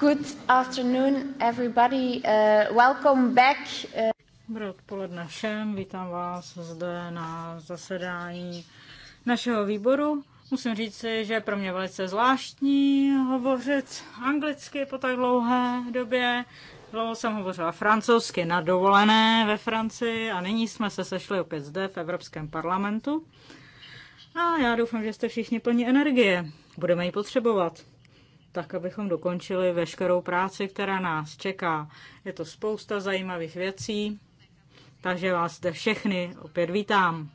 Good afternoon, everybody. Uh, welcome back. Uh, Dobré odpoledne všem, vítám vás zde na zasedání našeho výboru. Musím říci, že je pro mě velice zvláštní hovořit anglicky po tak dlouhé době. Dlouho jsem hovořila francouzsky na dovolené ve Francii a nyní jsme se sešli opět zde v Evropském parlamentu. A já doufám, že jste všichni plní energie. Budeme ji potřebovat tak abychom dokončili veškerou práci, která nás čeká. Je to spousta zajímavých věcí, takže vás zde všechny opět vítám.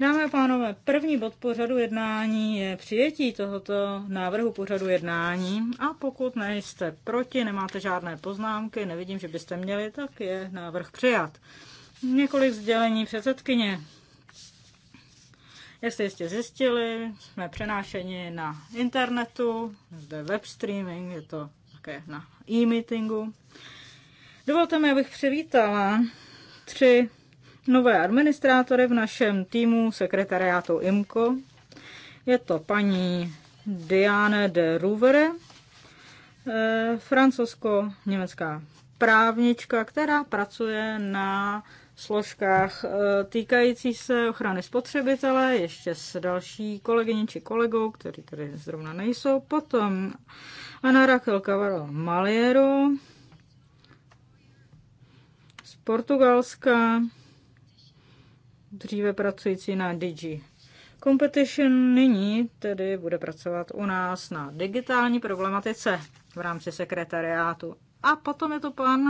Dámy a pánové, první bod pořadu jednání je přijetí tohoto návrhu pořadu jednání a pokud nejste proti, nemáte žádné poznámky, nevidím, že byste měli, tak je návrh přijat. Několik sdělení předsedkyně. Jestli jste zjistili, jsme přenášeni na internetu, zde web streaming, je to také na e-meetingu. Dovolte mi, abych přivítala tři nové administrátory v našem týmu sekretariátu IMCO. Je to paní Diane de Rouvere, eh, francouzsko-německá právnička, která pracuje na složkách eh, týkající se ochrany spotřebitele, ještě s další kolegyní či kolegou, který tady zrovna nejsou. Potom Anna Raquel Cavaro Maliero z Portugalska, dříve pracující na Digi Competition nyní tedy bude pracovat u nás na digitální problematice v rámci sekretariátu. A potom je to pan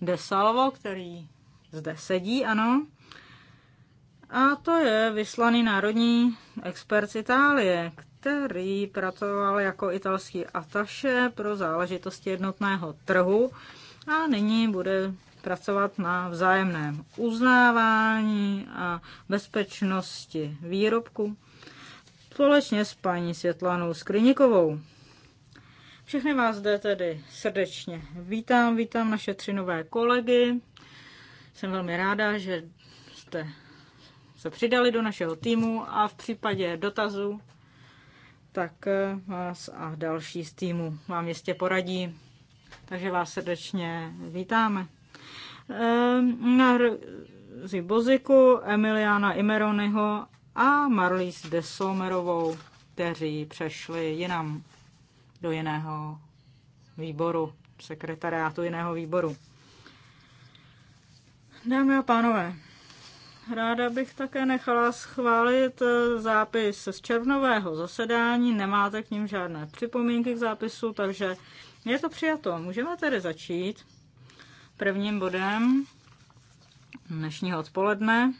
Desalvo, který zde sedí, ano. A to je vyslaný národní expert z Itálie, který pracoval jako italský ataše pro záležitosti jednotného trhu a nyní bude pracovat na vzájemném uznávání a bezpečnosti výrobku společně s paní Světlanou Skriníkovou. Všechny vás zde tedy srdečně vítám, vítám naše tři nové kolegy, jsem velmi ráda, že jste se přidali do našeho týmu a v případě dotazu tak eh, vás a další z týmu vám jistě poradí. Takže vás srdečně vítáme. Eh, na Boziku, Emiliana Imeronyho a Marlis Desomerovou, kteří přešli jinam do jiného výboru, sekretariátu jiného výboru. Dámy a pánové, ráda bych také nechala schválit eh, zápis z červnového zasedání. Nemáte k ním žádné připomínky k zápisu, takže je to přijato. Můžeme tedy začít prvním bodem dnešního odpoledne.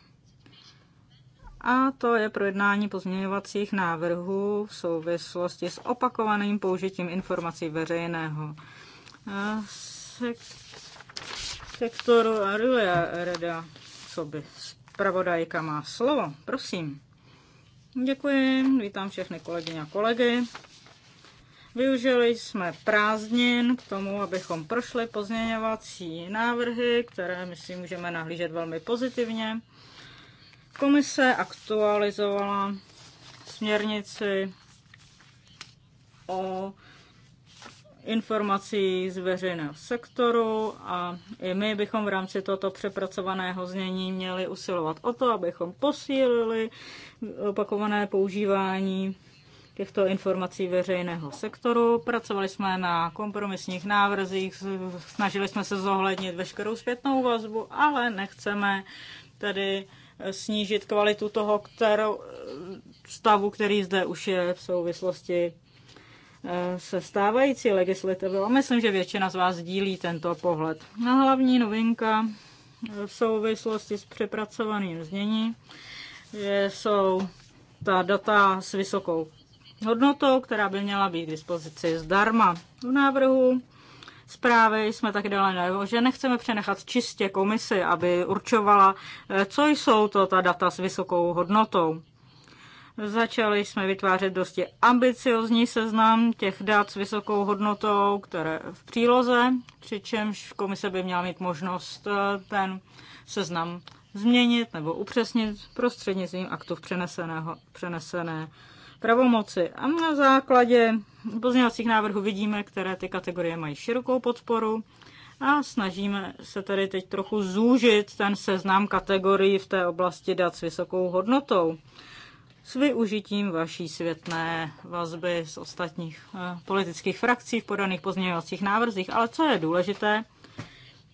A to je projednání pozměňovacích návrhů v souvislosti s opakovaným použitím informací veřejného eh, sektoru Aruja Reda, co by zpravodajka má slovo. Prosím. Děkuji, vítám všechny kolegyně a kolegy. Využili jsme prázdnin k tomu, abychom prošli pozměňovací návrhy, které, myslím, můžeme nahlížet velmi pozitivně. Komise aktualizovala směrnici o informací z veřejného sektoru a i my bychom v rámci tohoto přepracovaného znění měli usilovat o to, abychom posílili opakované používání těchto informací veřejného sektoru. Pracovali jsme na kompromisních návrzích, snažili jsme se zohlednit veškerou zpětnou vazbu, ale nechceme tedy snížit kvalitu toho kterou, stavu, který zde už je v souvislosti se stávající legislativou. Myslím, že většina z vás dílí tento pohled. Na no, hlavní novinka v souvislosti s přepracovaným znění že jsou ta data s vysokou hodnotou, která by měla být k dispozici zdarma. V návrhu zprávy jsme tak dali najevo, že nechceme přenechat čistě komisi, aby určovala, eh, co jsou to ta data s vysokou hodnotou. Začali jsme vytvářet dosti ambiciozní seznam těch dat s vysokou hodnotou, které v příloze, přičemž komise by měla mít možnost eh, ten seznam změnit nebo upřesnit prostřednictvím aktu v přeneseného, přenesené pravomoci. A na základě pozměňovacích návrhů vidíme, které ty kategorie mají širokou podporu a snažíme se tady teď trochu zúžit ten seznam kategorií v té oblasti dat s vysokou hodnotou s využitím vaší světné vazby z ostatních eh, politických frakcí v podaných pozměňovacích návrzích. Ale co je důležité,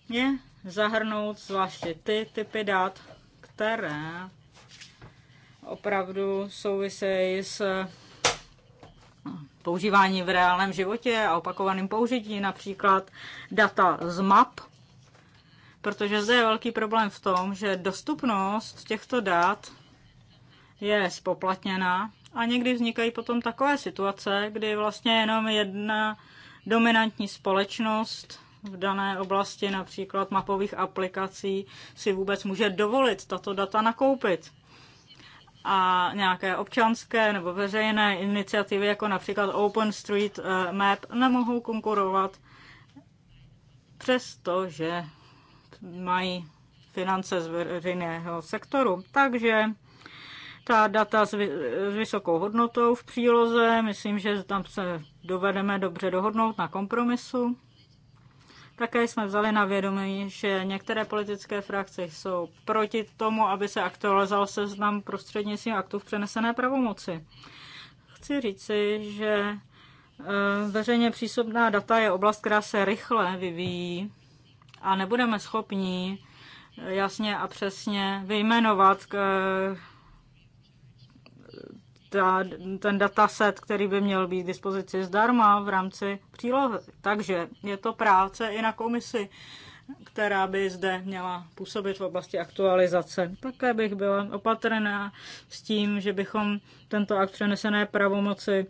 je zahrnout zvláště ty typy dat, které opravdu souvisejí s eh, používání v reálném životě a opakovaným použití, například data z map, protože zde je velký problém v tom, že dostupnost těchto dat je spoplatněná a někdy vznikají potom takové situace, kdy vlastně jenom jedna dominantní společnost v dané oblasti, například mapových aplikací, si vůbec může dovolit tato data nakoupit. A nějaké občanské nebo veřejné iniciativy, jako například OpenStreetMap, eh, nemohou konkurovat, přestože mají finance z veřejného sektoru. Takže ta data s, vysokou hodnotou v příloze. Myslím, že tam se dovedeme dobře dohodnout na kompromisu. Také jsme vzali na vědomí, že některé politické frakce jsou proti tomu, aby se aktualizoval seznam prostřednictvím aktů v přenesené pravomoci. Chci říci, že e, veřejně přístupná data je oblast, která se rychle vyvíjí a nebudeme schopni jasně a přesně vyjmenovat, ta, ten dataset, který by měl být k dispozici zdarma v rámci přílohy. Takže je to práce i na komisi, která by zde měla působit v oblasti aktualizace. Také bych byla opatrná s tím, že bychom tento akt přenesené pravomoci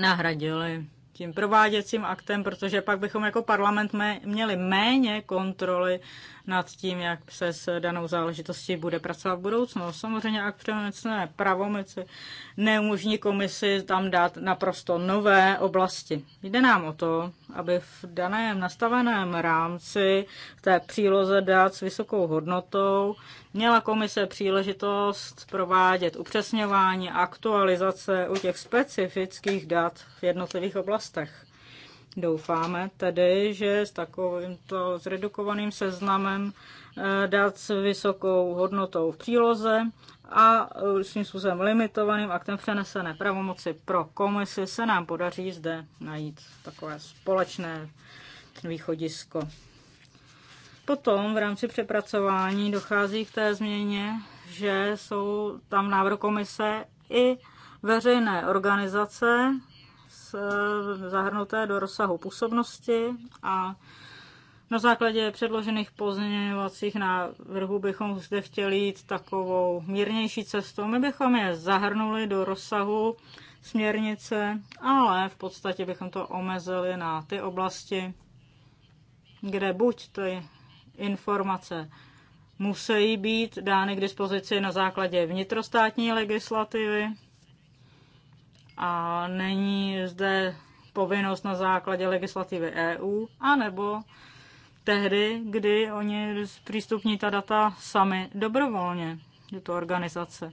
nahradili tím prováděcím aktem, protože pak bychom jako parlament měli méně kontroly nad tím, jak se s danou záležitostí bude pracovat v budoucnu. Samozřejmě, ak přemocné pravomoci neumožní komisi tam dát naprosto nové oblasti. Jde nám o to, aby v daném nastaveném rámci té příloze dát s vysokou hodnotou měla komise příležitost provádět upřesňování, aktualizace u těch specifických dat v jednotlivých oblastech. Doufáme tedy, že s takovýmto zredukovaným seznamem eh, dát s vysokou hodnotou v příloze a eh, tím způsobem limitovaným aktem přenesené pravomoci pro komisi se nám podaří zde najít takové společné východisko. Potom v rámci přepracování dochází k té změně, že jsou tam návrh komise i veřejné organizace, Eh, zahrnuté do rozsahu působnosti a na základě předložených pozměňovacích návrhů bychom zde chtěli jít takovou mírnější cestou. My bychom je zahrnuli do rozsahu směrnice, ale v podstatě bychom to omezili na ty oblasti, kde buď ty informace musí být dány k dispozici na základě vnitrostátní legislativy, a není zde povinnost na základě legislativy EU, anebo tehdy, kdy oni zpřístupní ta data sami dobrovolně, je to organizace.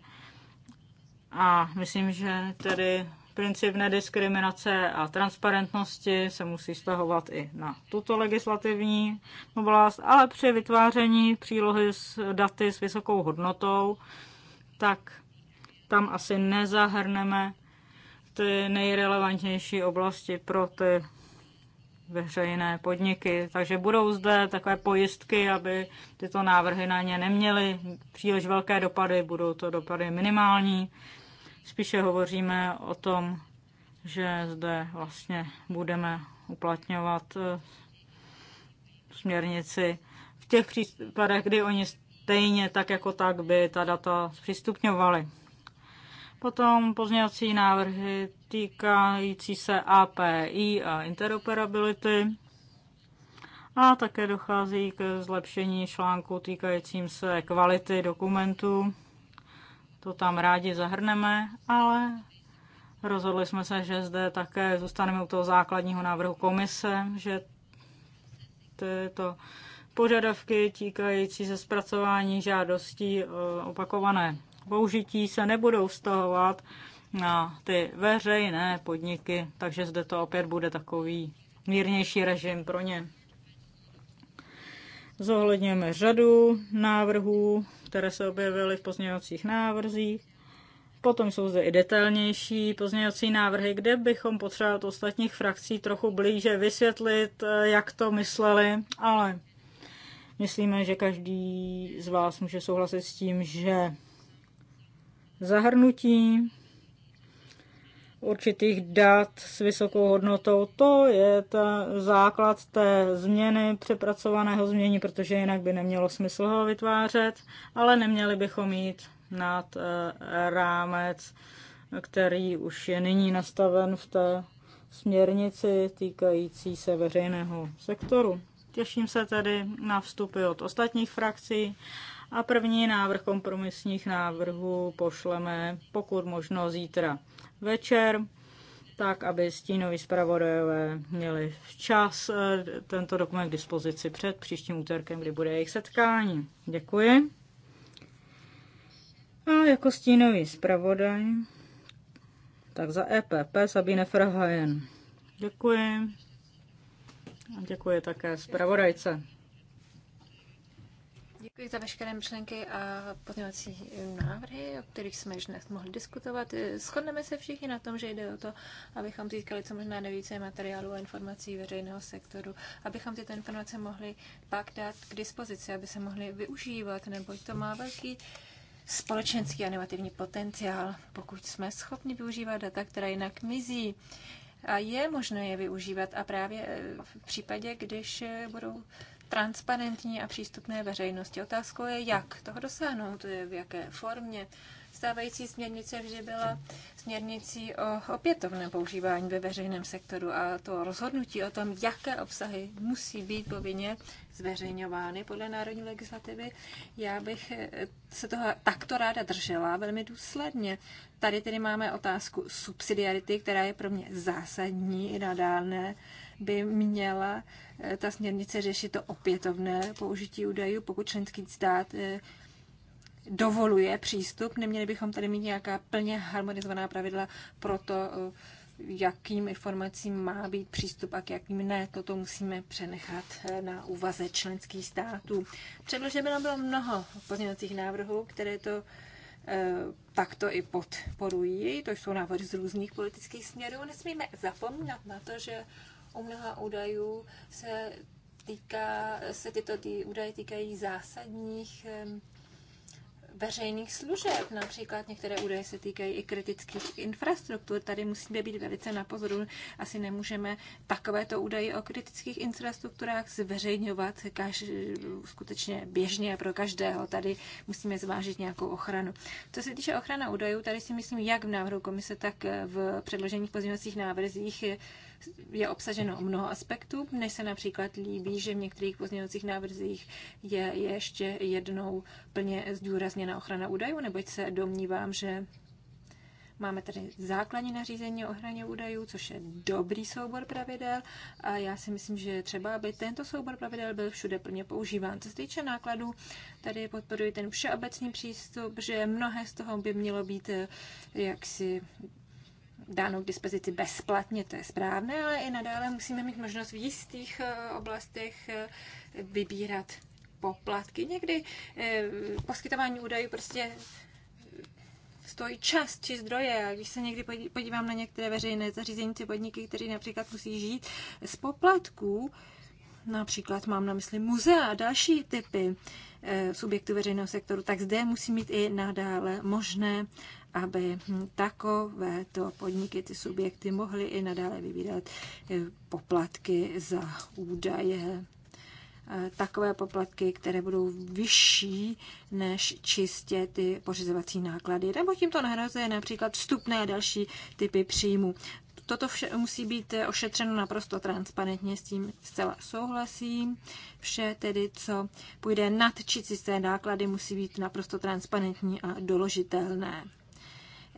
A myslím, že tedy princip nediskriminace a transparentnosti se musí stahovat i na tuto legislativní oblast, ale při vytváření přílohy s daty s vysokou hodnotou, tak tam asi nezahrneme ty nejrelevantnější oblasti pro ty veřejné podniky. Takže budou zde takové pojistky, aby tyto návrhy na ně neměly příliš velké dopady, budou to dopady minimální. Spíše hovoříme o tom, že zde vlastně budeme uplatňovat eh, směrnici v těch případech, kdy oni stejně tak jako tak by ta data zpřístupňovali. Potom pozměňovací návrhy týkající se API a interoperability. A také dochází k zlepšení článku týkajícím se kvality dokumentů. To tam rádi zahrneme, ale rozhodli jsme se, že zde také zůstaneme u toho základního návrhu komise, že tyto požadavky týkající se zpracování žádostí eh, opakované použití se nebudou vztahovat na ty veřejné podniky, takže zde to opět bude takový mírnější režim pro ně. Zohledněme řadu návrhů, které se objevily v pozměňovacích návrzích. Potom jsou zde i detailnější pozměňovací návrhy, kde bychom potřebovali od ostatních frakcí trochu blíže vysvětlit, jak to mysleli, ale myslíme, že každý z vás může souhlasit s tím, že zahrnutí určitých dat s vysokou hodnotou. To je ta základ té změny, přepracovaného změní, protože jinak by nemělo smysl ho vytvářet, ale neměli bychom jít nad eh, rámec, který už je nyní nastaven v té směrnici týkající se veřejného sektoru. Těším se tedy na vstupy od ostatních frakcí a první návrh kompromisních návrhů pošleme pokud možno zítra večer, tak aby stínoví zpravodajové měli včas eh, tento dokument k dispozici před příštím úterkem, kdy bude jejich setkání. Děkuji. A jako stínový zpravodaj, tak za EPP Sabine Frahajen. Děkuji. A děkuji také zpravodajce. Děkuji za veškeré myšlenky a pozměňovací návrhy, o kterých jsme již dnes mohli diskutovat. Shodneme se všichni na tom, že jde o to, abychom získali co možná nejvíce materiálu a informací veřejného sektoru, abychom tyto informace mohli pak dát k dispozici, aby se mohly využívat, neboť to má velký společenský animativní potenciál, pokud jsme schopni využívat data, která jinak mizí. A je možné je využívat a právě v případě, když budou transparentní a přístupné veřejnosti. Otázkou je, jak toho dosáhnout, v jaké formě. Stávající směrnice vždy byla směrnicí o opětovném používání ve veřejném sektoru a to rozhodnutí o tom, jaké obsahy musí být povinně zveřejňovány podle národní legislativy. Já bych eh, se toho takto ráda držela velmi důsledně. Tady tedy máme otázku subsidiarity, která je pro mě zásadní i nadálné by měla eh, ta směrnice řešit to opětovné použití údajů, pokud členský stát eh, dovoluje přístup. Neměli bychom tady mít nějaká plně harmonizovaná pravidla pro to, eh, jakým informacím má být přístup a k jakým ne. Toto musíme přenechat na úvaze členských států. by nám bylo mnoho pozměňovacích návrhů, které to takto i podporují. To jsou návrhy z různých politických směrů. Nesmíme zapomínat na to, že u mnoha údajů se, týká, se tyto ty údaje týkají zásadních veřejných služeb. Například některé údaje se týkají i kritických infrastruktur. Tady musíme být velice na pozoru. Asi nemůžeme takovéto údaje o kritických infrastrukturách zveřejňovat kaž, skutečně běžně pro každého. Tady musíme zvážit nějakou ochranu. Co se týče ochrana údajů, tady si myslím, jak v návrhu komise, tak v předložených pozměňovacích návrzích je obsaženo mnoho aspektů. Mně se například líbí, že v některých pozměňovacích návrzích je ještě jednou plně zdůrazněna ochrana údajů, neboť se domnívám, že Máme tady základní nařízení o ochraně údajů, což je dobrý soubor pravidel a já si myslím, že třeba, aby tento soubor pravidel byl všude plně používán. Co se týče nákladů, tady podporuji ten všeobecný přístup, že mnohé z toho by mělo být eh, jaksi dáno k dispozici bezplatně, to je správné, ale i nadále musíme mít možnost v jistých eh, oblastech eh, vybírat poplatky. Někdy eh, poskytování údajů prostě stojí čas či zdroje. A když se někdy podívám na některé veřejné zařízení či podniky, které například musí žít z poplatků, například mám na mysli muzea a další typy subjektů veřejného sektoru, tak zde musí mít i nadále možné, aby takovéto podniky, ty subjekty mohly i nadále vybírat eh, poplatky za údaje eh, takové poplatky, které budou vyšší než čistě ty pořizovací náklady, nebo tímto nahrazuje například vstupné a další typy příjmu. Toto vše musí být eh, ošetřeno naprosto transparentně, s tím zcela souhlasím. Vše tedy, co půjde nad čistě náklady, musí být naprosto transparentní a doložitelné.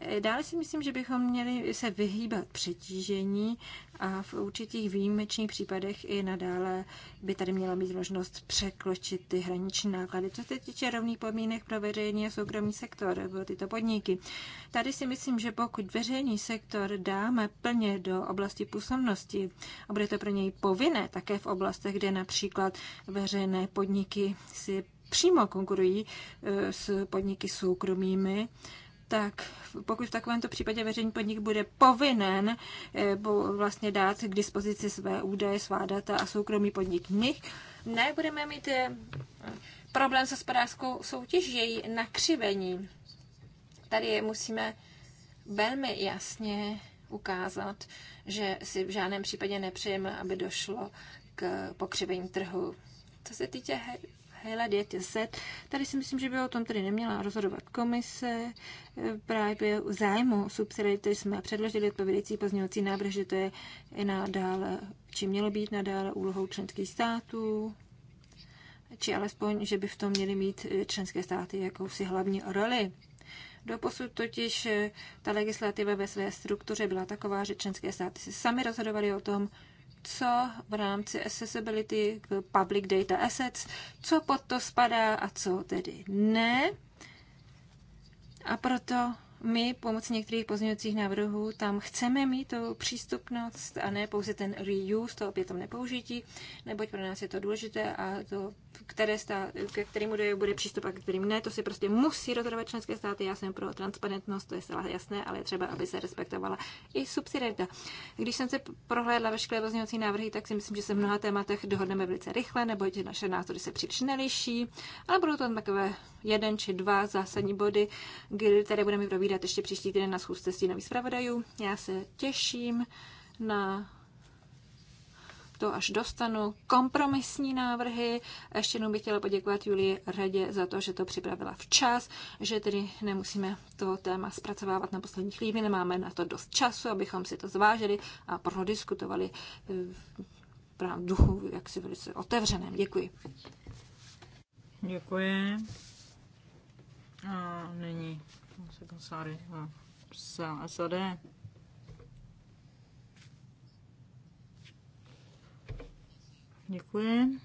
Eh, dále si myslím, že bychom měli se vyhýbat přetížení a v určitých výjimečných případech i nadále by tady měla být možnost překročit ty hraniční náklady. Co se týče rovných podmínek pro veřejný a soukromý sektor, pro tyto podniky, tady si myslím, že pokud veřejný sektor dáme plně do oblasti působnosti a bude to pro něj povinné také v oblastech, kde například veřejné podniky si přímo konkurují eh, s podniky soukromými, tak pokud v takovémto případě veřejný podnik bude povinen eh, vlastně dát k dispozici své údaje, svá data a soukromý podnik nich, nebudeme mít eh, problém s hospodářskou soutěží, její nakřivení. Tady musíme velmi jasně ukázat, že si v žádném případě nepřejeme, aby došlo k pokřivení trhu. Co se týče Michaela 900. Tady si myslím, že by o tom tedy neměla rozhodovat komise. Právě u zájmu subsidiarity jsme předložili odpovědající pozměňovací návrh, že to je i nadále, či mělo být nadále úlohou členských států či alespoň, že by v tom měly mít členské státy jakousi hlavní roli. Doposud totiž eh, ta legislativa ve své struktuře byla taková, že členské státy si sami rozhodovaly o tom, co v rámci accessibility public data assets, co pod to spadá a co tedy ne. A proto my pomocí některých pozměňovacích návrhů tam chceme mít tu přístupnost a ne pouze ten reuse, to opětovné použití, neboť pro nás je to důležité a to, které stát, ke kterému bude přístup a ke kterým ne, to si prostě musí rozhodovat členské státy. Já jsem pro transparentnost, to je zcela jasné, ale je třeba, aby se respektovala i subsidiarita. Když jsem se prohlédla veškeré pozměňovací návrhy, tak si myslím, že se v mnoha tématech dohodneme velice rychle, neboť naše názory se příliš neliší, ale budou to takové jeden či dva zásadní body, které budeme probírat ještě příští týden na schůzce stínových zpravodajů. Já se těším na to, až dostanu kompromisní návrhy. Ještě jednou bych chtěla poděkovat Julii Radě za to, že to připravila včas, že tedy nemusíme to téma zpracovávat na poslední chvíli, nemáme na to dost času, abychom si to zvážili a prodiskutovali právě duchu, jak si velice otevřeném. Děkuji. Děkuji. A nyní se kanceláři za SAD. Děkuji.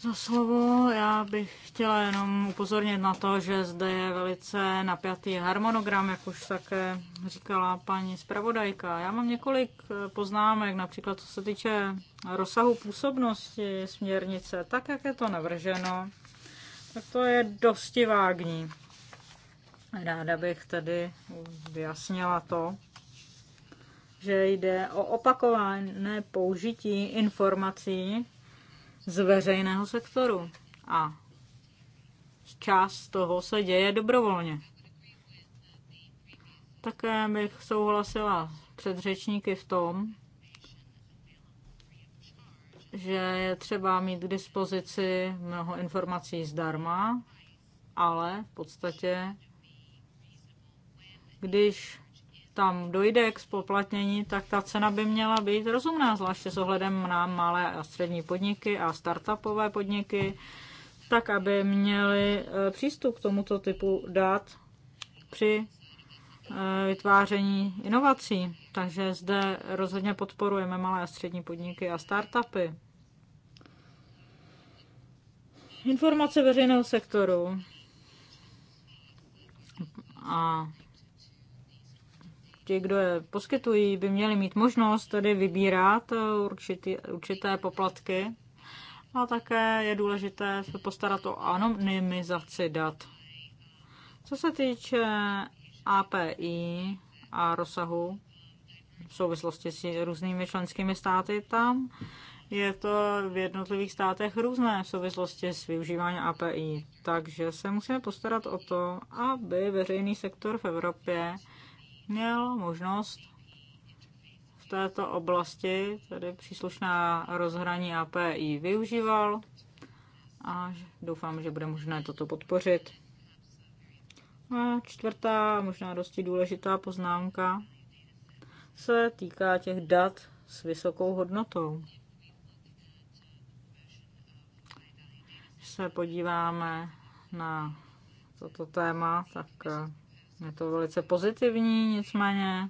Za slovo já bych chtěla jenom upozornit na to, že zde je velice napjatý harmonogram, jak už také říkala paní zpravodajka. Já mám několik eh, poznámek, například co se týče rozsahu působnosti směrnice, tak jak je to navrženo, tak to je dosti vágní. Ráda bych tedy vyjasnila to, že jde o opakované použití informací z veřejného sektoru. A část toho se děje dobrovolně. Také bych souhlasila předřečníky v tom, že je třeba mít k dispozici mnoho informací zdarma, ale v podstatě, když tam dojde k spoplatnění, tak ta cena by měla být rozumná, zvláště s ohledem na malé a střední podniky a startupové podniky, tak aby měli eh, přístup k tomuto typu dat při eh, vytváření inovací. Takže zde rozhodně podporujeme malé a střední podniky a startupy. Informace veřejného sektoru a ti, kdo je poskytují, by měli mít možnost tedy vybírat eh, určitý, určité poplatky a také je důležité se postarat o anonymizaci dat. Co se týče API a rozsahu v souvislosti s různými členskými státy, tam je to v jednotlivých státech různé v souvislosti s využíváním API. Takže se musíme postarat o to, aby veřejný sektor v Evropě měl možnost této oblasti, tedy příslušná rozhraní API, využíval a doufám, že bude možné toto podpořit. A čtvrtá, možná dosti důležitá poznámka se týká těch dat s vysokou hodnotou. Když se podíváme na toto téma, tak je to velice pozitivní, nicméně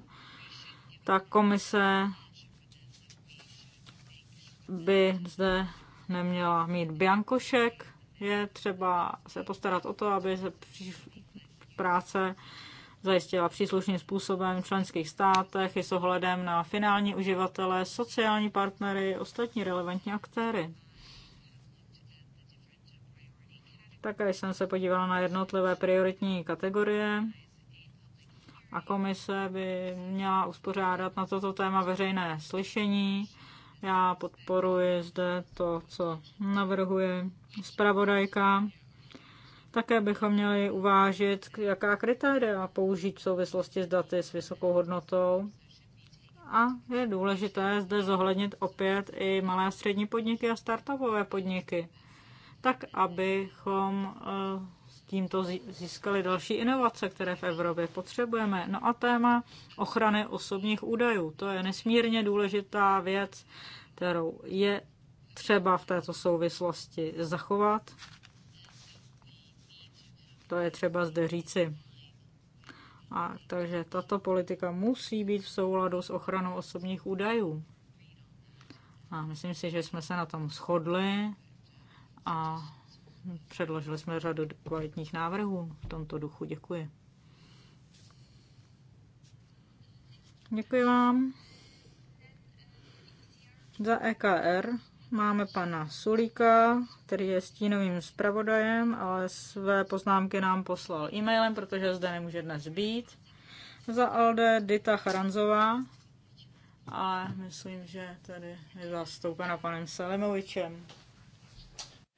tak komise by zde neměla mít biankošek. Je třeba se postarat o to, aby se práce zajistila příslušným způsobem v členských státech i s ohledem na finální uživatele, sociální partnery, ostatní relevantní aktéry. Také jsem se podívala na jednotlivé prioritní kategorie a komise by měla uspořádat na toto téma veřejné slyšení. Já podporuji zde to, co navrhuje zpravodajka. Také bychom měli uvážit, jaká kritéria použít v souvislosti s daty s vysokou hodnotou. A je důležité zde zohlednit opět i malé a střední podniky a startupové podniky, tak abychom eh, tímto získali další inovace, které v Evropě potřebujeme. No a téma ochrany osobních údajů. To je nesmírně důležitá věc, kterou je třeba v této souvislosti zachovat. To je třeba zde říci. A takže tato politika musí být v souladu s ochranou osobních údajů. A myslím si, že jsme se na tom shodli a Předložili jsme řadu kvalitních návrhů v tomto duchu. Děkuji. Děkuji vám. Za EKR máme pana Sulíka, který je stínovým zpravodajem, ale své poznámky nám poslal e-mailem, protože zde nemůže dnes být. Za Alde Dita Charanzová, ale myslím, že tady je zastoupena panem Selimovičem.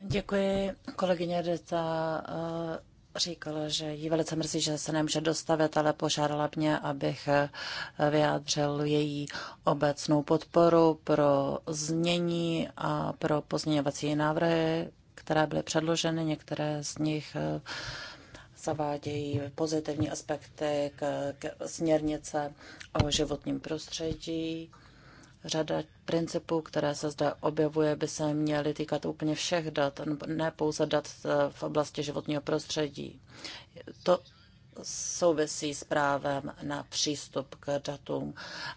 Děkuji. Kolegyně Deta eh, říkala, že jí velice mrzí, že se nemůže dostavit, ale požádala mě, abych eh, vyjádřil její obecnou podporu pro změní a pro pozměňovací návrhy, které byly předloženy. Některé z nich eh, zavádějí pozitivní aspekty k, k směrnice o životním prostředí řada principů, které se zde objevuje, by se měly týkat úplně všech dat, ne pouze dat eh, v oblasti životního prostředí. To souvisí s právem na přístup k datům.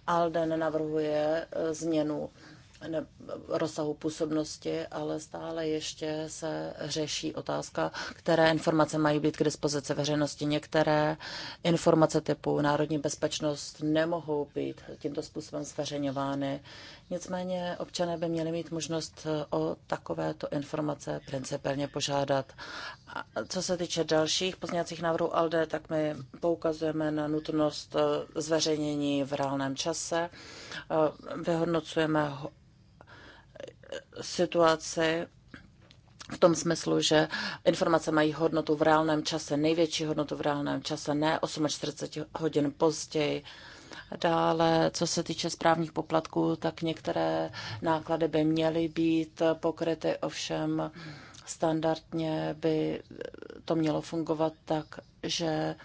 Alden navrhuje eh, změnu rozsahu působnosti, ale stále ještě se řeší otázka, které informace mají být k dispozici veřejnosti. Některé informace typu národní bezpečnost nemohou být tímto způsobem zveřejňovány. Nicméně občané by měli mít možnost o takovéto informace principálně požádat. A co se týče dalších pozněcích návrhů ALDE, tak my poukazujeme na nutnost eh, zveřejnění v reálném čase. Eh, vyhodnocujeme situaci v tom smyslu, že informace mají hodnotu v reálném čase, největší hodnotu v reálném čase, ne 48 hodin později. Dále, co se týče správních poplatků, tak některé náklady by měly být pokryty, ovšem standardně by to mělo fungovat tak, že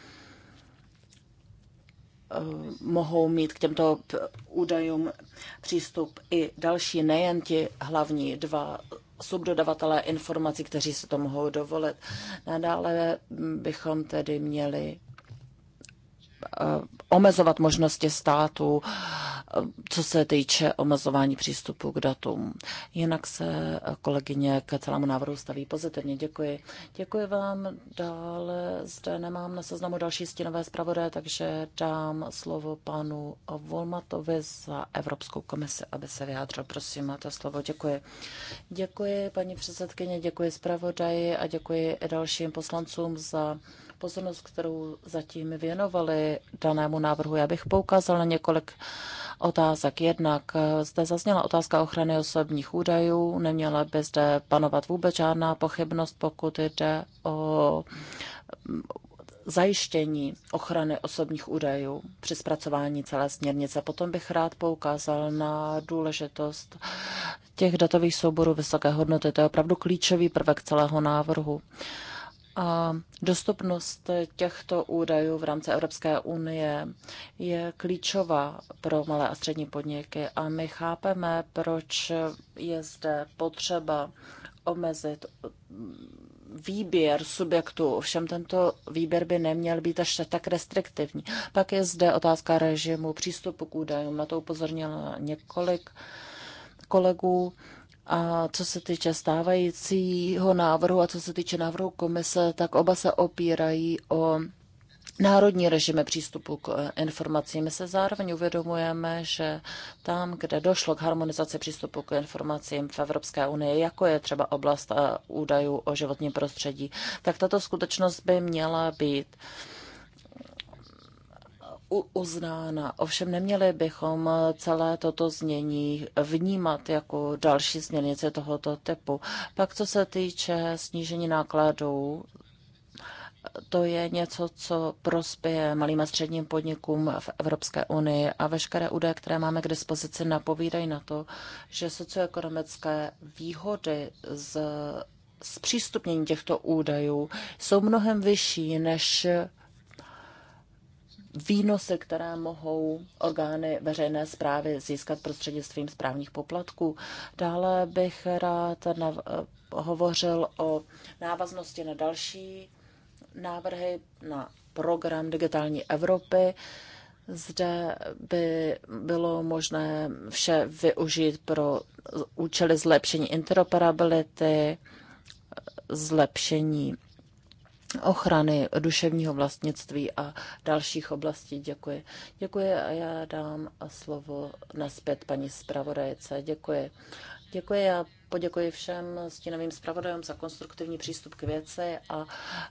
Eh, mohou mít k těmto údajům přístup i další, nejen ti hlavní dva subdodavatelé informací, kteří se to mohou dovolit. Nadále bychom tedy měli Eh, omezovat možnosti státu, eh, co se týče omezování přístupu k datům. Jinak se eh, kolegyně k celému návrhu staví pozitivně. Děkuji. Děkuji vám. Dále zde nemám na seznamu další stínové zpravodaje, takže dám slovo panu Volmatovi za Evropskou komisi, aby se vyjádřil. Prosím, máte slovo. Děkuji. Děkuji, paní předsedkyně, děkuji zpravodaji a děkuji i dalším poslancům za pozornost, kterou zatím věnovali danému návrhu. Já bych poukázal na několik otázek. Jednak eh, zde zazněla otázka ochrany osobních údajů. Neměla by zde panovat vůbec žádná pochybnost, pokud jde o mm, zajištění ochrany osobních údajů při zpracování celé směrnice. Potom bych rád poukázal na důležitost těch datových souborů vysoké hodnoty. To je opravdu klíčový prvek celého návrhu. A dostupnost těchto údajů v rámci Evropské unie je klíčová pro malé a střední podniky a my chápeme, proč je zde potřeba omezit výběr subjektů. Ovšem tento výběr by neměl být až tak restriktivní. Pak je zde otázka režimu přístupu k údajům. Na to upozornil několik kolegů. A co se týče stávajícího návrhu a co se týče návrhu komise, tak oba se opírají o národní režimy přístupu k eh, informacím. My se zároveň uvědomujeme, že tam, kde došlo k harmonizaci přístupu k informacím v Evropské unii, jako je třeba oblast eh, údajů o životním prostředí, tak tato skutečnost by měla být uh, uznána. Ovšem neměli bychom celé toto znění vnímat jako další změnice tohoto typu. Pak co se týče snížení nákladů, to je něco, co prospěje malým a středním podnikům v Evropské unii a veškeré údaje, které máme k dispozici, napovídají na to, že socioekonomické výhody z zpřístupnění těchto údajů jsou mnohem vyšší než výnosy, které mohou orgány veřejné zprávy získat prostřednictvím správních poplatků. Dále bych rád na, eh, hovořil o návaznosti na další návrhy na program Digitální Evropy. Zde by bylo možné vše využít pro účely zlepšení interoperability, zlepšení ochrany duševního vlastnictví a dalších oblastí. Děkuji. Děkuji a já dám slovo naspět paní zpravodajce. Děkuji. Děkuji, já Poděkuji všem stínovým zpravodajům za konstruktivní přístup k věci a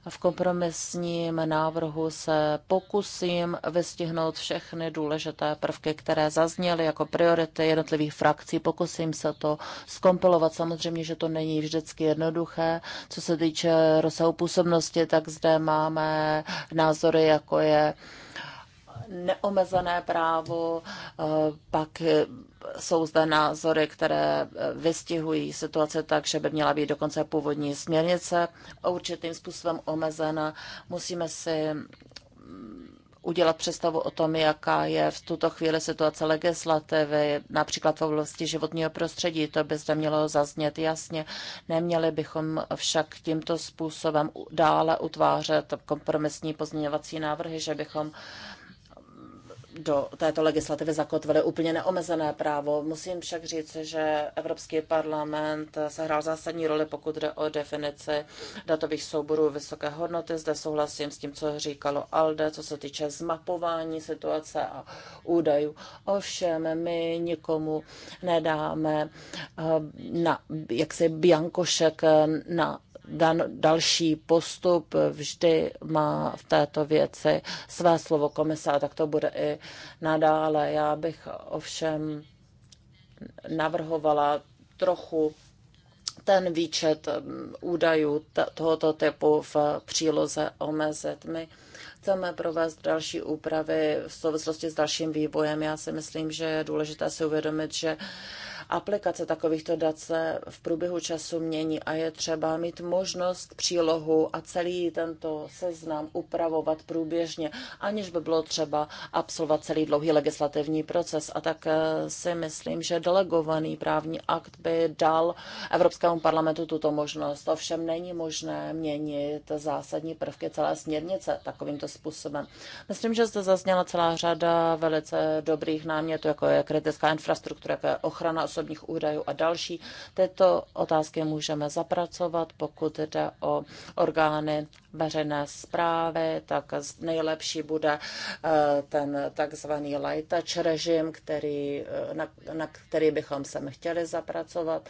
v kompromisním návrhu se pokusím vystihnout všechny důležité prvky, které zazněly jako priority jednotlivých frakcí. Pokusím se to skompilovat. Samozřejmě, že to není vždycky jednoduché. Co se týče rozsahu působnosti, tak zde máme názory, jako je uh, neomezené právo, eh, pak jsou zde názory, které eh, vystihují situace tak, že by měla být dokonce původní směrnice určitým způsobem omezena. Musíme si mm, udělat představu o tom, jaká je v tuto chvíli situace legislativy, například v oblasti životního prostředí. To by zde mělo zaznět jasně. Neměli bychom však tímto způsobem dále utvářet kompromisní pozměňovací návrhy, že bychom do této legislativy zakotvili úplně neomezené právo. Musím však říct, že Evropský parlament sehrál zásadní roli, pokud jde o definici datových souborů vysoké hodnoty. Zde souhlasím s tím, co říkalo ALDE, co se týče zmapování situace a údajů. Ovšem, my nikomu nedáme eh, na jaksi biankošek eh, na dan, další postup vždy má v této věci své slovo komise a tak to bude i nadále. Já bych ovšem navrhovala trochu ten výčet um, údajů tohoto typu v příloze omezit. My chceme provést další úpravy v souvislosti s dalším vývojem. Já si myslím, že je důležité si uvědomit, že Aplikace takovýchto dat se v průběhu času mění a je třeba mít možnost přílohu a celý tento seznam upravovat průběžně, aniž by bylo třeba absolvovat celý dlouhý legislativní proces. A tak eh, si myslím, že delegovaný právní akt by dal Evropskému parlamentu tuto možnost. Ovšem není možné měnit zásadní prvky celé směrnice takovýmto způsobem. Myslím, že zde zazněla celá řada velice dobrých námětů, jako je kritická infrastruktura, jako je ochrana osobních údajů a další. Této otázky můžeme zapracovat, pokud jde o orgány veřejné zprávy, tak nejlepší bude eh, ten takzvaný light touch režim, který, eh, na, na který bychom se chtěli zapracovat.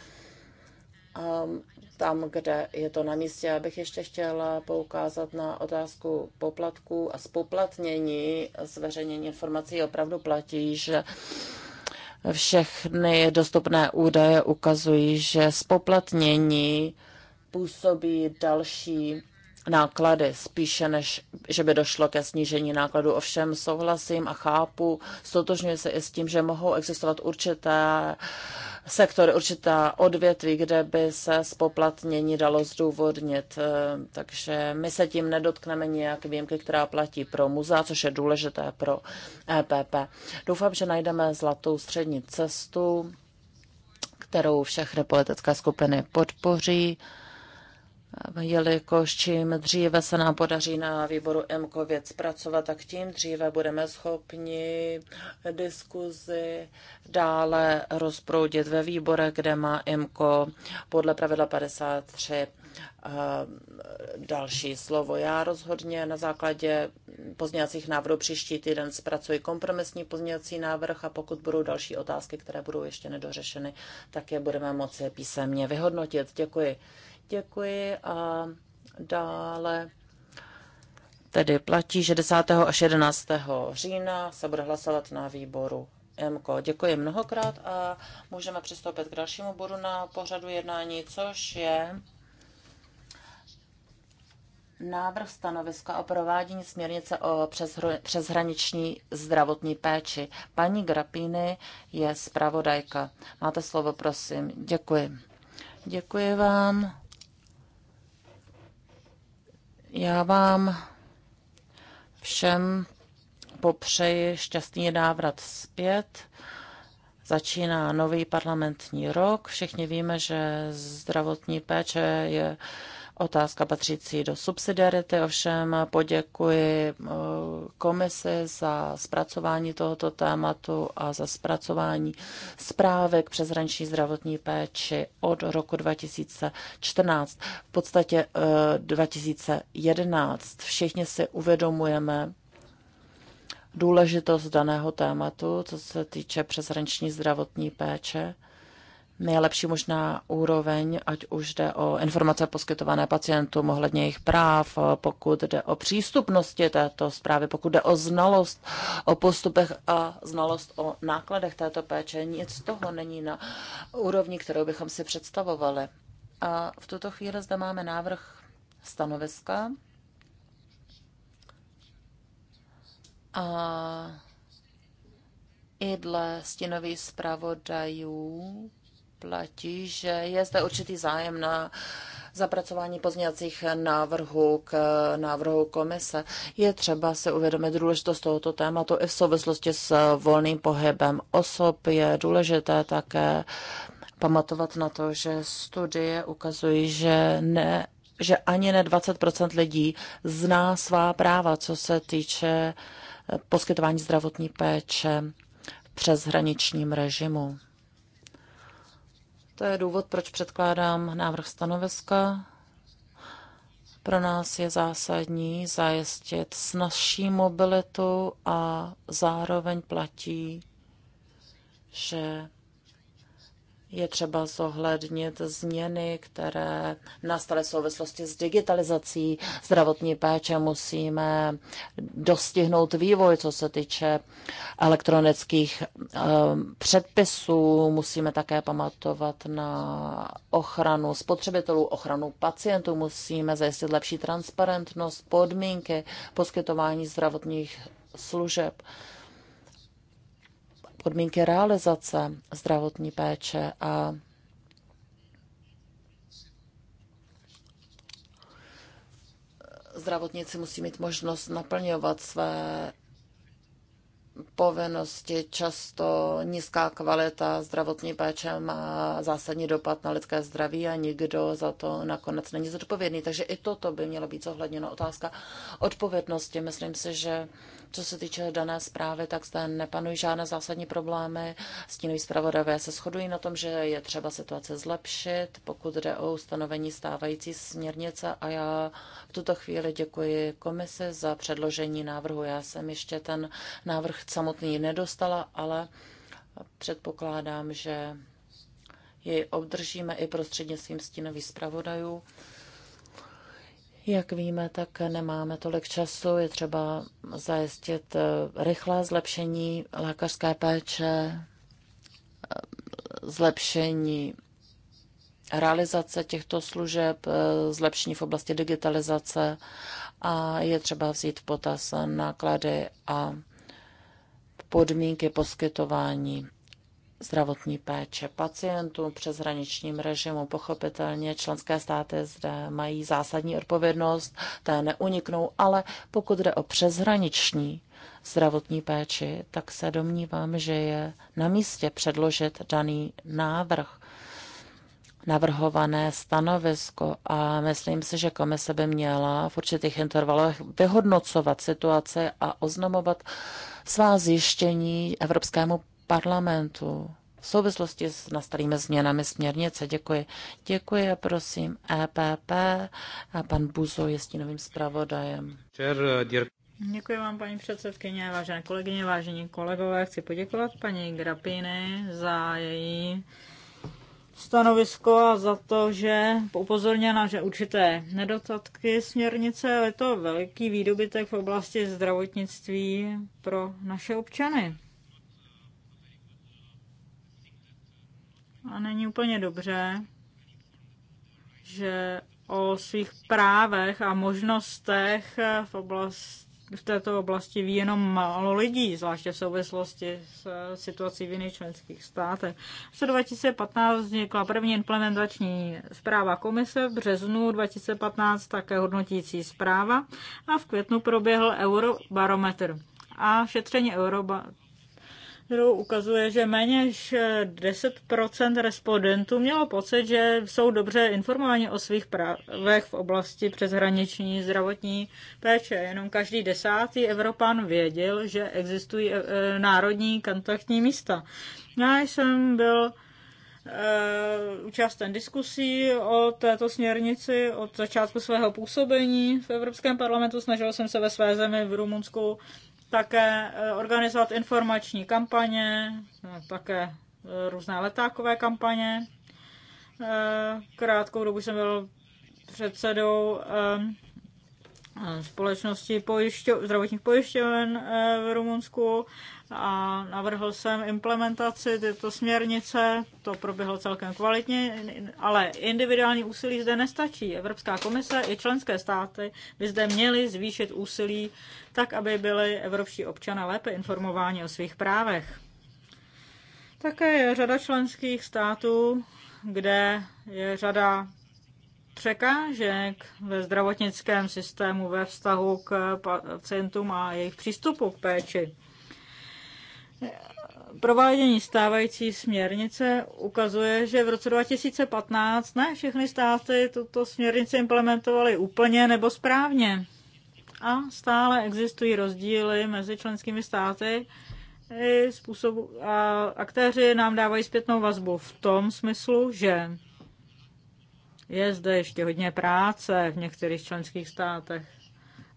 Ehm, tam, kde je to na místě. Já bych ještě chtěla poukázat na otázku poplatků a spoplatnění zveřejnění informací opravdu platí, že všechny dostupné údaje ukazují, že spoplatnění působí další náklady, spíše než, že by došlo ke snížení nákladů. Ovšem souhlasím a chápu, stotožňuji se i s tím, že mohou existovat určité sektor určitá odvětví, kde by se spoplatnění dalo zdůvodnit. Eh, takže my se tím nedotkneme nějak výjimky, která platí pro muzea, což je důležité pro EPP. Doufám, že najdeme zlatou střední cestu, kterou všechny politické skupiny podpoří jelikož čím dříve se nám podaří na výboru MKO věc pracovat, tak tím dříve budeme schopni diskuzi dále rozproudit ve výborech, kde má MKO podle pravidla 53 eh, další slovo. Já rozhodně na základě pozměňovacích návrhů příští týden zpracuji kompromisní pozměňovací návrh a pokud budou další otázky, které budou ještě nedořešeny, tak je budeme moci písemně vyhodnotit. Děkuji. Děkuji a dále tedy platí 10. až 11. října se bude hlasovat na výboru MKO. Děkuji mnohokrát a můžeme přistoupit k dalšímu bodu na pořadu jednání, což je návrh stanoviska o provádění směrnice o přeshraniční zdravotní péči. Paní Grapíny je zpravodajka. Máte slovo, prosím. Děkuji. Děkuji vám. Já vám všem popřeji šťastný návrat zpět. Začíná nový parlamentní rok. Všichni víme, že zdravotní péče je otázka patřící do subsidiarity, ovšem poděkuji eh, komisi za zpracování tohoto tématu a za zpracování zprávy k přeshraniční zdravotní péči od roku 2014, v podstatě 2011. Eh, Všichni si uvědomujeme, důležitost daného tématu, co se týče přeshraniční zdravotní péče nejlepší možná úroveň, ať už jde o informace poskytované pacientům ohledně jejich práv, pokud jde o přístupnosti této zprávy, pokud jde o znalost o postupech a znalost o nákladech této péče. Nic z toho není na úrovni, kterou bychom si představovali. A v tuto chvíli zde máme návrh stanoviska. A i dle stinových zpravodajů platí, že je zde určitý zájem na zapracování pozměňovacích návrhů k návrhu komise. Je třeba si uvědomit důležitost tohoto tématu i v souvislosti s volným pohybem osob. Je důležité také pamatovat na to, že studie ukazují, že ne že ani ne 20% lidí zná svá práva, co se týče poskytování zdravotní péče přes hraničním režimu. To je důvod, proč předkládám návrh stanoviska. Pro nás je zásadní zajistit snažší mobilitu a zároveň platí, že je třeba zohlednit změny, které nastaly v souvislosti s digitalizací zdravotní péče. Musíme dostihnout vývoj, co se týče elektronických um, předpisů. Musíme také pamatovat na ochranu spotřebitelů, ochranu pacientů. Musíme zajistit lepší transparentnost, podmínky poskytování zdravotních služeb podmínky realizace zdravotní péče a zdravotníci musí mít možnost naplňovat své povinnosti. Často nízká kvalita zdravotní péče má zásadní dopad na lidské zdraví a nikdo za to nakonec není zodpovědný. Takže i toto by mělo být zohledněno. Otázka odpovědnosti. Myslím si, že co se týče dané zprávy, tak zde nepanují žádné zásadní problémy. Stínoví zpravodavé se shodují na tom, že je třeba situace zlepšit, pokud jde o ustanovení stávající směrnice a já v tuto chvíli děkuji komisi za předložení návrhu. Já jsem ještě ten návrh samotný nedostala, ale předpokládám, že jej obdržíme i prostřednictvím stínových zpravodajů. Jak víme, tak nemáme tolik času. Je třeba zajistit eh, rychlé zlepšení lékařské péče, eh, zlepšení realizace těchto služeb, eh, zlepšení v oblasti digitalizace a je třeba vzít v potaz náklady a podmínky poskytování zdravotní péče pacientů přes hraničním režimu. Pochopitelně členské státy zde mají zásadní odpovědnost, té neuniknou, ale pokud jde o přeshraniční zdravotní péči, tak se domnívám, že je na místě předložit daný návrh navrhované stanovisko a myslím si, že komise by měla v určitých intervalech vyhodnocovat situace a oznamovat svá zjištění Evropskému parlamentu v souvislosti s nastalými změnami směrnice. Děkuji. Děkuji a prosím EPP a pan Buzo je stínovým zpravodajem. Děkuji vám, paní předsedkyně, vážené kolegyně, vážení kolegové. Chci poděkovat paní Grapiny za její stanovisko a za to, že upozorněna, že určité nedostatky směrnice, ale je to veliký výdobytek v oblasti zdravotnictví pro naše občany. A není úplně dobře, že o svých právech a možnostech v, oblast, v této oblasti ví jenom málo lidí, zvláště v souvislosti s eh, situací v jiných členských státech. V roce 2015 vznikla první implementační zpráva komise, v březnu 2015 také hodnotící zpráva a v květnu proběhl eurobarometr. A šetření eurobarometru kterou ukazuje, že méně než 10% eh, respondentů mělo pocit, že jsou dobře informováni o svých právech v oblasti přeshraniční zdravotní péče. Jenom každý desátý Evropan věděl, že existují eh, národní kontaktní místa. Já jsem byl eh, účasten diskusí o této směrnici od začátku svého působení v Evropském parlamentu. Snažil jsem se ve své zemi v Rumunsku také eh, organizovat informační kampaně, no, také eh, různé letákové kampaně. Eh, krátkou dobu jsem byl předsedou společnosti pojišťo- zdravotních pojišťoven eh, v Rumunsku a navrhl jsem implementaci této směrnice. To proběhlo celkem kvalitně, ale individuální úsilí zde nestačí. Evropská komise i členské státy by zde měly zvýšit úsilí tak, aby byly evropští občané lépe informováni o svých právech. Také je řada členských států, kde je řada překážek ve zdravotnickém systému ve vztahu k pacientům a jejich přístupu k péči. Provádění stávající směrnice ukazuje, že v roce 2015 ne všechny státy tuto směrnici implementovaly úplně nebo správně. A stále existují rozdíly mezi členskými státy, i způsobu, a aktéři nám dávají zpětnou vazbu v tom smyslu, že je zde ještě hodně práce v některých členských státech.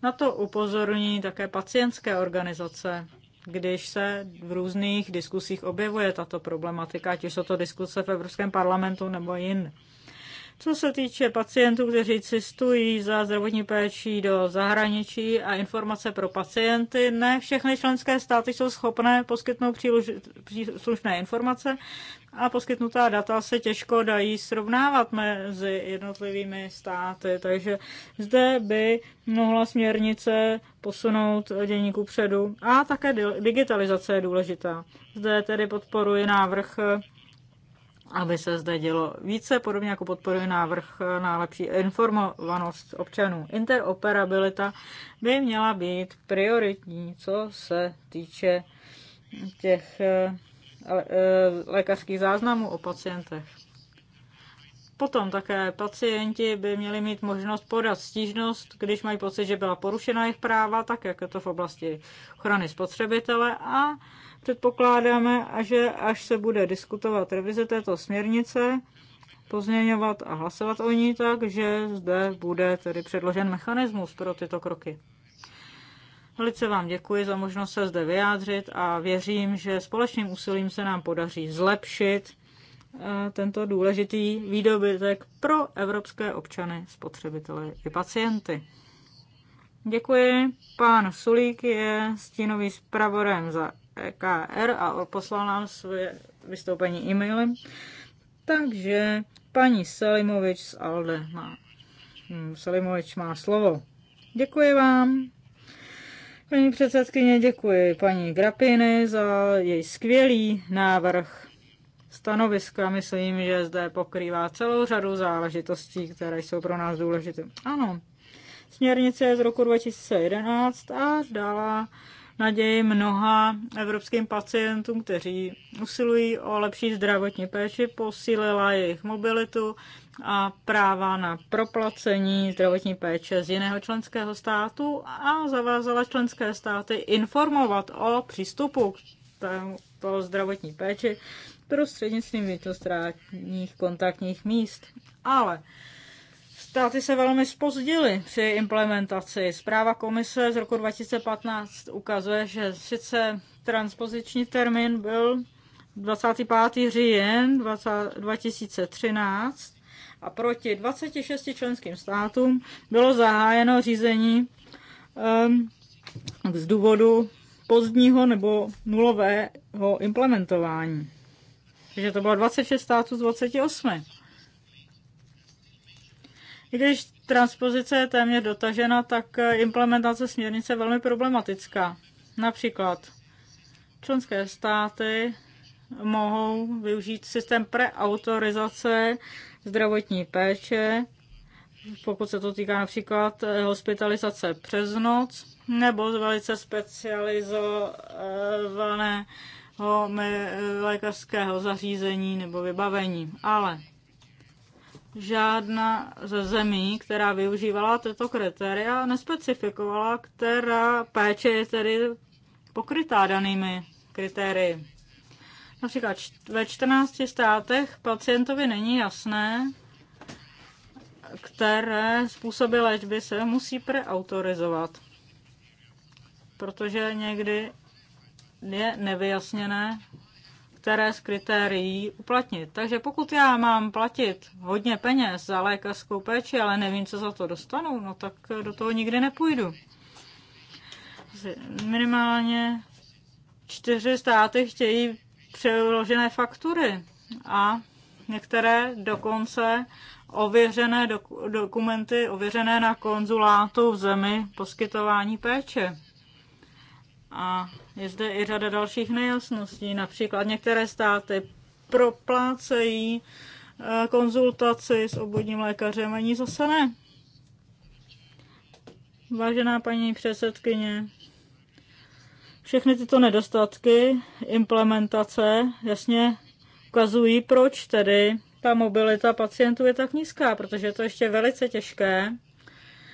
Na to upozorní také pacientské organizace, když se v různých diskusích objevuje tato problematika, ať jsou to diskuse v Evropském parlamentu nebo jin. Co se týče pacientů, kteří cestují za zdravotní péčí do zahraničí a informace pro pacienty, ne všechny členské státy jsou schopné poskytnout příslušné informace a poskytnutá data se těžko dají srovnávat mezi jednotlivými státy, takže zde by mohla směrnice posunout děníku předu a také digitalizace je důležitá. Zde tedy podporuji návrh aby se zde dělo více, podobně jako podporuje návrh na lepší informovanost občanů. Interoperabilita by měla být prioritní, co se týče těch eh, eh, lékařských záznamů o pacientech. Potom také pacienti by měli mít možnost podat stížnost, když mají pocit, že byla porušena jejich práva, tak jak je to v oblasti ochrany spotřebitele a Předpokládáme, a že až se bude diskutovat revize této směrnice, pozměňovat a hlasovat o ní tak, že zde bude tedy předložen mechanismus pro tyto kroky. Velice vám děkuji za možnost se zde vyjádřit a věřím, že společným úsilím se nám podaří zlepšit eh, tento důležitý výdobytek pro evropské občany, spotřebitele i pacienty. Děkuji. Pán Sulík je stínový zpravodajem za EKR a poslal nám svoje vystoupení e-mailem. Takže paní Selimovič z Alde má, hmm, Selimovič má slovo. Děkuji vám. Paní předsedkyně, děkuji paní Grapiny za její skvělý návrh stanoviska. Myslím, že zde pokrývá celou řadu záležitostí, které jsou pro nás důležité. Ano, směrnice je z roku 2011 a dala naději mnoha evropským pacientům, kteří usilují o lepší zdravotní péči, posílila jejich mobilitu a práva na proplacení zdravotní péče z jiného členského státu a zavázala členské státy informovat o přístupu k této zdravotní péči prostřednictvím vnitrostátních kontaktních míst. Ale Státy se velmi spozdily při implementaci. Zpráva komise z roku 2015 ukazuje, že sice transpoziční termín byl 25. říjen 2013 a proti 26 členským státům bylo zahájeno řízení um, z důvodu pozdního nebo nulového implementování. Takže to bylo 26 států z 28. I když transpozice je téměř dotažena, tak eh, implementace směrnice je velmi problematická. Například členské státy mohou využít systém preautorizace zdravotní péče, pokud se to týká například eh, hospitalizace přes noc nebo velice specializovaného lékařského zařízení nebo vybavení. Ale žádná ze zemí, která využívala tyto kritéria, nespecifikovala, která péče je tedy pokrytá danými kritérii. Například ve 14 státech pacientovi není jasné, které způsoby léčby se musí preautorizovat, protože někdy je nevyjasněné, které z kritérií uplatnit. Takže pokud já mám platit hodně peněz za lékařskou péči, ale nevím, co za to dostanu, no tak eh, do toho nikdy nepůjdu. Minimálně čtyři státy chtějí přeložené faktury a některé dokonce ověřené doku- dokumenty, ověřené na konzulátu v zemi poskytování péče. A je zde i řada dalších nejasností. Například některé státy proplácejí eh, konzultaci s obvodním lékařem, ani zase ne. Vážená paní předsedkyně, všechny tyto nedostatky implementace jasně ukazují, proč tedy ta mobilita pacientů je tak nízká, protože je to ještě velice těžké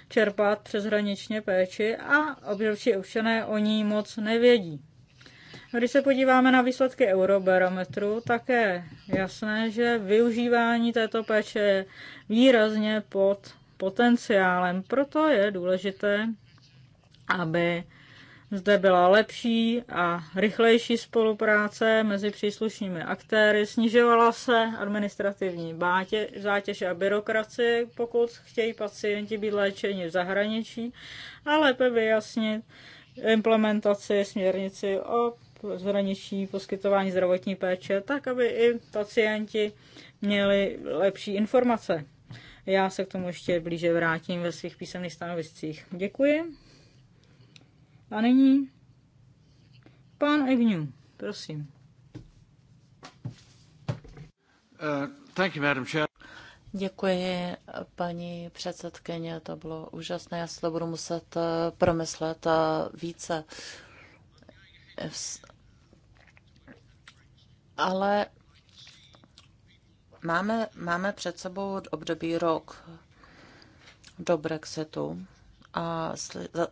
čerpat přeshraničně péči a obdobčí občané o ní moc nevědí. Když se podíváme na výsledky eurobarometru, tak je jasné, že využívání této péče je výrazně pod potenciálem. Proto je důležité, aby zde byla lepší a rychlejší spolupráce mezi příslušnými aktéry, snižovala se administrativní bátě, zátěž a byrokracie, pokud chtějí pacienti být léčeni v zahraničí, a lépe vyjasnit implementaci směrnici o zahraniční poskytování zdravotní péče, tak aby i pacienti měli lepší informace. Já se k tomu ještě blíže vrátím ve svých písemných stanoviscích. Děkuji. A nyní pan Agnew, prosím. Uh, thank you, Madam Chair. Děkuji, paní předsedkyně, to bylo úžasné. Já si to budu muset eh, promyslet eh, více. Ale máme, máme před sebou období rok do Brexitu a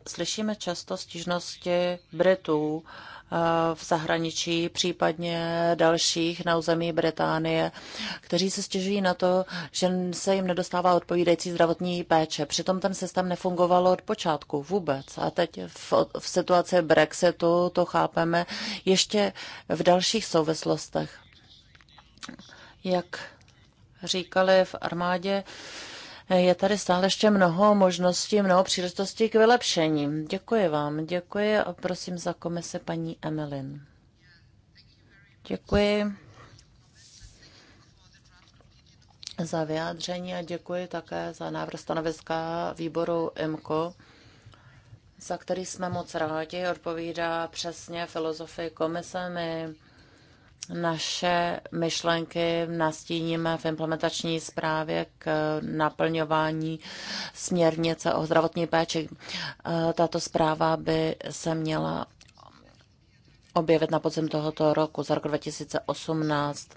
slyšíme často stížnosti Britů eh, v zahraničí, případně dalších na území Británie, kteří se stěžují na to, že se jim nedostává odpovídající zdravotní péče. Přitom ten systém nefungoval od počátku vůbec. A teď v, v situaci Brexitu to chápeme ještě v dalších souvislostech. Jak říkali v armádě, uh, je tady stále ještě mnoho možností, mnoho příležitostí k vylepšení. Děkuji vám, děkuji a prosím za komise paní Emelin. Děkuji za vyjádření a děkuji také za návrh stanoviska výboru IMCO, za který jsme moc rádi. Odpovídá přesně filozofii komise. My naše myšlenky nastíníme v implementační zprávě k naplňování směrnice o zdravotní péči. E, tato zpráva by se měla objevit na podzim tohoto roku, za rok 2018.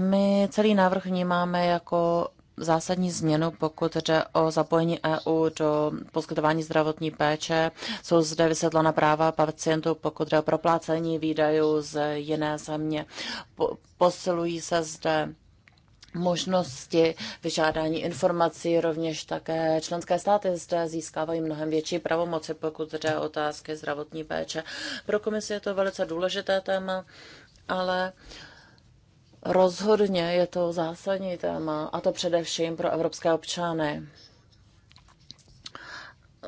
My celý návrh vnímáme jako zásadní změnu, pokud jde o zapojení EU do poskytování zdravotní péče. Jsou zde vysvětlena práva pacientů, pokud jde o proplácení výdajů z jiné země. Posilují se zde možnosti vyžádání informací, rovněž také členské státy zde získávají mnohem větší pravomoci, pokud jde o otázky zdravotní péče. Pro komisi je to velice důležité téma, ale uh, Rozhodně je to zásadní téma, a to především pro evropské občany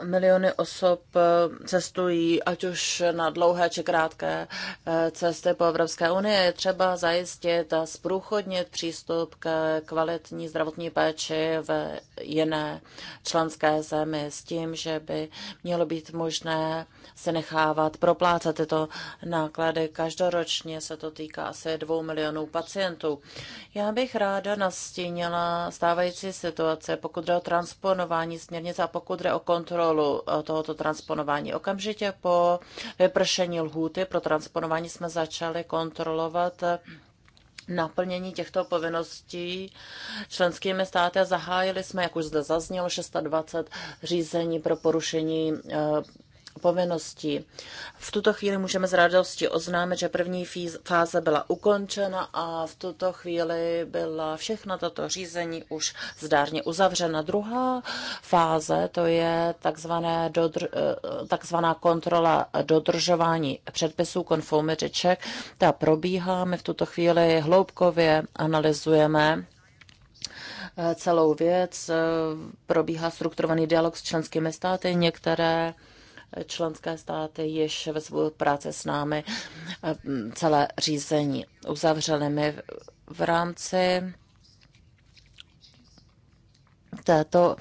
miliony osob eh, cestují, ať už na dlouhé či krátké eh, cesty po Evropské unii. Je třeba zajistit a zprůchodnit přístup ke kvalitní zdravotní péči v jiné členské zemi s tím, že by mělo být možné se nechávat proplácet tyto náklady. Každoročně se to týká asi dvou milionů pacientů. Já bych ráda nastínila stávající situace, pokud jde o transponování směrnice a pokud jde o kontrolu kontrolu eh, tohoto transponování. Okamžitě po vypršení lhůty pro transponování jsme začali kontrolovat eh, naplnění těchto povinností členskými státy a zahájili jsme, jak už zde zaznělo, 620 řízení pro porušení eh, povinností. V tuto chvíli můžeme s radostí oznámit, že první fáze byla ukončena a v tuto chvíli byla všechna tato řízení už zdárně uzavřena. Druhá fáze to je takzvané dodr- eh, takzvaná kontrola dodržování předpisů conformity check. Ta probíhá, my v tuto chvíli hloubkově analyzujeme eh, celou věc. Eh, probíhá strukturovaný dialog s členskými státy. Některé členské státy již ve spolupráci s námi eh, celé řízení uzavřely. My v rámci této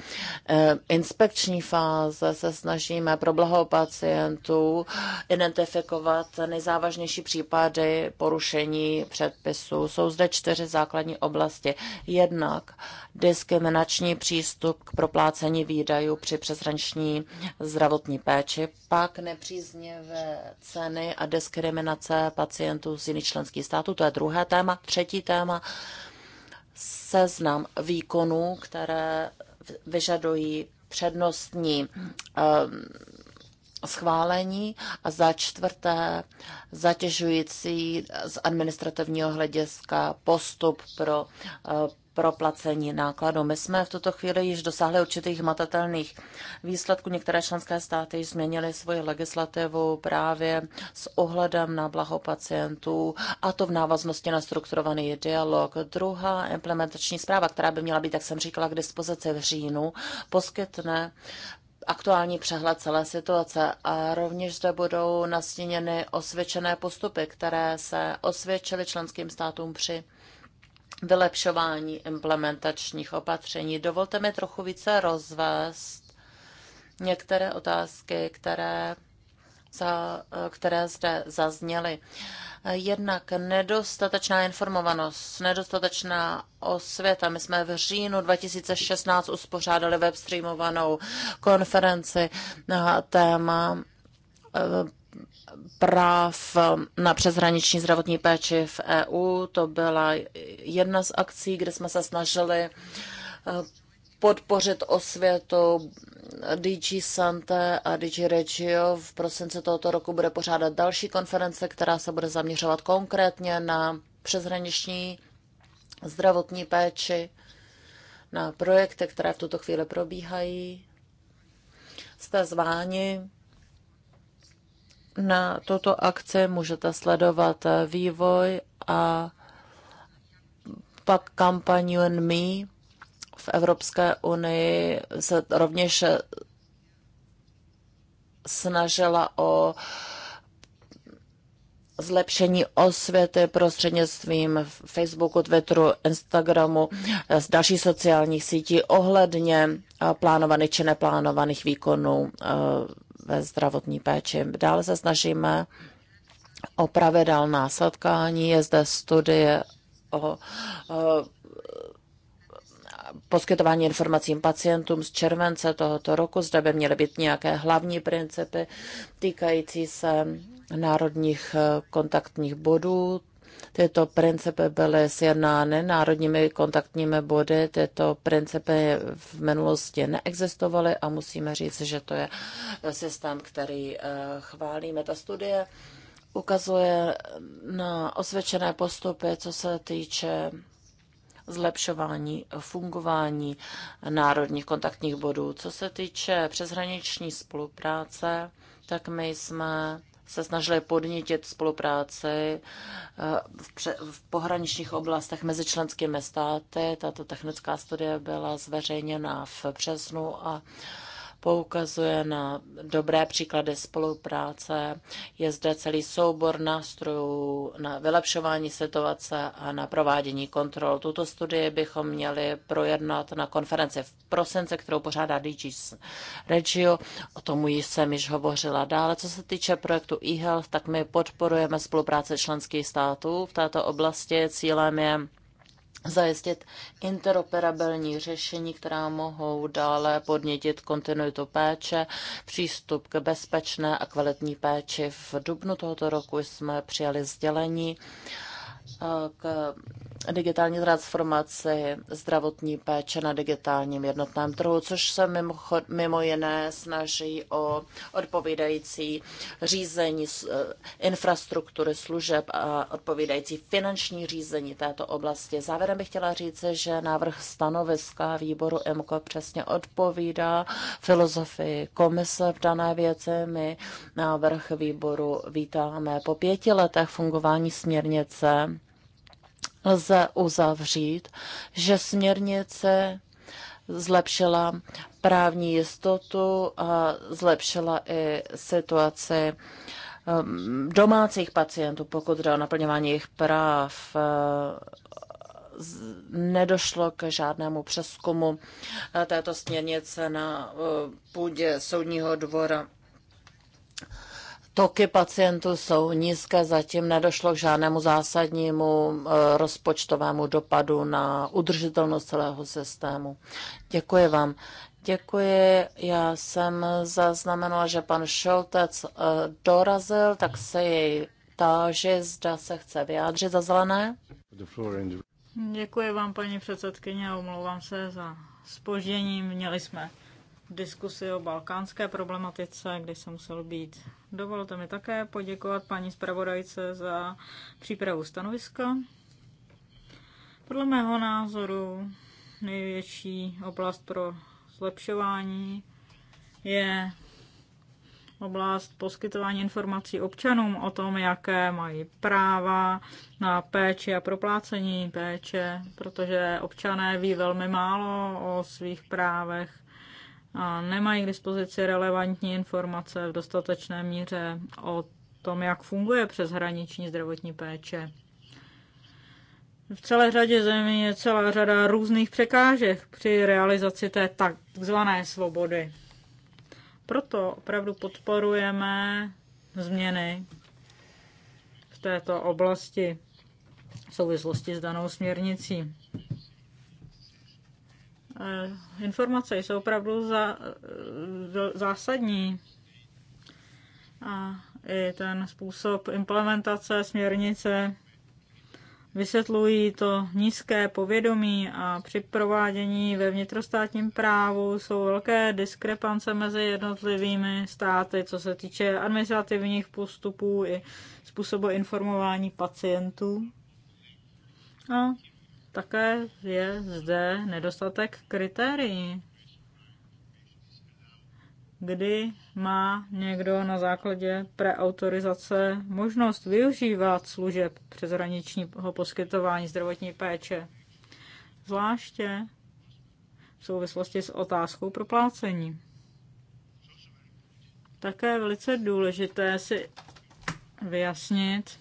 eh, inspekční fáze se snažíme pro blaho pacientů identifikovat nejzávažnější případy porušení předpisů. Jsou zde čtyři základní oblasti. Jednak diskriminační přístup k proplácení výdajů při přeshraniční zdravotní péči, pak nepříznivé ceny a diskriminace pacientů z jiných členských států, to je druhé téma. Třetí téma seznam výkonů, které vyžadují přednostní ehm, schválení a za čtvrté zatěžující z administrativního hlediska postup pro eh, proplacení nákladů. My jsme v tuto chvíli již dosáhli určitých matatelných výsledků. Některé členské státy již změnily svoji legislativu právě s ohledem na blaho pacientů a to v návaznosti na strukturovaný dialog. Druhá implementační zpráva, která by měla být, jak jsem říkala, k dispozici v říjnu, poskytne aktuální přehled celé situace a rovněž zde budou nastíněny osvědčené postupy, které se osvědčily členským státům při vylepšování implementačních opatření. Dovolte mi trochu více rozvést některé otázky, které, za, které zde zazněly. Jednak nedostatečná informovanost, nedostatečná osvěta. My jsme v říjnu 2016 uspořádali webstreamovanou konferenci na téma eh, práv na přeshraniční zdravotní péči v EU. To byla jedna z akcí, kde jsme se snažili eh, podpořit osvětu. DG Sante a DG Regio v prosinci tohoto roku bude pořádat další konference, která se bude zaměřovat konkrétně na přeshraniční zdravotní péči, na projekty, které v tuto chvíli probíhají. Jste zváni na tuto akci můžete sledovat eh, vývoj a pak kampaň UN Me v Evropské unii se rovněž eh, snažila o zlepšení osvěty prostřednictvím Facebooku, Twitteru, Instagramu, eh, z dalších sociálních sítí ohledně plánovaných či neplánovaných výkonů ve zdravotní péči. Dále se snažíme o pravidelná setkání, je zde studie o, o poskytování informacím pacientům z července tohoto roku. Zde by měly být nějaké hlavní principy týkající se národních kontaktních bodů. Tyto principy byly sjednány národními kontaktními body, tyto principy v minulosti neexistovaly a musíme říct, že to je systém, který eh, chválíme. Ta studie ukazuje na osvědčené postupy, co se týče zlepšování fungování národních kontaktních bodů. Co se týče přeshraniční spolupráce, tak my jsme se snažili podnítit spolupráci eh, v, pře- v pohraničních oblastech mezi členskými státy. Tato technická studie byla zveřejněna v březnu a uh, poukazuje na dobré příklady spolupráce. Je zde celý soubor nástrojů na vylepšování situace a na provádění kontrol. Tuto studii bychom měli projednat na konferenci v prosince, kterou pořádá DG Regio. O tom jsem již hovořila dále. Co se týče projektu eHealth, tak my podporujeme spolupráce členských států v této oblasti. Cílem je zajistit interoperabilní řešení, která mohou dále podnětit kontinuitu péče, přístup k bezpečné a kvalitní péči. V dubnu tohoto roku jsme přijali sdělení k digitální transformaci zdravotní péče na digitálním jednotném trhu, což se mimo, mimo jiné snaží o odpovídající řízení eh, infrastruktury služeb a odpovídající finanční řízení této oblasti. Závěrem bych chtěla říct, že návrh stanoviska výboru EMCO přesně odpovídá filozofii komise v dané věci. My návrh výboru vítáme po pěti letech fungování směrnice lze uzavřít, že směrnice zlepšila právní jistotu a zlepšila i situaci um, domácích pacientů, pokud jde o naplňování jejich práv. Uh, nedošlo k žádnému přeskumu uh, této směrnice na uh, půdě soudního dvora toky pacientů jsou nízké, zatím nedošlo k žádnému zásadnímu e, rozpočtovému dopadu na udržitelnost celého systému. Děkuji vám. Děkuji. Já jsem zaznamenala, že pan Šoltec e, dorazil, tak se jej táži, zda se chce vyjádřit za zelené. Děkuji vám, paní předsedkyně, a omlouvám se za spoždění. Měli jsme diskusi o balkánské problematice, kde jsem musel být. Dovolte mi také poděkovat paní zpravodajce za přípravu stanoviska. Podle mého názoru největší oblast pro zlepšování je oblast poskytování informací občanům o tom, jaké mají práva na péči a proplácení péče, protože občané ví velmi málo o svých právech a nemají k dispozici relevantní informace v dostatečné míře o tom, jak funguje přeshraniční zdravotní péče. V celé řadě zemí je celá řada různých překážek při realizaci té takzvané svobody. Proto opravdu podporujeme změny v této oblasti v souvislosti s danou směrnicí. Eh, informace jsou opravdu za, eh, zásadní. A i ten způsob implementace směrnice vysvětlují to nízké povědomí a při provádění ve vnitrostátním právu jsou velké diskrepance mezi jednotlivými státy, co se týče administrativních postupů i způsobu informování pacientů. No, také je zde nedostatek kritérií, kdy má někdo na základě preautorizace možnost využívat služeb přeshraničního poskytování zdravotní péče, zvláště v souvislosti s otázkou proplácení. Také je velice důležité si vyjasnit,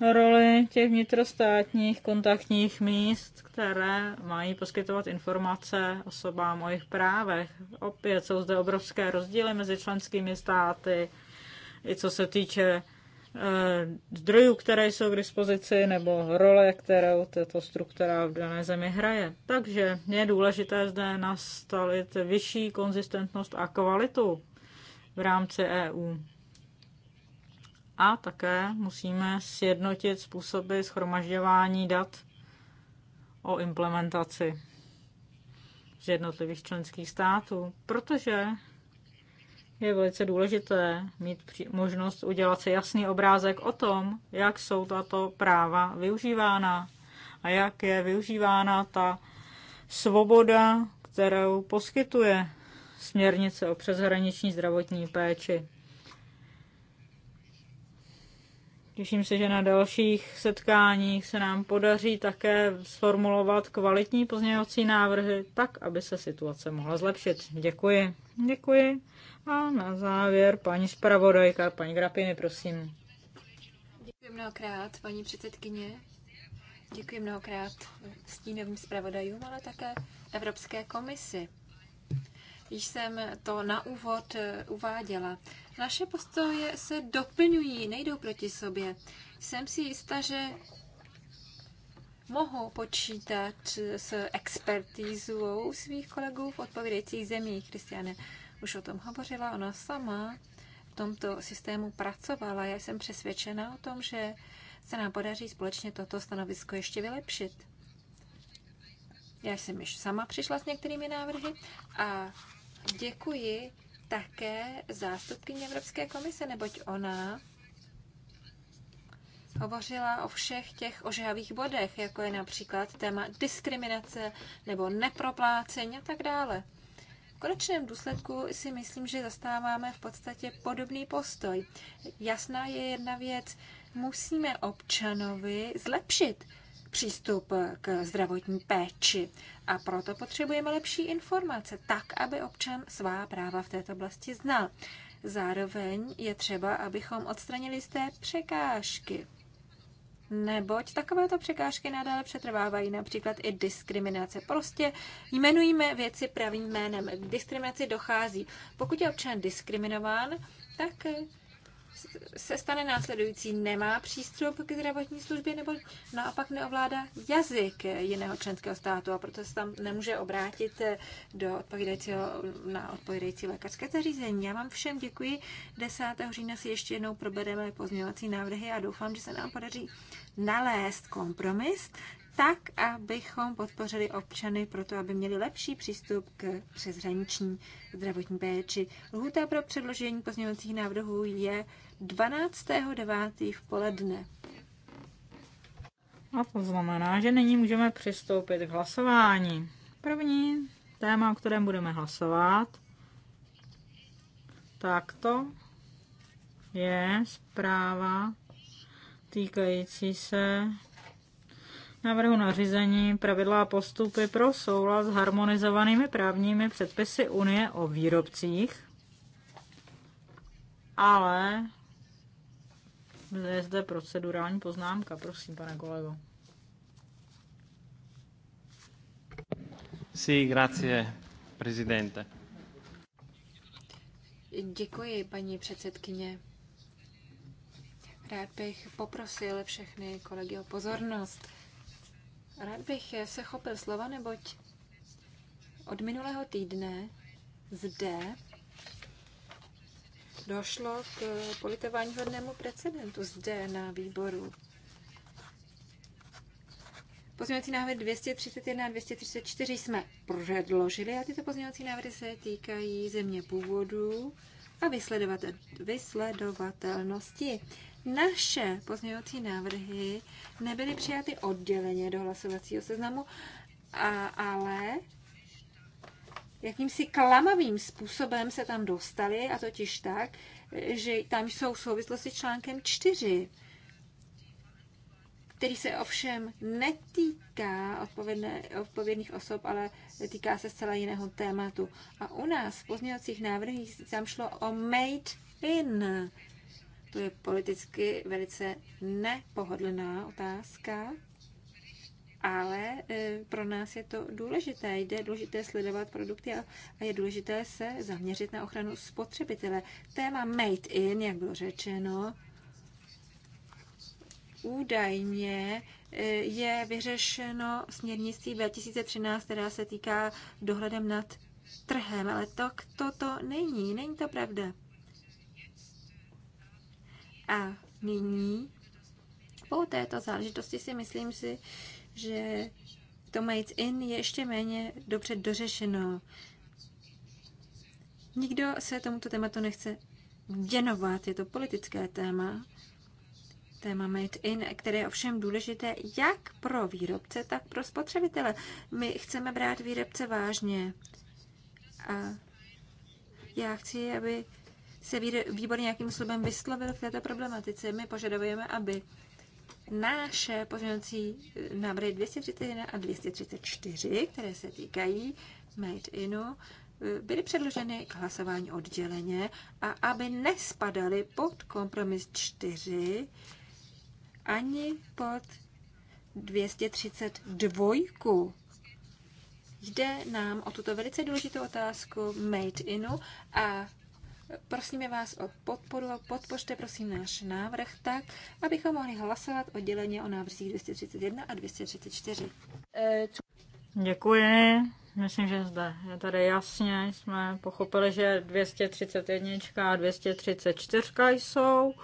roli těch vnitrostátních kontaktních míst, které mají poskytovat informace osobám o jejich právech. Opět jsou zde obrovské rozdíly mezi členskými státy, i co se týče eh, zdrojů, které jsou k dispozici, nebo role, kterou tato struktura v dané zemi hraje. Takže je důležité zde nastavit vyšší konzistentnost a kvalitu v rámci EU. A také musíme sjednotit způsoby schromažďování dat o implementaci z jednotlivých členských států, protože je velice důležité mít možnost udělat si jasný obrázek o tom, jak jsou tato práva využívána a jak je využívána ta svoboda, kterou poskytuje směrnice o přeshraniční zdravotní péči. Těším se, že na dalších setkáních se nám podaří také sformulovat kvalitní pozměňovací návrhy, tak, aby se situace mohla zlepšit. Děkuji. Děkuji. A na závěr paní zpravodajka, paní Grapiny, prosím. Děkuji mnohokrát, paní předsedkyně. Děkuji mnohokrát stínovým zpravodajům, ale také Evropské komisi. Již jsem to na úvod uváděla. Naše postoje se doplňují, nejdou proti sobě. Jsem si jistá, že mohu počítat s expertízou svých kolegů v odpovědajících zemích. Kristiane už o tom hovořila, ona sama v tomto systému pracovala. Já jsem přesvědčena o tom, že se nám podaří společně toto stanovisko ještě vylepšit. Já jsem již sama přišla s některými návrhy a děkuji také zástupkyně Evropské komise, neboť ona hovořila o všech těch ožehavých bodech, jako je například téma diskriminace nebo neproplácení a tak dále. V konečném důsledku si myslím, že zastáváme v podstatě podobný postoj. Jasná je jedna věc, musíme občanovi zlepšit přístup k zdravotní péči. A proto potřebujeme lepší informace, tak, aby občan svá práva v této oblasti znal. Zároveň je třeba, abychom odstranili z té překážky. Neboť takovéto překážky nadále přetrvávají, například i diskriminace. Prostě jmenujeme věci pravým jménem. K diskriminaci dochází. Pokud je občan diskriminován, tak se stane následující, nemá přístup k zdravotní službě nebo naopak neovládá jazyk jiného členského státu a proto se tam nemůže obrátit do odpovídajícího, na odpovídající lékařské zařízení. Já vám všem děkuji. 10. října si ještě jednou probereme pozměňovací návrhy a doufám, že se nám podaří nalézt kompromis, tak, abychom podpořili občany pro to, aby měli lepší přístup k přeshraniční zdravotní péči. Lhůta pro předložení pozměňovacích návrhů je 12.9. v poledne. A to znamená, že nyní můžeme přistoupit k hlasování. První téma, o kterém budeme hlasovat, tak to je zpráva týkající se návrhu nařízení pravidla a postupy pro souhlas s harmonizovanými právními předpisy Unie o výrobcích, ale je zde procedurální poznámka. Prosím, pane kolego. Sí, grazie, prezidente. Děkuji, paní předsedkyně. Rád bych poprosil všechny kolegy o pozornost. Rád bych se chopil slova, neboť od minulého týdne zde došlo k politování hodnému precedentu zde na výboru. Pozměňovací návrhy 231 a 234 jsme předložili a tyto pozměňovací návrhy se týkají země původu a vysledovatelnosti. Naše pozměňovací návrhy nebyly přijaty odděleně do hlasovacího seznamu, a, ale jakýmsi klamavým způsobem se tam dostali, a totiž tak, že tam jsou souvislosti s článkem 4, který se ovšem netýká odpovědných osob, ale týká se zcela jiného tématu. A u nás v pozměňovacích návrhích tam šlo o made in, to je politicky velice nepohodlná otázka, ale e, pro nás je to důležité. Jde důležité sledovat produkty a je důležité se zaměřit na ochranu spotřebitele. Téma made in, jak bylo řečeno, údajně e, je vyřešeno směrnicí 2013, která se týká dohledem nad trhem, ale to, to, to není, není to pravda. A nyní po této záležitosti si myslím si, že to Mates In je ještě méně dobře dořešeno. Nikdo se tomuto tématu nechce věnovat, je to politické téma, téma Made In, které je ovšem důležité jak pro výrobce, tak pro spotřebitele. My chceme brát výrobce vážně a já chci, aby se výbor nějakým způsobem vyslovil v této problematice. My požadujeme, aby naše pozměňovací návrhy 231 a 234, které se týkají Made Inu, eh, byly předloženy k hlasování odděleně a aby nespadaly pod kompromis 4 ani pod 232. Jde nám o tuto velice důležitou otázku made inu a Prosíme vás o podporu a podpořte prosím náš návrh tak, abychom mohli hlasovat odděleně o návrzích 231 a 234. Děkuji. Myslím, že zde je tady jasně. Jsme pochopili, že 231 a 234 jsou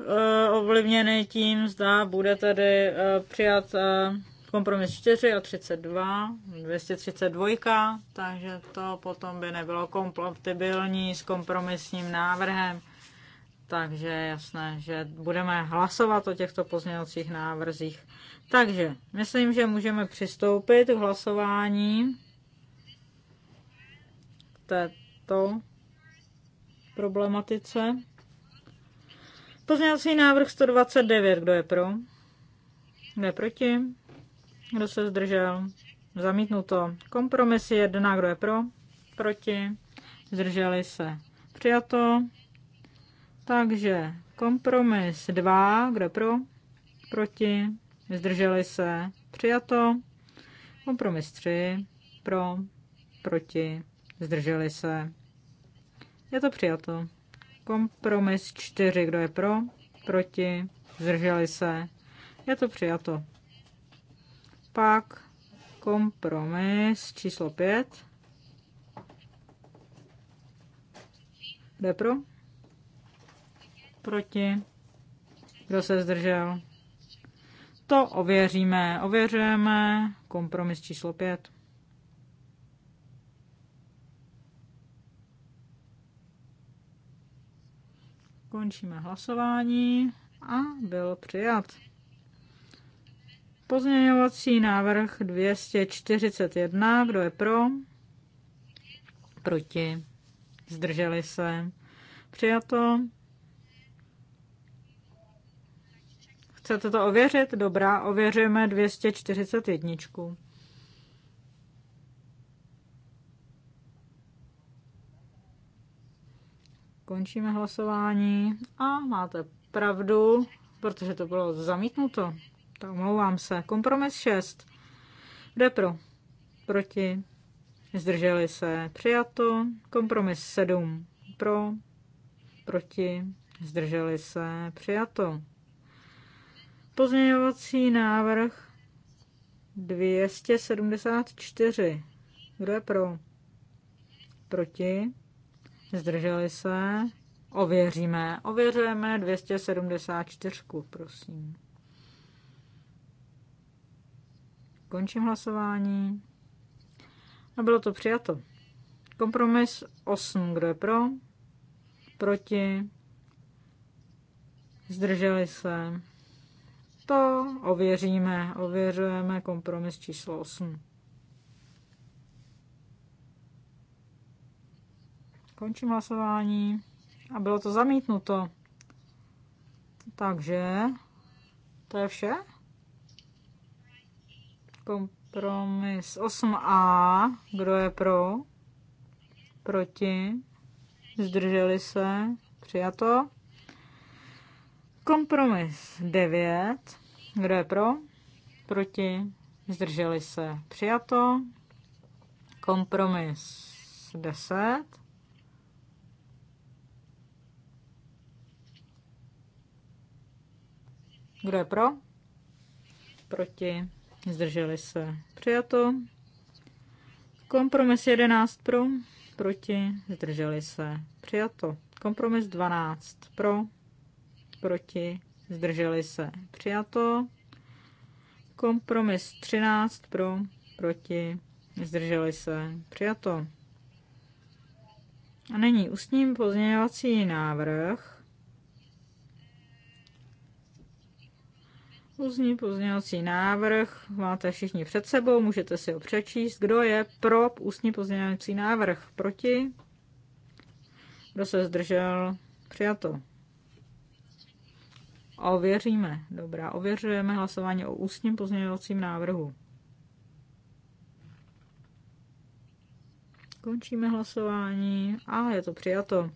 eh, ovlivněny tím, zda bude tedy eh, přijat eh, kompromis 4 a 32, 232, takže to potom by nebylo kompatibilní s kompromisním návrhem. Takže jasné, že budeme hlasovat o těchto pozměňovacích návrzích. Takže myslím, že můžeme přistoupit k hlasování k této problematice. Pozměňovací návrh 129, kdo je pro? Kdo je proti? Kdo se zdržel? Zamítnuto. Kompromis jedna. Kdo je pro? Proti? Zdrželi se. Přijato. Takže kompromis 2, kdo pro? Proti. Zdrželi se. Přijato. Kompromis 3, pro, proti, zdrželi se. Je to přijato. Kompromis 4, kdo je pro? Proti, zdrželi se. Je to přijato pak kompromis číslo 5. Jde pro? Proti? Kdo se zdržel? To ověříme. Ověřujeme kompromis číslo 5. Končíme hlasování a byl přijat. Pozměňovací návrh 241, kdo je pro? Proti. Zdrželi se. Přijato. Chcete to ověřit? Dobrá, ověřujeme 241. Končíme hlasování a máte pravdu, protože to bylo zamítnuto. 6, omlouvám se. Kompromis 6. Jde pro? Proti. Zdrželi se. Přijato. Kompromis 7. Pro. Proti. Zdrželi se. Přijato. Pozměňovací návrh 274. Kdo je pro? Proti? Zdrželi se? Ověříme. Ověřujeme 274, prosím. Končím hlasování. A bylo to přijato. Kompromis 8. Kdo je pro? Proti? Zdrželi se? To ověříme. Ověřujeme kompromis číslo 8. Končím hlasování. A bylo to zamítnuto. Takže to je vše. Kompromis 8a. Kdo je pro? Proti? Zdrželi se? Přijato. Kompromis 9. Kdo je pro? Proti? Zdrželi se? Přijato. Kompromis 10. Kdo je pro? Proti? zdrželi se. Přijato. Kompromis 11 pro, proti, zdrželi se. Přijato. Kompromis 12 pro, proti, zdrželi se. Přijato. Kompromis 13 pro, proti, zdrželi se. Přijato. A není ústní pozměňovací návrh Pozdní pozměňovací návrh máte všichni před sebou, můžete si ho přečíst. Kdo je pro ústní pozměňovací návrh? Proti? Kdo se zdržel? Přijato. Ověříme. Dobrá, ověřujeme hlasování o ústním pozměňovacím návrhu. Končíme hlasování a je to přijato.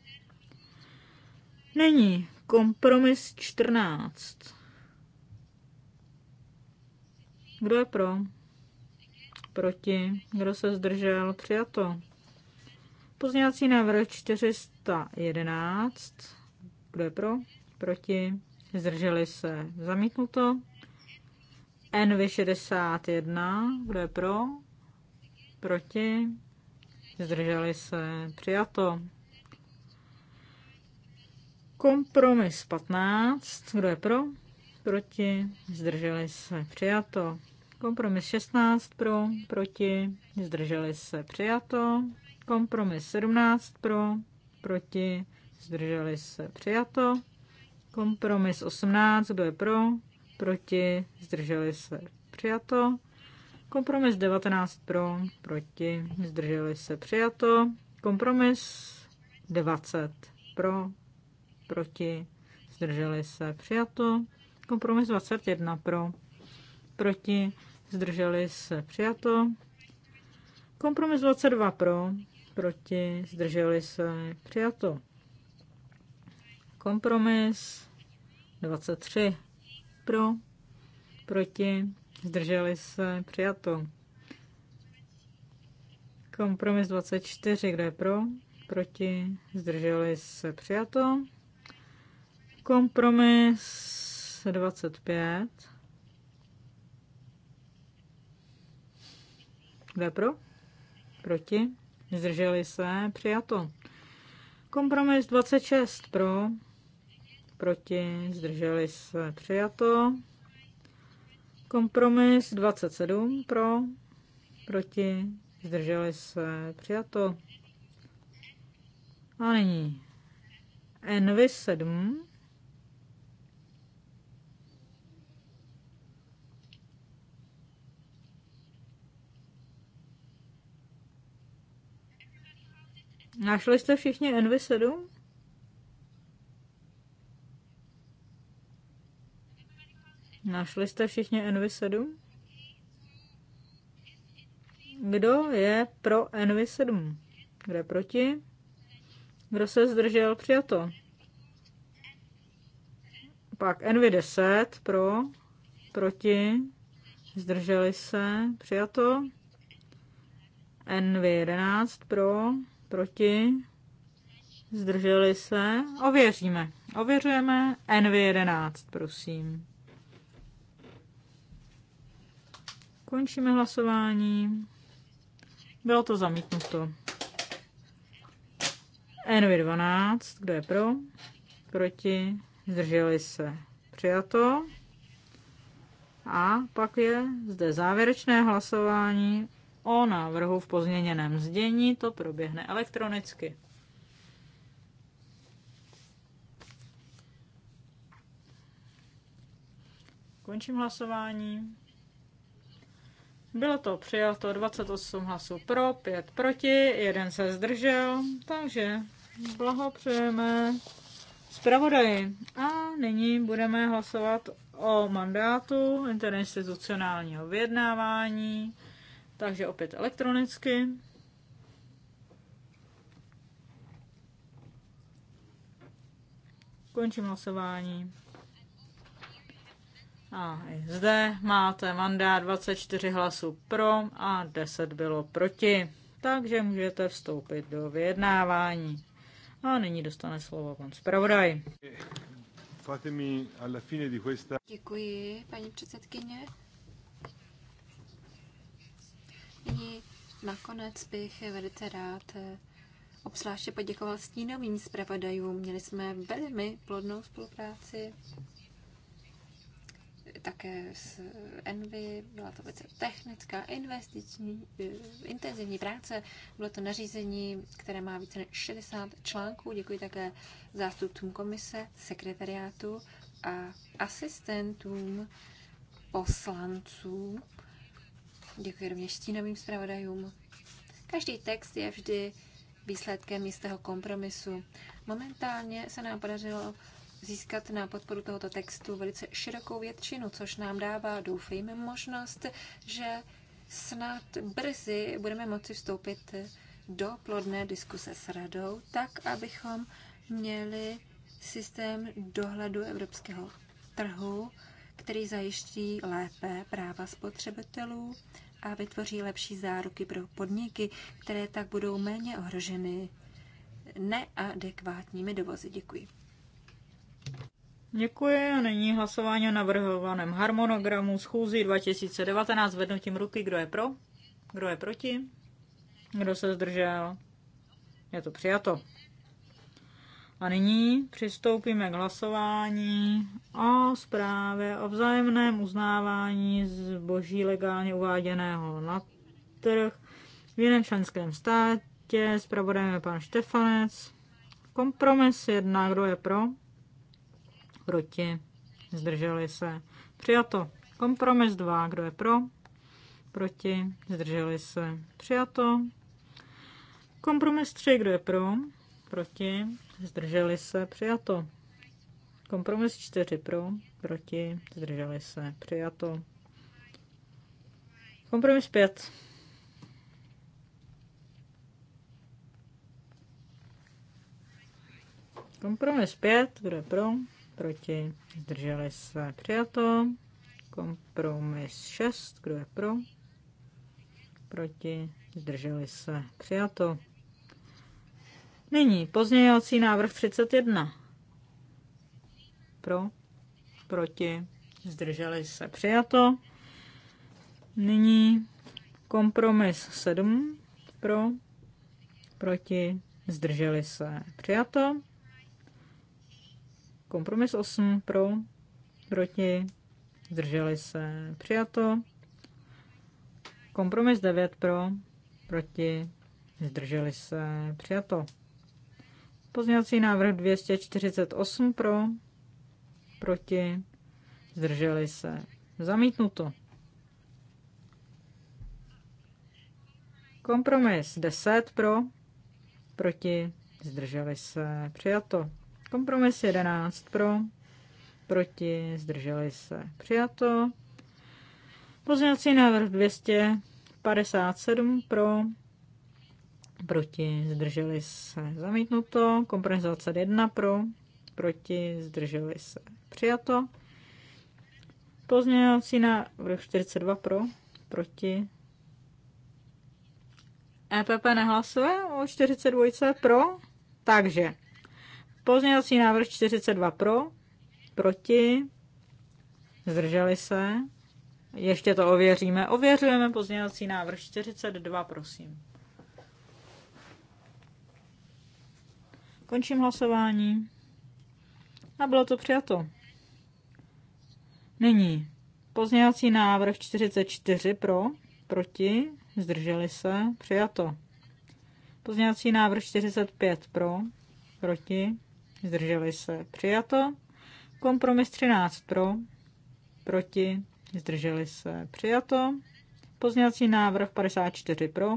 Není kompromis 14. Kdo je pro? Proti. Kdo se zdržel? Přijato. Pozněvací návrh 411. Kdo je pro? Proti. Zdrželi se. Zamítnuto. NV61. Kdo je pro? Proti. Zdrželi se. Přijato. Kompromis 15. Kdo je pro? proti, zdrželi se, přijato. Kompromis 16 pro, proti, zdrželi se, přijato. Kompromis 17 pro, proti, zdrželi se, přijato. Kompromis 18, kdo je pro, proti, zdrželi se, přijato. Kompromis 19 pro, proti, zdrželi se, přijato. Kompromis 20 pro, proti, zdrželi se, přijato. Kompromis 21 pro, proti, zdrželi se přijato. Kompromis 22 pro, proti, zdrželi se přijato. Kompromis 23 pro, proti, zdrželi se přijato. Kompromis 24, kde je pro, proti, zdrželi se přijato. Kompromis 225. Kdo je pro? Proti? Zdrželi se? Přijato. Kompromis 26 pro, proti, zdrželi se, přijato. Kompromis 27 pro, proti, zdrželi se, přijato. A nyní Envy 7 Našli jste všichni NV7? Našli jste všichni NV7? Kdo je pro NV7? Kdo je proti? Kdo se zdržel? Přijato. Pak NV10 pro, proti, zdrželi se, přijato. NV11 pro, Proti? Zdrželi se? Ověříme. Ověřujeme NV11, prosím. Končíme hlasování. Bylo to zamítnuto. NV12, kdo je pro? Proti? Zdrželi se? Přijato. A pak je zde závěrečné hlasování o návrhu v pozměněném zdění To proběhne elektronicky. Končím hlasování. Bylo to přijato 28 hlasů pro, 5 proti, jeden se zdržel, takže blahopřejeme zpravodaji. A nyní budeme hlasovat o mandátu interinstitucionálního vyjednávání. Takže opět elektronicky. Končím hlasování. A i zde máte mandát 24 hlasů pro a 10 bylo proti. Takže můžete vstoupit do vyjednávání. A nyní dostane slovo pan zpravodaj. Děkuji, paní předsedkyně všichni. Nakonec bych velice rád eh, obzvláště poděkoval stínovým zpravodajům. Měli jsme velmi plodnou spolupráci také s Envy, byla to velice technická, investiční, eh, intenzivní práce. Bylo to nařízení, které má více než 60 článků. Děkuji také zástupcům komise, sekretariátu a asistentům poslanců, Děkuji rovněž stínovým zpravodajům. Každý text je vždy výsledkem jistého kompromisu. Momentálně se nám podařilo získat na podporu tohoto textu velice širokou většinu, což nám dává, doufejme, možnost, že snad brzy budeme moci vstoupit do plodné diskuse s radou, tak abychom měli systém dohledu evropského trhu, který zajiští lépe práva spotřebitelů a vytvoří lepší záruky pro podniky, které tak budou méně ohroženy neadekvátními dovozy. Děkuji. Děkuji a nyní hlasování o navrhovaném harmonogramu schůzí 2019 vednutím ruky. Kdo je pro? Kdo je proti? Kdo se zdržel? Je to přijato. A nyní přistoupíme k hlasování o zprávě o vzájemném uznávání zboží legálně uváděného na trh v jiném členském státě. Zpravodajem je pan Štefanec. Kompromis jedna, kdo je pro? Proti. Zdrželi se. Přijato. Kompromis dva, kdo je pro? Proti. Zdrželi se. Přijato. Kompromis tři kdo je pro? proti, zdrželi se, přijato. Kompromis 4 pro, proti, zdrželi se, přijato. Kompromis 5. Kompromis 5, kdo je pro, proti, zdrželi se, přijato. Kompromis 6, kdo je pro, proti, zdrželi se, přijato. Nyní pozměňovací návrh 31. Pro, proti, zdrželi se přijato. Nyní kompromis 7 pro, proti, zdrželi se přijato. Kompromis 8 pro, proti, zdrželi se přijato. Kompromis 9 pro, proti, zdrželi se přijato. Pozměňovací návrh 248 pro, proti, zdrželi se. Zamítnuto. Kompromis 10 pro, proti, zdrželi se. Přijato. Kompromis 11 pro, proti, zdrželi se. Přijato. Pozměňovací návrh 257 pro, proti, zdrželi se zamítnuto, kompromis 1 pro, proti, zdrželi se přijato, pozměňovací návrh 42 pro, proti, EPP nehlasuje o 42 pro, takže pozměňovací návrh 42 pro, proti, zdrželi se, ještě to ověříme, ověřujeme pozměňovací návrh 42, prosím. Končím hlasování. A bylo to přijato. Nyní pozněvací návrh 44 pro, proti, zdrželi se, přijato. Pozněvací návrh 45 pro, proti, zdrželi se, přijato. Kompromis 13 pro, proti, zdrželi se, přijato. Pozněvací návrh 54 pro,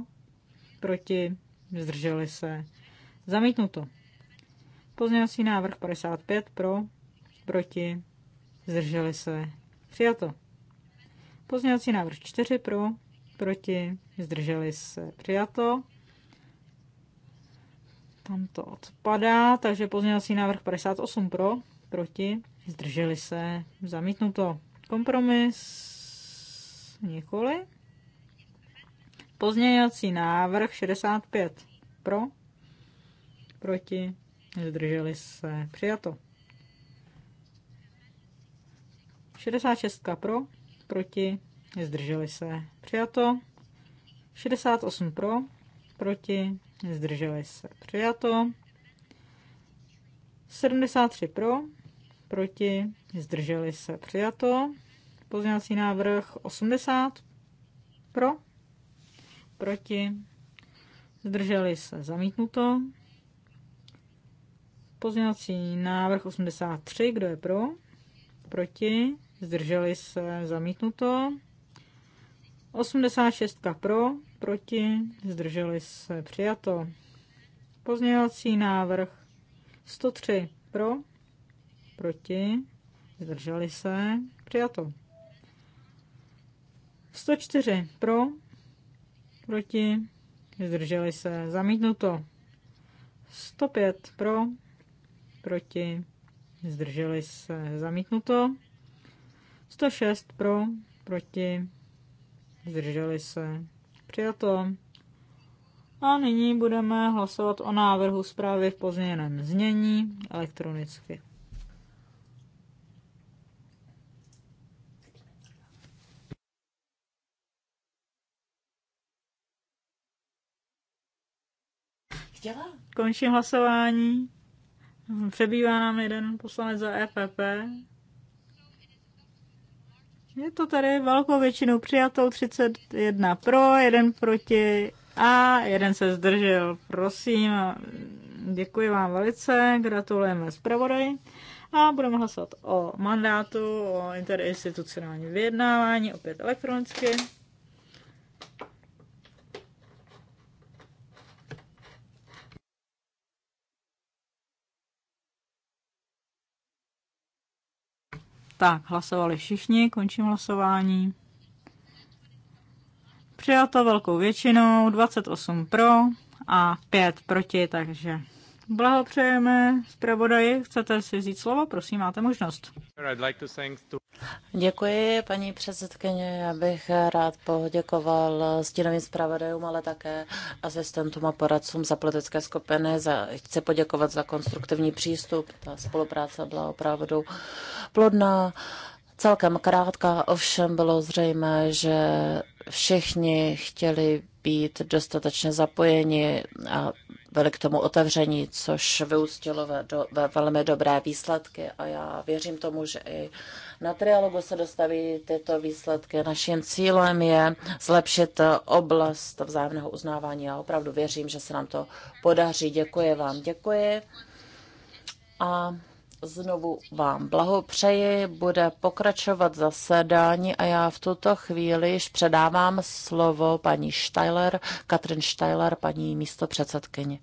proti, zdrželi se, zamítnuto. Pozměňovací návrh 55 pro, proti, zdrželi se. Přijato. Pozměňovací návrh 4 pro, proti, zdrželi se. Přijato. Tam to odpadá, takže pozměňovací návrh 58 pro, proti, zdrželi se. Zamítnuto. Kompromis nikoli. Pozměňovací návrh 65 pro, proti, Zdrželi se. Přijato. 66 pro, proti, zdrželi se. Přijato. 68 pro, proti, zdrželi se. Přijato. 73 pro, proti, zdrželi se. Přijato. Pozměňovací návrh 80 pro, proti, zdrželi se. Zamítnuto. Pozměňovací návrh 83, kdo je pro? Proti? Zdrželi se zamítnuto. 86 pro, proti, zdrželi se přijato. Pozměňovací návrh 103 pro, proti, zdrželi se přijato. 104 pro, proti, zdrželi se zamítnuto. 105 pro, proti, zdrželi se zamítnuto. 106 pro, proti, zdrželi se přijato. A nyní budeme hlasovat o návrhu zprávy v pozměněném znění elektronicky. Končím hlasování. Mhm, přebývá nám jeden poslanec za EPP. Je to tady velkou většinou přijatou 31 pro, jeden proti a jeden se zdržel. Prosím, děkuji vám velice, gratulujeme zpravodaj. a budeme hlasovat o mandátu, o interinstitucionální vyjednávání, opět elektronicky. Tak, hlasovali všichni, končím hlasování. Přijato velkou většinou, 28 pro a 5 proti, takže Blahopřejeme zpravodaji. Chcete si vzít slovo? Prosím, máte možnost. Děkuji, paní předsedkyně. Já bych rád poděkoval stínovým zpravodajům, ale také asistentům a poradcům za politické skupiny. Za, chci poděkovat za konstruktivní přístup. Ta spolupráce byla opravdu plodná celkem krátká, ovšem bylo zřejmé, že všichni chtěli být dostatečně zapojeni a byli k tomu otevření, což vyústilo ve, do, ve velmi dobré výsledky a já věřím tomu, že i na trialogu se dostaví tyto výsledky. Naším cílem je zlepšit oblast vzájemného uznávání a opravdu věřím, že se nám to podaří. Děkuji vám, děkuji. A Znovu vám blahopřeji, bude pokračovat zasedání a já v tuto chvíli již předávám slovo paní Steiler, Katrin Steiler, paní místo předsedkyně.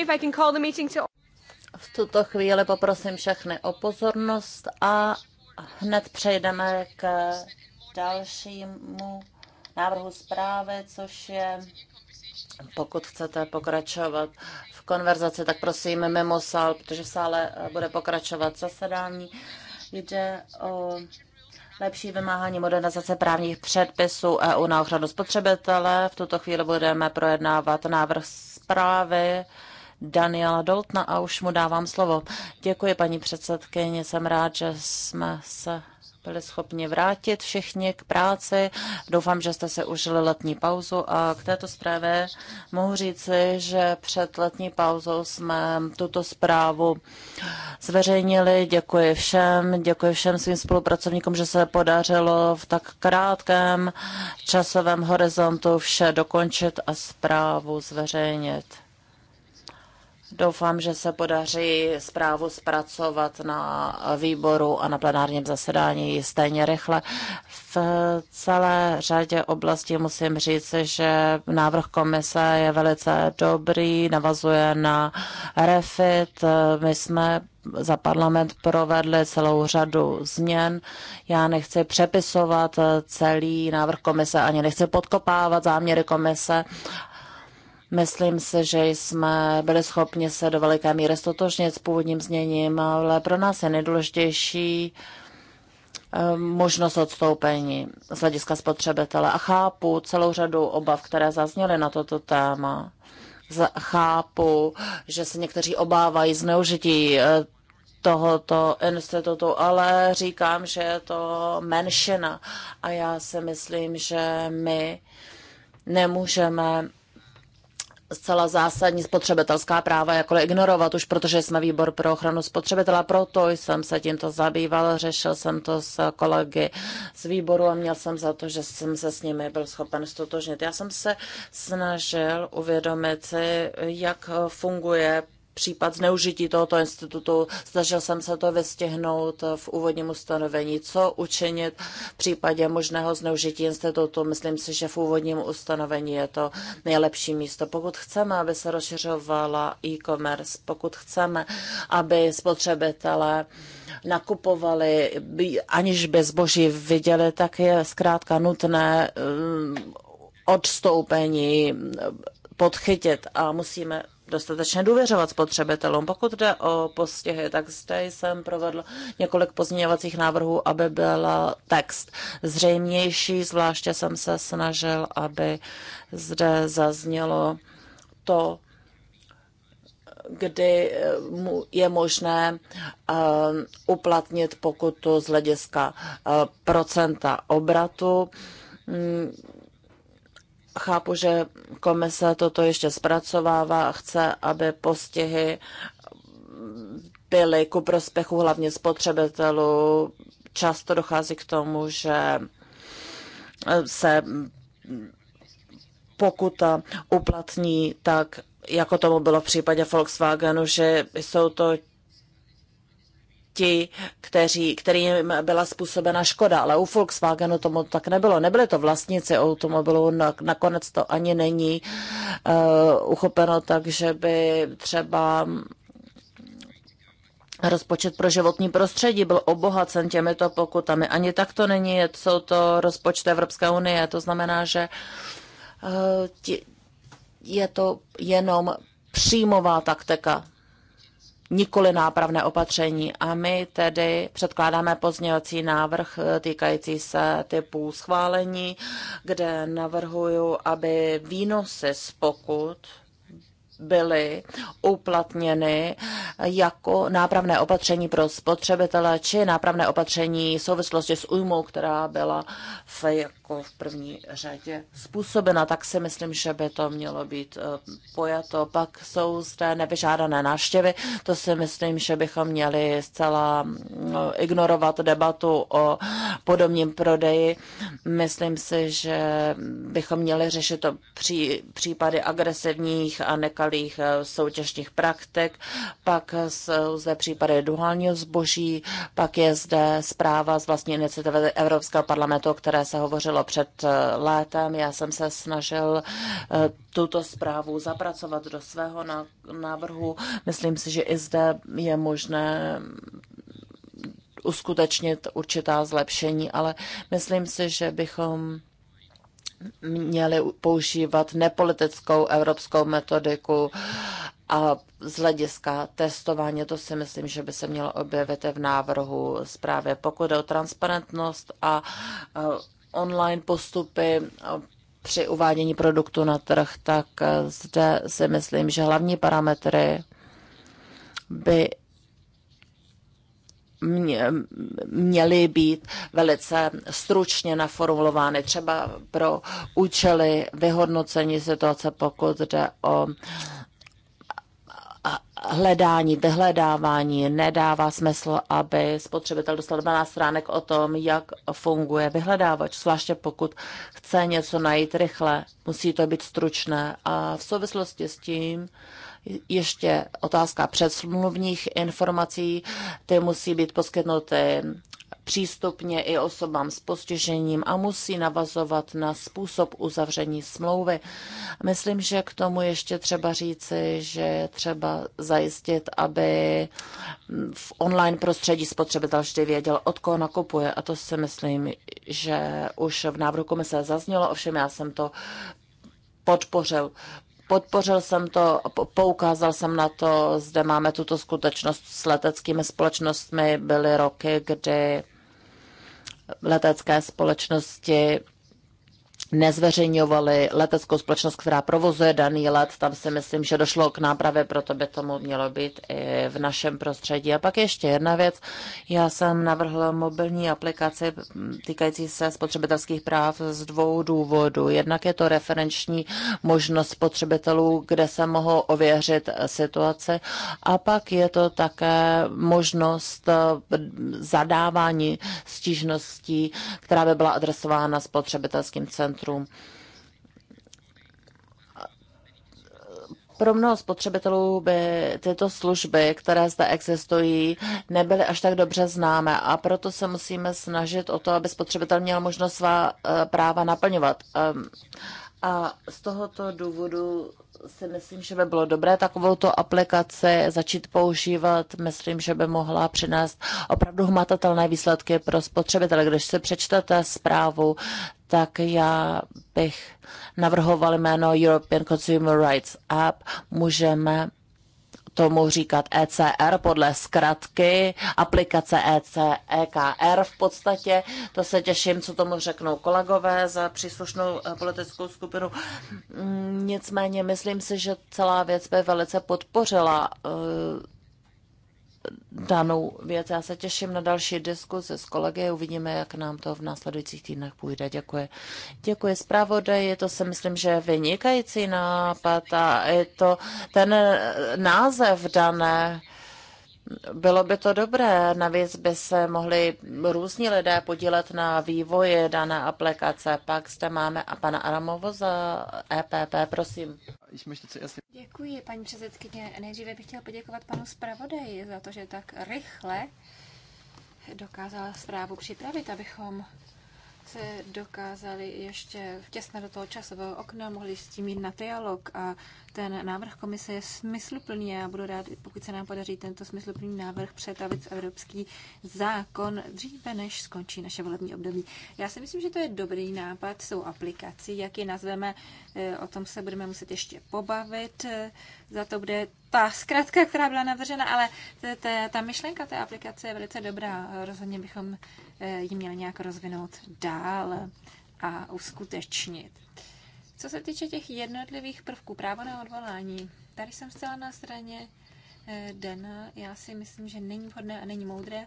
if I can call the meeting to... V tuto chvíli poprosím všechny o pozornost a hned přejdeme k dalšímu návrhu zprávy, což je, pokud chcete pokračovat v konverzaci, tak prosím mimo sál, protože v sále eh, bude pokračovat zasedání. Jde o lepší vymáhání modernizace právních předpisů EU na ochranu spotřebitele. V tuto chvíli budeme projednávat návrh zprávy Daniela Doltna a už mu dávám slovo. Děkuji, paní předsedkyně, jsem rád, že jsme se byli schopni vrátit všichni k práci. Doufám, že jste se užili letní pauzu a k této zprávě mohu říci, že před letní pauzou jsme tuto zprávu zveřejnili. Děkuji všem, děkuji všem svým spolupracovníkům, že se podařilo v tak krátkém časovém horizontu vše dokončit a zprávu zveřejnit. Doufám, že se podaří zprávu zpracovat na výboru a na plenárním zasedání stejně rychle. V celé řadě oblastí musím říct, že návrh komise je velice dobrý, navazuje na refit. My jsme za parlament provedli celou řadu změn. Já nechci přepisovat celý návrh komise, ani nechci podkopávat záměry komise Myslím si, že jsme byli schopni se do veliké míry stotožnit s původním zněním, ale pro nás je nejdůležitější eh, možnost odstoupení z hlediska spotřebitele. A chápu celou řadu obav, které zazněly na toto téma. Chápu, že se někteří obávají zneužití eh, tohoto institutu, ale říkám, že je to menšina. A já si myslím, že my nemůžeme zcela zásadní spotřebitelská práva jako ignorovat už, protože jsme výbor pro ochranu spotřebitela, proto jsem se tímto zabýval, řešil jsem to s kolegy z výboru a měl jsem za to, že jsem se s nimi byl schopen stotožnit. Já jsem se snažil uvědomit si, jak funguje případ zneužití tohoto institutu. Snažil jsem se to vystihnout v úvodním ustanovení. Co učinit v případě možného zneužití institutu? Myslím si, že v úvodním ustanovení je to nejlepší místo. Pokud chceme, aby se rozšiřovala e-commerce, pokud chceme, aby spotřebitelé nakupovali, aniž by zboží viděli, tak je zkrátka nutné um, odstoupení um, podchytit a musíme dostatečně důvěřovat spotřebitelům. Pokud jde o postihy, tak zde jsem provedl několik pozměňovacích návrhů, aby byl text zřejmější. Zvláště jsem se snažil, aby zde zaznělo to, kdy eh, je možné eh, uplatnit pokutu z hlediska eh, procenta obratu mm, Chápu, že komise toto ještě zpracovává a chce, aby postihy byly ku prospěchu hlavně spotřebitelů. Často dochází k tomu, že se pokuta uplatní tak, jako tomu bylo v případě Volkswagenu, že jsou to ti, kteří, kterým byla způsobena škoda, ale u Volkswagenu tomu tak nebylo. Nebyly to vlastníci automobilů, nakonec to ani není uh, uchopeno tak, že by třeba Rozpočet pro životní prostředí byl obohacen těmito pokutami. Ani tak to není, jsou to rozpočty Evropské unie. To znamená, že eh, je to jenom příjmová taktika nikoli nápravné opatření. A my tedy předkládáme pozměňovací návrh eh, týkající se typů schválení, kde navrhuju, aby výnosy z pokut byly uplatněny jako nápravné opatření pro spotřebitele či nápravné opatření v souvislosti s újmou, která byla v jako v první řadě způsobena, tak si myslím, že by to mělo být eh, pojato. Pak jsou zde nevyžádané návštěvy, to si myslím, že bychom měli zcela mm, eh, ignorovat debatu o podobním prodeji. Myslím si, že bychom měli řešit to pří, případy agresivních a nekalých eh, soutěžních praktik, pak jsou zde případy duálního zboží, pak je zde zpráva z vlastní iniciativy Evropského parlamentu, které se hovořilo bylo před eh, létem. Já jsem se snažil eh, tuto zprávu zapracovat do svého návrhu. Myslím si, že i zde je možné uskutečnit určitá zlepšení, ale myslím si, že bychom měli používat nepolitickou evropskou metodiku a z hlediska testování, to si myslím, že by se mělo objevit v návrhu zprávy. Pokud jde o transparentnost a eh, online postupy při uvádění produktu na trh, tak zde si myslím, že hlavní parametry by měly být velice stručně naformulovány, třeba pro účely vyhodnocení situace, pokud jde o hledání, vyhledávání nedává smysl, aby spotřebitel dostal 12 stránek o tom, jak funguje vyhledávač, zvláště pokud chce něco najít rychle, musí to být stručné. A v souvislosti s tím ještě otázka předsmluvních informací, ty musí být poskytnuty přístupně i osobám s postižením a musí navazovat na způsob uzavření smlouvy. Myslím, že k tomu ještě třeba říci, že třeba zajistit, aby v online prostředí spotřebitel vždy věděl, od koho nakupuje. A to si myslím, že už v návrhu komise zaznělo, ovšem já jsem to podpořil, podpořil jsem to, poukázal jsem na to, zde máme tuto skutečnost s leteckými společnostmi, byly roky, kdy letecké společnosti nezveřejňovali leteckou společnost, která provozuje daný let. Tam si myslím, že došlo k nápravě, proto by tomu mělo být i v našem prostředí. A pak ještě jedna věc. Já jsem navrhla mobilní aplikaci týkající se spotřebitelských práv z dvou důvodů. Jednak je to referenční možnost spotřebitelů, kde se mohou ověřit situace. A pak je to také možnost eh, zadávání stížností, která by byla adresována spotřebitelským centrem centrum. Pro mnoho spotřebitelů by tyto služby, které zde existují, nebyly až tak dobře známé a proto se musíme snažit o to, aby spotřebitel měl možnost svá eh, práva naplňovat. Ehm, a z tohoto důvodu si myslím, že by bylo dobré takovouto aplikaci začít používat. Myslím, že by mohla přinést opravdu hmatatelné výsledky pro spotřebitele. Když si přečtete zprávu tak já bych navrhoval jméno European Consumer Rights App. Můžeme tomu říkat ECR podle zkratky, aplikace EC, EKR v podstatě. To se těším, co tomu řeknou kolegové za příslušnou eh, politickou skupinu. Mm, nicméně myslím si, že celá věc by velice podpořila eh, danou věc. Já se těším na další diskuzi s kolegy, uvidíme, jak nám to v následujících týdnech půjde. Děkuji. Děkuji je to si myslím, že vynikající nápad a je to ten název dané bylo by to dobré, navíc by se mohli různí lidé podílet na vývoji dané aplikace. Pak zde máme a pana Aramovo za EPP, prosím. Děkuji, paní předsedkyně. Nejdříve bych chtěla poděkovat panu zpravodaji za to, že tak rychle dokázala zprávu připravit, abychom se dokázali ještě těsně do toho časového okna, mohli s tím jít na dialog a ten návrh komise je smysluplný a budu rád, pokud se nám podaří tento smysluplný návrh přetavit v evropský zákon dříve, než skončí naše volební období. Já si myslím, že to je dobrý nápad s tou aplikací, jak ji nazveme, e, o tom se budeme muset ještě pobavit. E, za to bude ta zkratka, která byla navržena, ale ta myšlenka té aplikace je velice dobrá. Rozhodně bychom e, ji měli nějak rozvinout dál a uskutečnit. Co se týče těch jednotlivých prvků, práva na odvolání, tady jsem zcela na straně eh, Dana. Já si myslím, že není vhodné a není moudré,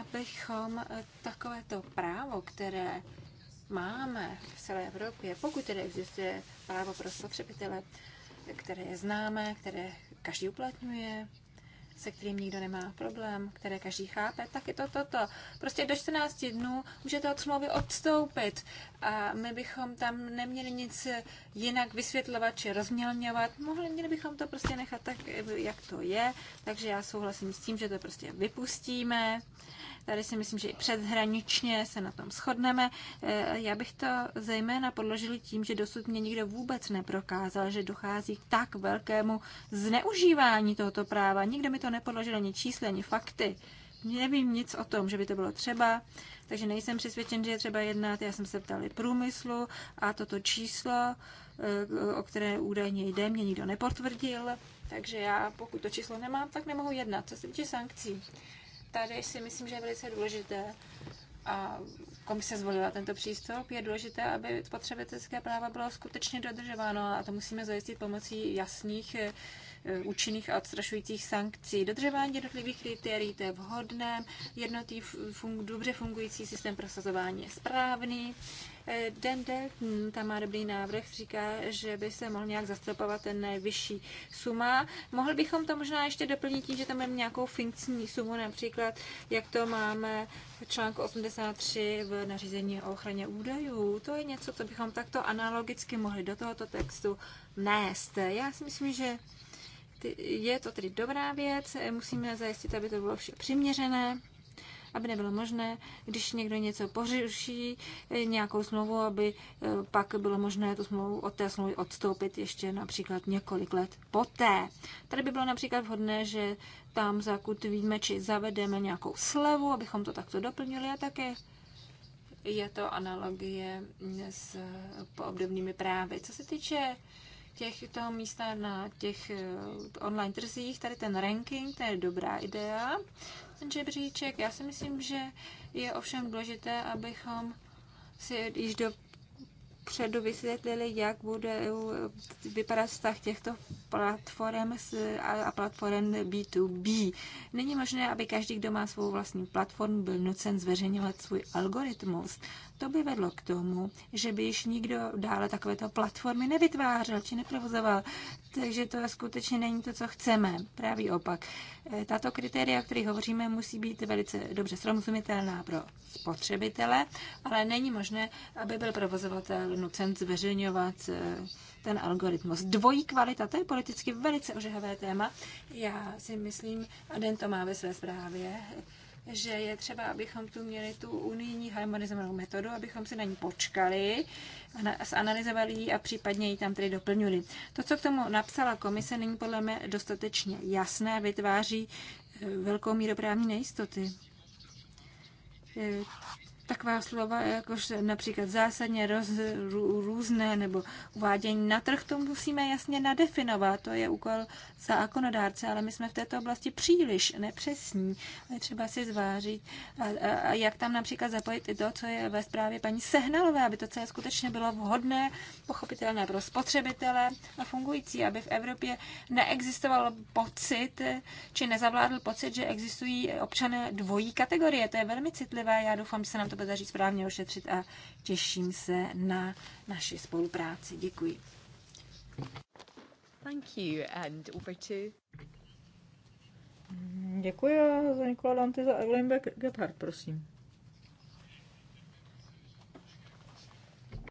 abychom eh, takovéto právo, které máme v celé Evropě, pokud tedy existuje právo pro spotřebitele, které je známé, které každý uplatňuje, se kterým nikdo nemá problém, které každý chápe, tak je to toto. Prostě do 14 dnů můžete od smlouvy odstoupit a my bychom tam neměli nic jinak vysvětlovat či rozmělňovat. Mohli, měli bychom to prostě nechat tak, jak to je. Takže já souhlasím s tím, že to prostě vypustíme. Tady si myslím, že i předhraničně se na tom shodneme. Eh, já bych to zejména podložil tím, že dosud mě nikdo vůbec neprokázal, že dochází k tak velkému zneužívání tohoto práva. Nikdo mi to nepodložil ani čísla, ani fakty nevím nic o tom, že by to bylo třeba, takže nejsem přesvědčen, že je třeba jednat. Já jsem se i průmyslu a toto číslo, eh, o které údajně jde, mě nikdo nepotvrdil, takže já pokud to číslo nemám, tak nemohu jednat. Co se týče sankcí, tady si myslím, že je velice důležité, a komise zvolila tento přístup, je důležité, aby spotřebitelské práva bylo skutečně dodržováno a to musíme zajistit pomocí jasných eh, účinných a odstrašujících sankcí. Dodržování jednotlivých kritérií, to je vhodné, jednotý fun- dobře fungující systém prosazování je správný Eh, Den Dalton tam má dobrý návrh, říká, že by se mohl nějak zastropovat ten nejvyšší suma. Mohli bychom to možná ještě doplnit tím, že tam máme nějakou funkční sumu, například jak to máme v článku 83 v nařízení o ochraně údajů. To je něco, co bychom takto analogicky mohli do tohoto textu nést. Já si myslím, že je to tedy dobrá věc, musíme zajistit, aby to bylo vše přiměřené aby nebylo možné, když někdo něco pořeší, eh, nějakou smlouvu, aby eh, pak bylo možné tu smlouvu od té smlouvy odstoupit ještě například několik let poté. Tady by bylo například vhodné, že tam zakutvíme či zavedeme nějakou slevu, abychom to takto doplnili a také je to analogie s eh, obdobnými právy. Co se týče těch, toho místa na těch online trzích, tady ten ranking, to je dobrá idea ten žebříček. Já si myslím, že je ovšem důležité, abychom si již do předu vysvětlili, jak bude vypadat vztah těchto platform a platform B2B. Není možné, aby každý, kdo má svou vlastní platformu, byl nucen zveřejňovat svůj algoritmus. To by vedlo k tomu, že by již nikdo dále takovéto platformy nevytvářel či neprovozoval. Takže to skutečně není to, co chceme. Právě opak. Eh, tato kritéria, o kterých hovoříme, musí být velice dobře srozumitelná pro spotřebitele, ale není možné, aby byl provozovatel nucen zveřejňovat eh, ten algoritmus. Dvojí kvalita, to je politicky velice ožehavé téma. Já si myslím, a Den to má ve své zprávě, že je třeba, abychom tu měli tu unijní harmonizovanou metodu, abychom si na ní počkali, zanalizovali ji a případně ji tam tedy doplnili. To, co k tomu napsala komise, není podle mě dostatečně jasné a vytváří eh, velkou míru právní nejistoty eh, taková slova, jakož například zásadně roz, různé nebo uvádění na trh, to musíme jasně nadefinovat. To je úkol zákonodárce, ale my jsme v této oblasti příliš nepřesní. Je třeba si zvážit, a, a, a jak tam například zapojit i to, co je ve zprávě paní Sehnalové, aby to celé skutečně bylo vhodné, pochopitelné pro spotřebitele a fungující, aby v Evropě neexistoval pocit, či nezavládl pocit, že existují občané dvojí kategorie. To je velmi citlivé. Já doufám, že se nám to to podaří správně ošetřit a těším se na naši spolupráci. Děkuji. Thank you and over to... Děkuji za Nikola Dante, za Evelyn Gebhardt, prosím.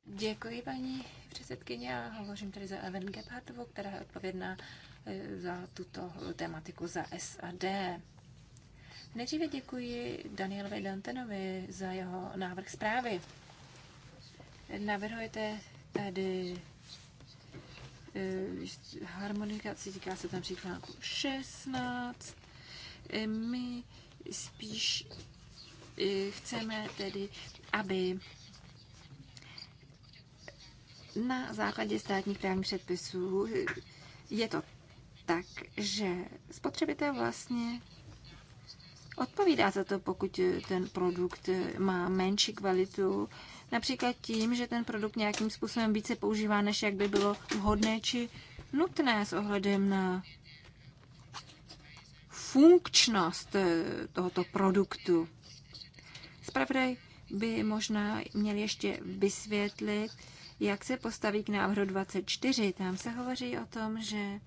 Děkuji, paní předsedkyně. Já hovořím tady za Evelyn Gebhardtovou, která je odpovědná eh, za tuto tematiku za SAD. Nejdříve děkuji Danielovi Dantenovi za jeho návrh zprávy. Navrhujete tady eh, harmonikaci, týká se tam příkladu 16. Eh, my spíš eh, chceme tedy, aby na základě státních právních předpisů je to tak, že spotřebitel vlastně odpovídá za to, pokud eh, ten produkt eh, má menší kvalitu, například tím, že ten produkt nějakým způsobem více používá, než jak by bylo vhodné či nutné s ohledem na funkčnost eh, tohoto produktu. Spravodaj by možná měl ještě vysvětlit, jak se postaví k návrhu 24. Tam se hovoří o tom, že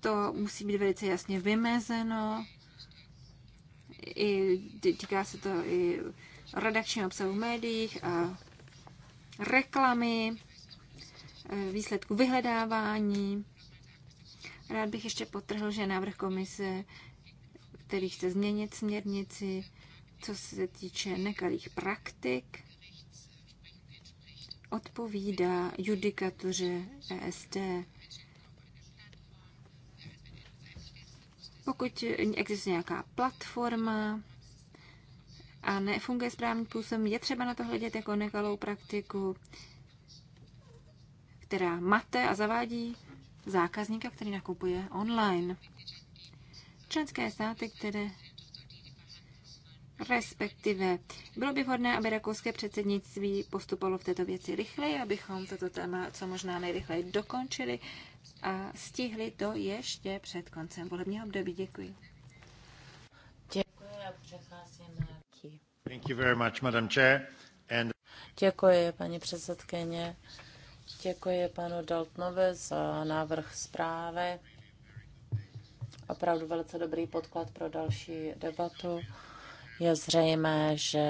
To musí být velice jasně vymezeno. I, týká se to i redakčního obsahu v médiích a reklamy, e, výsledku vyhledávání. Rád bych ještě potrhl, že návrh komise, který chce změnit směrnici, co se týče nekalých praktik, odpovídá judikatuře ESD. Pokud existuje nějaká platforma a nefunguje správným způsobem, je třeba na to hledět jako nekalou praktiku, která mate a zavádí zákazníka, který nakupuje online. Členské státy, které respektive bylo by vhodné, aby rakouské předsednictví postupovalo v této věci rychleji, abychom toto téma co možná nejrychleji dokončili a stihli to ještě před koncem volebního období. Děkuji. Děkuji Thank you very much, Madam Chair. And... Děkuji, paní předsedkyně. Děkuji panu Daltnovi za návrh zprávy. Opravdu velice dobrý podklad pro další debatu. Je zřejmé, že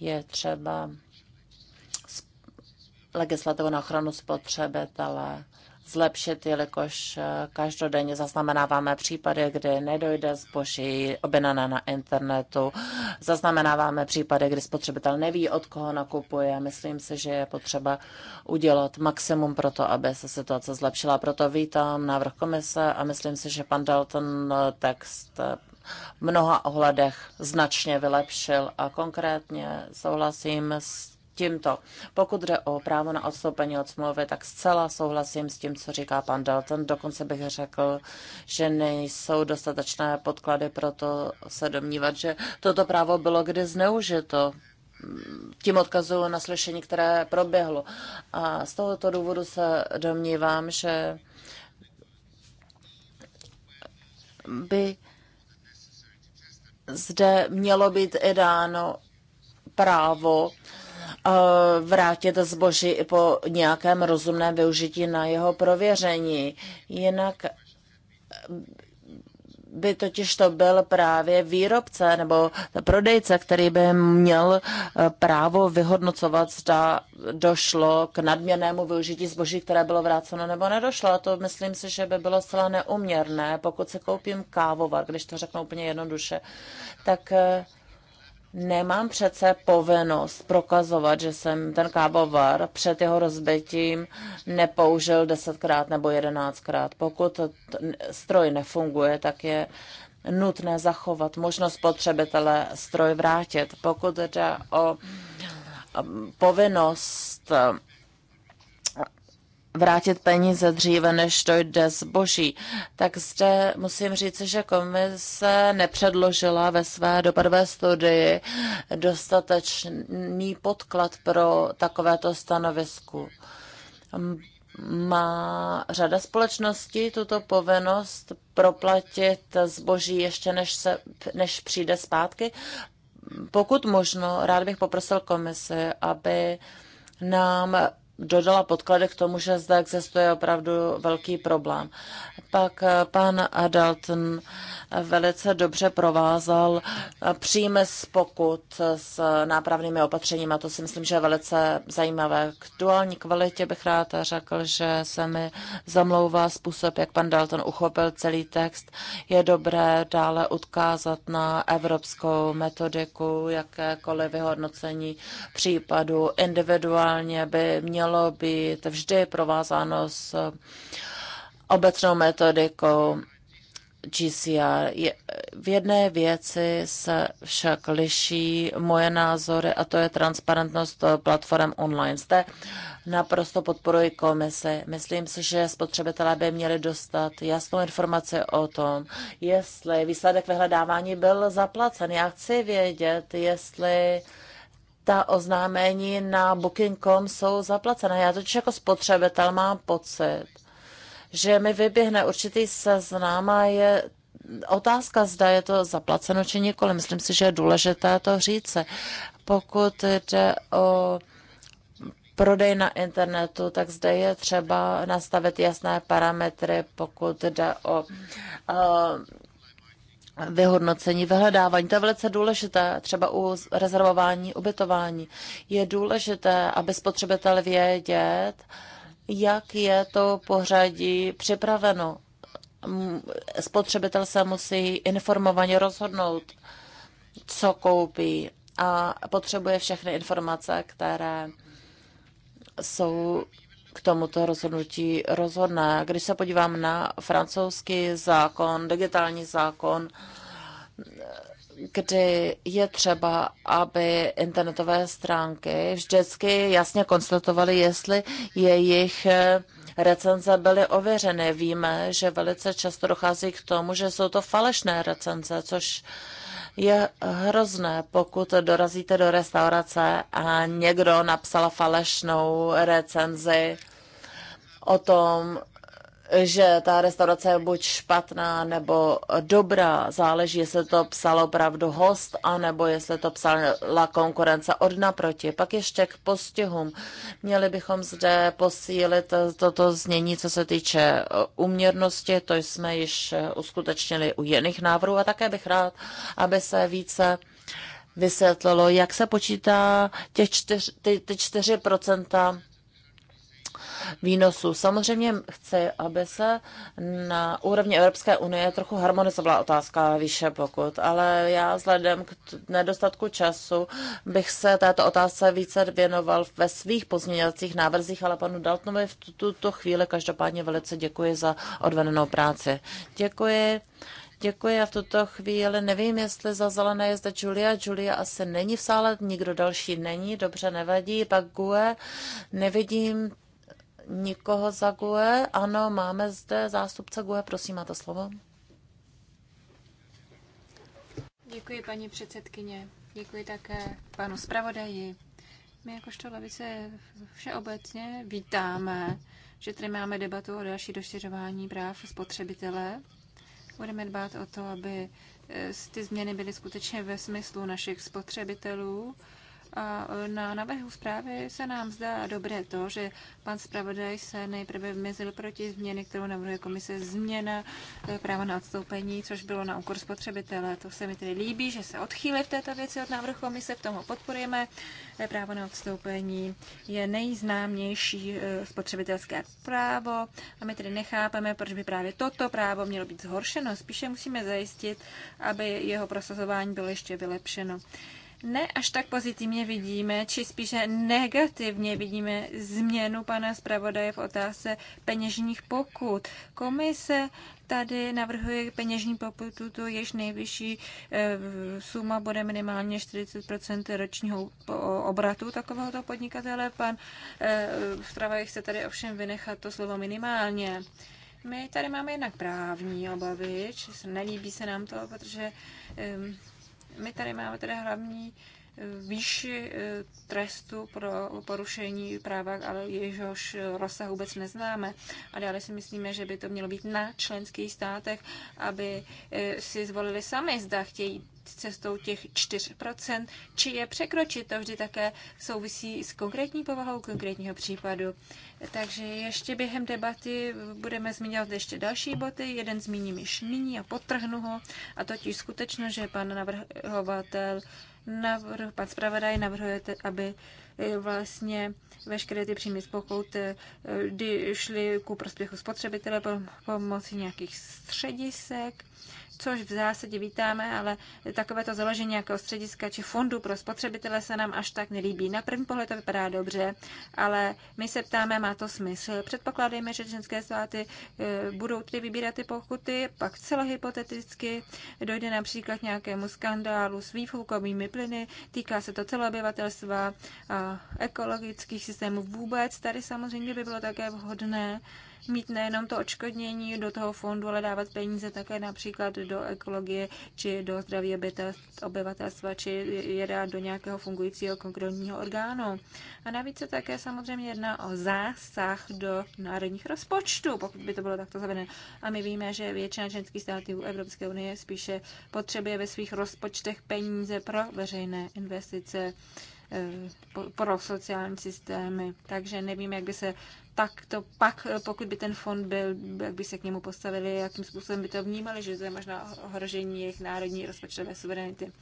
je třeba legislativu na ochranu spotřebitele zlepšit, jelikož eh, každodenně zaznamenáváme případy, kdy nedojde zboží objednané na internetu. Zaznamenáváme případy, kdy spotřebitel neví, od koho nakupuje. Myslím si, že je potřeba udělat maximum pro to, aby se situace zlepšila. Proto vítám návrh komise a myslím si, že pan Dalton eh, text eh, v mnoha ohledech značně vylepšil a konkrétně souhlasím s tímto. Pokud jde o právo na odstoupení od smlouvy, tak zcela souhlasím s tím, co říká pan Dalton. Dokonce bych řekl, že nejsou dostatečné podklady pro to se domnívat, že toto právo bylo kdy zneužito tím odkazu na slyšení, které proběhlo. A z tohoto důvodu se domnívám, že by zde mělo být i dáno právo Eh, vrátit zboží po nějakém rozumném využití na jeho prověření. Jinak eh, by totiž to byl právě výrobce nebo prodejce, který by měl eh, právo vyhodnocovat, zda došlo k nadměrnému využití zboží, které bylo vráceno nebo nedošlo. A to myslím si, že by bylo zcela neuměrné. Pokud se koupím kávovar, když to řeknu úplně jednoduše, tak nemám přece povinnost prokazovat, že jsem ten kávovar před jeho rozbitím nepoužil desetkrát nebo jedenáctkrát. Pokud stroj nefunguje, tak je nutné zachovat možnost potřebitele stroj vrátit. Pokud jde o um, povinnost vrátit peníze dříve, než dojde zboží. Tak zde musím říct, že komise nepředložila ve své dopadové studii dostatečný podklad pro takovéto stanovisku. Má řada společností tuto povinnost proplatit zboží ještě než, se, než přijde zpátky. Pokud možno, rád bych poprosil komisi, aby nám dodala podklady k tomu, že zde existuje opravdu velký problém. Pak eh, pan Adalton eh, velice dobře provázal eh, příjmy z pokut s nápravnými opatřeními a to si myslím, že je velice zajímavé. K duální kvalitě bych rád řekl, že se mi zamlouvá způsob, jak pan Dalton uchopil celý text. Je dobré dále odkázat na evropskou metodiku, jakékoliv vyhodnocení případu. Individuálně by měl mělo být vždy provázáno s eh, obecnou metodikou GCR. Je, v jedné věci se však liší moje názory a to je transparentnost platform online. Zde naprosto podporuji komise. Myslím si, že spotřebitelé by měli dostat jasnou informaci o tom, jestli výsledek vyhledávání byl zaplacen. Já chci vědět, jestli uh, ta oznámení na Booking.com jsou zaplacené. Já totiž jako spotřebitel mám pocit, že mi vyběhne určitý seznam a je otázka, zda je to zaplaceno či nikoli. Myslím si, že je důležité to říct. Pokud jde o prodej na internetu, tak zde je třeba nastavit jasné parametry, pokud jde o uh, vyhodnocení, vyhledávání. To je velice důležité, třeba u rezervování, ubytování. Je důležité, aby spotřebitel vědět, jak je to pořadí připraveno. Spotřebitel se musí informovaně rozhodnout, co koupí a potřebuje všechny informace, které jsou k tomuto rozhodnutí rozhodne. Když se podívám na francouzský zákon, digitální zákon, kdy je třeba, aby internetové stránky vždycky jasně konstatovaly, jestli jejich recenze byly ověřeny. Víme, že velice často dochází k tomu, že jsou to falešné recenze, což je hrozné, pokud dorazíte do restaurace a někdo napsal falešnou recenzi o tom, že ta restaurace je buď špatná nebo dobrá. Záleží, jestli to psal opravdu host, anebo jestli to psala konkurence od naproti. Pak ještě k postihům. Měli bychom zde posílit toto znění, co se týče uměrnosti. To jsme již uskutečnili u jiných návrhů a také bych rád, aby se více vysvětlilo, jak se počítá těch čtyř, ty, ty 4% výnosu Samozřejmě chci, aby se na úrovni Evropské unie trochu harmonizovala otázka výše pokud, ale já vzhledem k nedostatku času bych se této otázce více věnoval ve svých pozměňovacích návrzích, ale panu Daltnovi v tuto chvíli každopádně velice děkuji za odvedenou práci. Děkuji. Děkuji a v tuto chvíli nevím, jestli za zelené je zde Julia. Julia asi není v sále, nikdo další není, dobře nevadí. Pak Gue nevidím, nikoho za GUE. Ano, máme zde zástupce GUE, prosím, máte slovo. Děkuji, paní předsedkyně. Děkuji také panu zpravodaji. My jakožto levice všeobecně vítáme, že tady máme debatu o další došiřování práv spotřebitele. Budeme dbát o to, aby eh, ty změny byly skutečně ve smyslu našich spotřebitelů a e, na návrhu zprávy se nám zdá dobré to, že pan zpravodaj se nejprve vymezil proti změny, kterou navrhuje komise změna e, práva na odstoupení, což bylo na úkor spotřebitele. To se mi tedy líbí, že se odchýlí v této věci od návrhu komise, v tom ho podporujeme. E, právo na odstoupení je nejznámější spotřebitelské právo a my tedy nechápeme, proč by právě toto právo mělo být zhoršeno. Spíše musíme zajistit, aby jeho prosazování bylo ještě vylepšeno ne až tak pozitivně vidíme, či spíše negativně vidíme změnu pana zpravodaje v otázce peněžních pokut. Komise tady navrhuje peněžní pokutu, to jež nejvyšší eh, suma bude minimálně 40 ročního obratu takovéhoto podnikatele. Pan Stravaj eh, chce tady ovšem vynechat to slovo minimálně. My tady máme jednak právní obavy, či nelíbí se nám to, protože um, my tady máme tedy hlavní eh, výši eh, trestu pro porušení práva, ale jehož rozsah vůbec neznáme. A dále si myslíme, že by to mělo být na členských státech, aby eh, si zvolili sami, zda chtějí cestou těch 4%, či je překročit. To vždy také souvisí s konkrétní povahou konkrétního případu. Takže ještě během debaty budeme zmiňovat ještě další boty. Jeden zmíním již nyní a potrhnu ho, a totiž skutečno, že pan navrhovatel navrh, pan zpravodaj navrhuje, aby eh, vlastně veškeré ty příjmy z pokud eh, šly ku prospěchu spotřebitele pomocí nějakých středisek což v zásadě vítáme, ale takovéto založení jako střediska či fondu pro spotřebitele se nám až tak nelíbí. Na první pohled to vypadá dobře, ale my se ptáme, má to smysl. Předpokládejme, že členské státy eh, budou tedy vybírat ty pokuty, pak hypoteticky dojde například nějakému skandálu s výfukovými plyny, týká se to a ekologických systémů vůbec. Tady samozřejmě by bylo také vhodné, mít nejenom to očkodnění do toho fondu, ale dávat peníze také například do ekologie či do zdraví obyvatelstva, či je dát do nějakého fungujícího konkrétního orgánu. A navíc se také samozřejmě jedná o zásah do národních rozpočtů, pokud by to bylo takto zavedené. A my víme, že většina členských států Evropské unie spíše potřebuje ve svých rozpočtech peníze pro veřejné investice. Eh, pro sociální systémy. Takže nevím, jak by se tak to pak, pokud by ten fond byl, jak by se k němu postavili, jakým způsobem by to vnímali, že to je možná ohrožení jejich národní rozpočtové suverenity.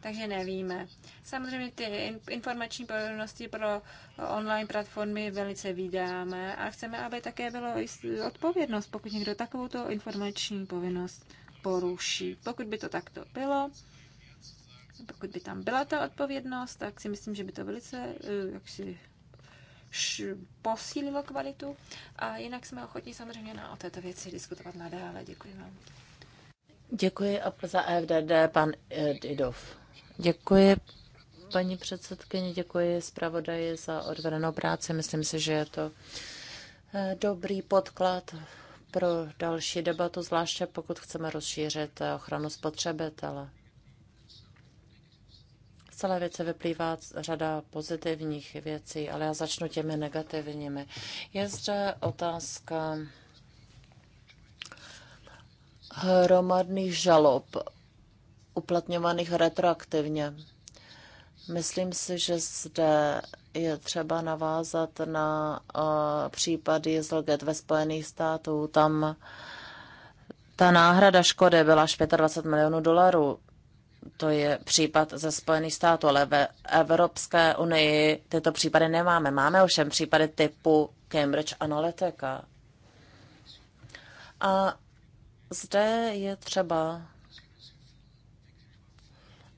Takže nevíme. Samozřejmě ty informační povinnosti pro online platformy velice vydáme a chceme, aby také bylo odpovědnost, pokud někdo takovouto informační povinnost poruší. Pokud by to takto bylo, pokud by tam byla ta odpovědnost, tak si myslím, že by to velice eh, jaksi posílilo kvalitu. A jinak jsme ochotní samozřejmě na, o této věci diskutovat nadále. Děkuji vám. Děkuji a za FDD pan eh, Didov. Děkuji paní předsedkyně, děkuji zpravodaji za odvedenou práci. Myslím si, že je to eh, dobrý podklad pro další debatu, zvláště pokud chceme rozšířit ochranu spotřebitele celé věce vyplývá řada pozitivních věcí, ale já začnu těmi negativními. Je zde otázka hromadných žalob uplatňovaných retroaktivně. Myslím si, že zde je třeba navázat na uh, případ Dieselgate ve Spojených států. Tam ta náhrada škody byla až 25 milionů dolarů to je případ ze Spojených států, ale ve Evropské unii tyto případy nemáme. Máme ovšem případy typu Cambridge Analytica. A zde je třeba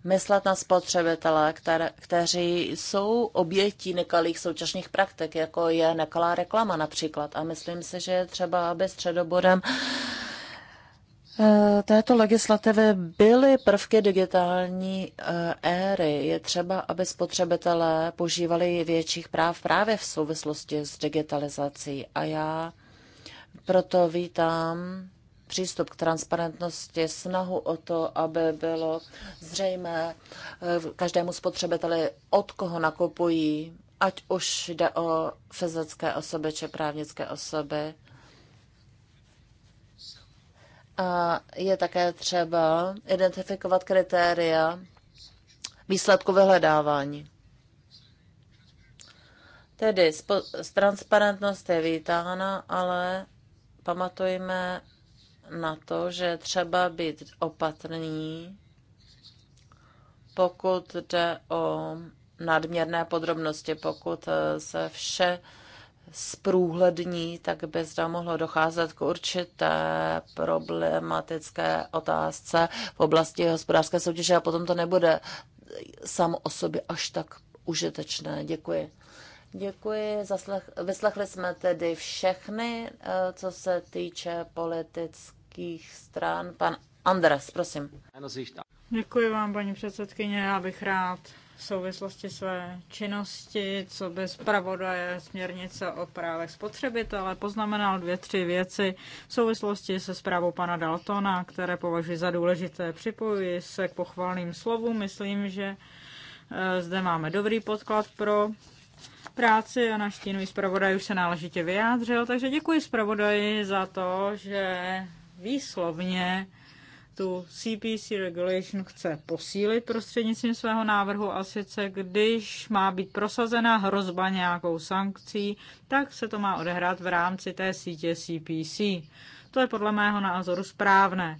myslet na spotřebitele, které, kteří jsou obětí nekalých současných praktik, jako je nekalá reklama například. A myslím si, že je třeba, aby středobodem uh, Eh, této legislativy byly prvky digitální eh, éry. Je třeba, aby spotřebitelé požívali větších práv právě v souvislosti s digitalizací. A já proto vítám přístup k transparentnosti, snahu o to, aby bylo zřejmé eh, každému spotřebiteli, od koho nakupují, ať už jde o fyzické osoby či právnické osoby a je také třeba identifikovat kritéria výsledku vyhledávání. Tedy transparentnost je vítána, ale pamatujme na to, že třeba být opatrný, pokud jde o nadměrné podrobnosti, pokud eh, se vše zprůhlední, tak by zda mohlo docházet k určité problematické otázce v oblasti hospodářské soutěže a potom to nebude samo o sobě až tak užitečné. Děkuji. Děkuji. Zaslech, vyslechli jsme tedy všechny, eh, co se týče politických stran. Pan Andres, prosím. Děkuji vám, paní předsedkyně. Já bych rád v souvislosti své činnosti, co by zpravodaje směrnice o právech spotřebitele poznamenal dvě, tři věci v souvislosti se zprávou pana Daltona, které považuji za důležité. Připojuji se k pochvalným slovům. Myslím, že e, zde máme dobrý podklad pro práci a naštínují zpravodaj už se náležitě vyjádřil, takže děkuji zpravodaji za to, že výslovně tu CPC regulation chce posílit prostřednictvím svého návrhu a sice když má být prosazena hrozba nějakou sankcí, tak se to má odehrát v rámci té sítě CPC. To je podle mého názoru správné,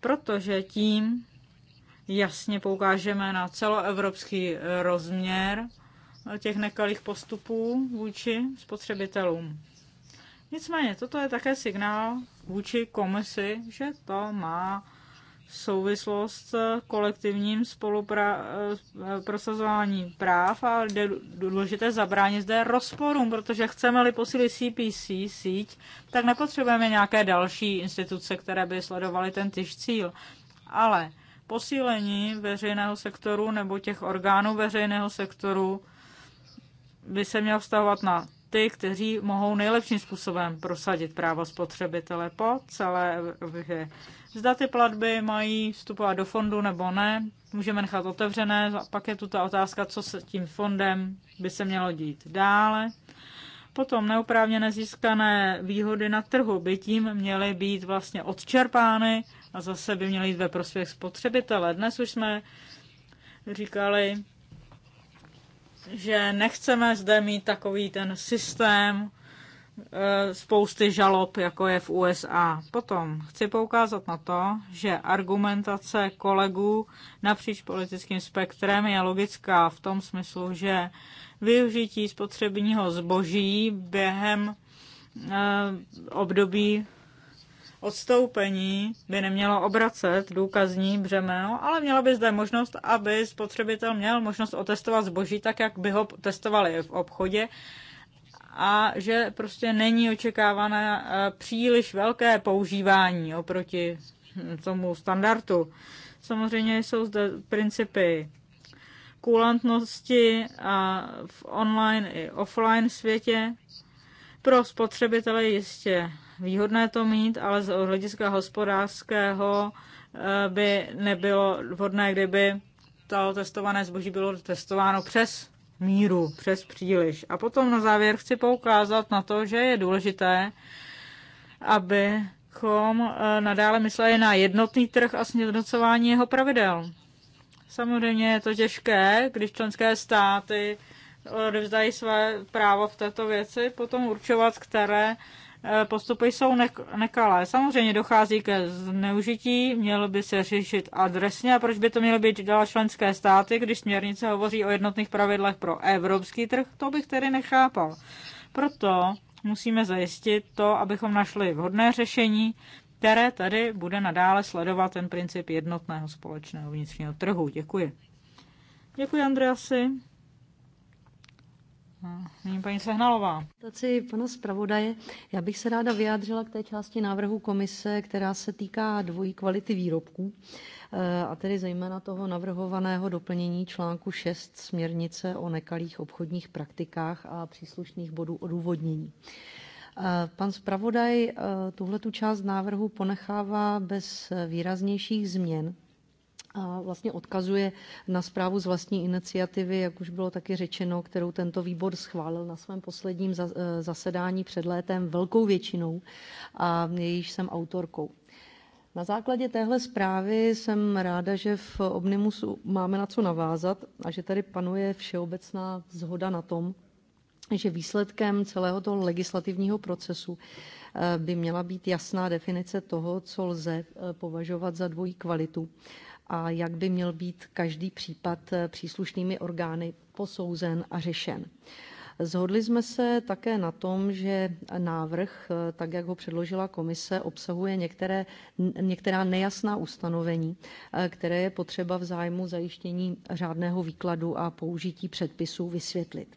protože tím jasně poukážeme na celoevropský rozměr těch nekalých postupů vůči spotřebitelům. Nicméně, toto je také signál vůči komisi, že to má souvislost kolektivním prosazování práv a je důležité zabránit zde rozporům, protože chceme-li posílit CPC síť, tak nepotřebujeme nějaké další instituce, které by sledovaly ten tyž cíl. Ale posílení veřejného sektoru nebo těch orgánů veřejného sektoru by se měl vztahovat na ty, kteří mohou nejlepším způsobem prosadit práva spotřebitele po celé Evropě. Zda ty platby mají vstupovat do fondu nebo ne, můžeme nechat otevřené. pak je tu ta otázka, co se tím fondem by se mělo dít dále. Potom neoprávněné získané výhody na trhu by tím měly být vlastně odčerpány a zase by měly jít ve prospěch spotřebitele. Dnes už jsme říkali, že nechceme zde mít takový ten systém Eh, spousty žalob, jako je v USA. Potom chci poukázat na to, že argumentace kolegů napříč politickým spektrem je logická v tom smyslu, že využití spotřebního zboží během eh, období odstoupení by nemělo obracet důkazní břemeno, ale měla by zde možnost, aby spotřebitel měl možnost otestovat zboží tak, jak by ho testovali v obchodě a že prostě není očekávané eh, příliš velké používání oproti tomu standardu. Samozřejmě jsou zde principy kulantnosti a eh, v online i offline světě. Pro spotřebitele jistě výhodné to mít, ale z hlediska hospodářského eh, by nebylo vhodné, kdyby to testované zboží bylo testováno přes míru přes příliš. A potom na závěr chci poukázat na to, že je důležité, abychom eh, nadále mysleli na jednotný trh a sjednocování jeho pravidel. Samozřejmě je to těžké, když členské státy eh, odevzdají své právo v této věci, potom určovat, které Eh, postupy jsou nekalé. Samozřejmě dochází ke zneužití, mělo by se řešit adresně a proč by to mělo být dala členské státy, když směrnice hovoří o jednotných pravidlech pro evropský trh, to bych tedy nechápal. Proto musíme zajistit to, abychom našli vhodné řešení, které tady bude nadále sledovat ten princip jednotného společného vnitřního trhu. Děkuji. Děkuji, Andreasi. Hm, nyní paní Sehnalová. Taci pana zpravodaje, já bych se ráda vyjádřila k té části návrhu komise, která se týká dvojí kvality výrobků, eh, a tedy zejména toho navrhovaného doplnění článku 6 směrnice o nekalých obchodních praktikách a příslušných bodů odůvodnění. Eh, pan zpravodaj eh, tuhle tu část návrhu ponechává bez výraznějších změn, a vlastně odkazuje na zprávu z vlastní iniciativy, jak už bylo taky řečeno, kterou tento výbor schválil na svém posledním e, zasedání před létem velkou většinou a jejíž jsem autorkou. Na základě téhle zprávy jsem ráda, že v Omnimusu máme na co navázat a že tady panuje všeobecná zhoda na tom, že výsledkem celého toho legislativního procesu e, by měla být jasná definice toho, co lze e, považovat za dvojí kvalitu a jak by měl být každý případ eh, příslušnými orgány posouzen a řešen. Zhodli jsme se také na tom, že návrh, eh, tak jak ho předložila komise, obsahuje některé, některá nejasná ustanovení, eh, které je potřeba v zájmu zajištění řádného výkladu a použití předpisů vysvětlit.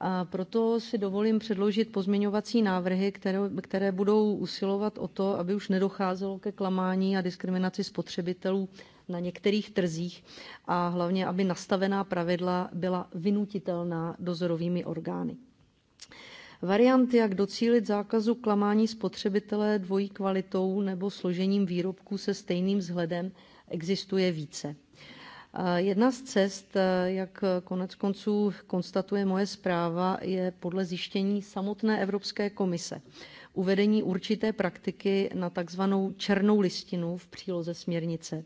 A proto si dovolím předložit pozměňovací návrhy, které, které budou usilovat o to, aby už nedocházelo ke klamání a diskriminaci spotřebitelů na některých trzích a hlavně, aby nastavená pravidla byla vynutitelná dozorovými orgány. Varianty, jak docílit zákazu klamání spotřebitele dvojí kvalitou nebo složením výrobků se stejným vzhledem, existuje více. Jedna z cest, jak konec konců konstatuje moje zpráva, je podle zjištění samotné Evropské komise uvedení určité praktiky na takzvanou černou listinu v příloze směrnice,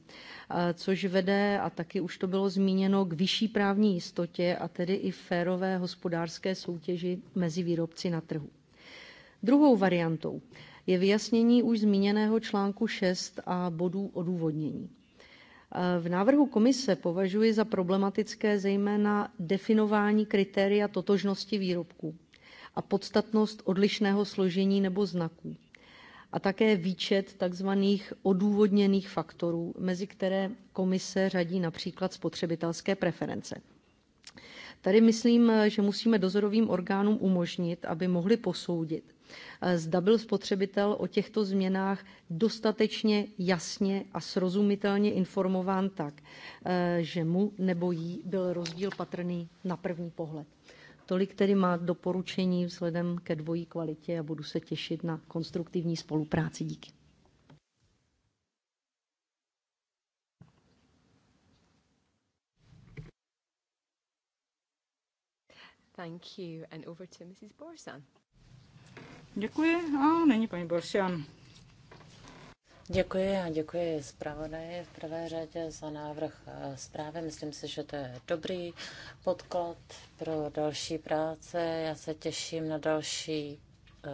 eh, což vede, a taky už to bylo zmíněno, k vyšší právní jistotě a tedy i férové hospodářské soutěži mezi výrobci na trhu. Druhou variantou je vyjasnění už zmíněného článku 6 a bodů odůvodnění. Eh, v návrhu komise považuji za problematické zejména definování kritéria totožnosti výrobků a podstatnost odlišného složení nebo znaků a také výčet tzv. odůvodněných faktorů, mezi které komise řadí například spotřebitelské preference. Tady myslím, že musíme dozorovým orgánům umožnit, aby mohli posoudit, zda byl spotřebitel o těchto změnách dostatečně jasně a srozumitelně informován tak, že mu nebo jí byl rozdíl patrný na první pohled. Tolik tedy má doporučení vzhledem ke dvojí kvalitě a budu se těšit na konstruktivní spolupráci. Díky. Thank you and over to Mrs. Borsan. Děkuji a nyní paní Borsan. Děkuji a děkuji zpravodaji v prvé řadě za návrh eh, zprávy. Myslím si, že to je dobrý podklad pro další práce. Já se těším na další eh,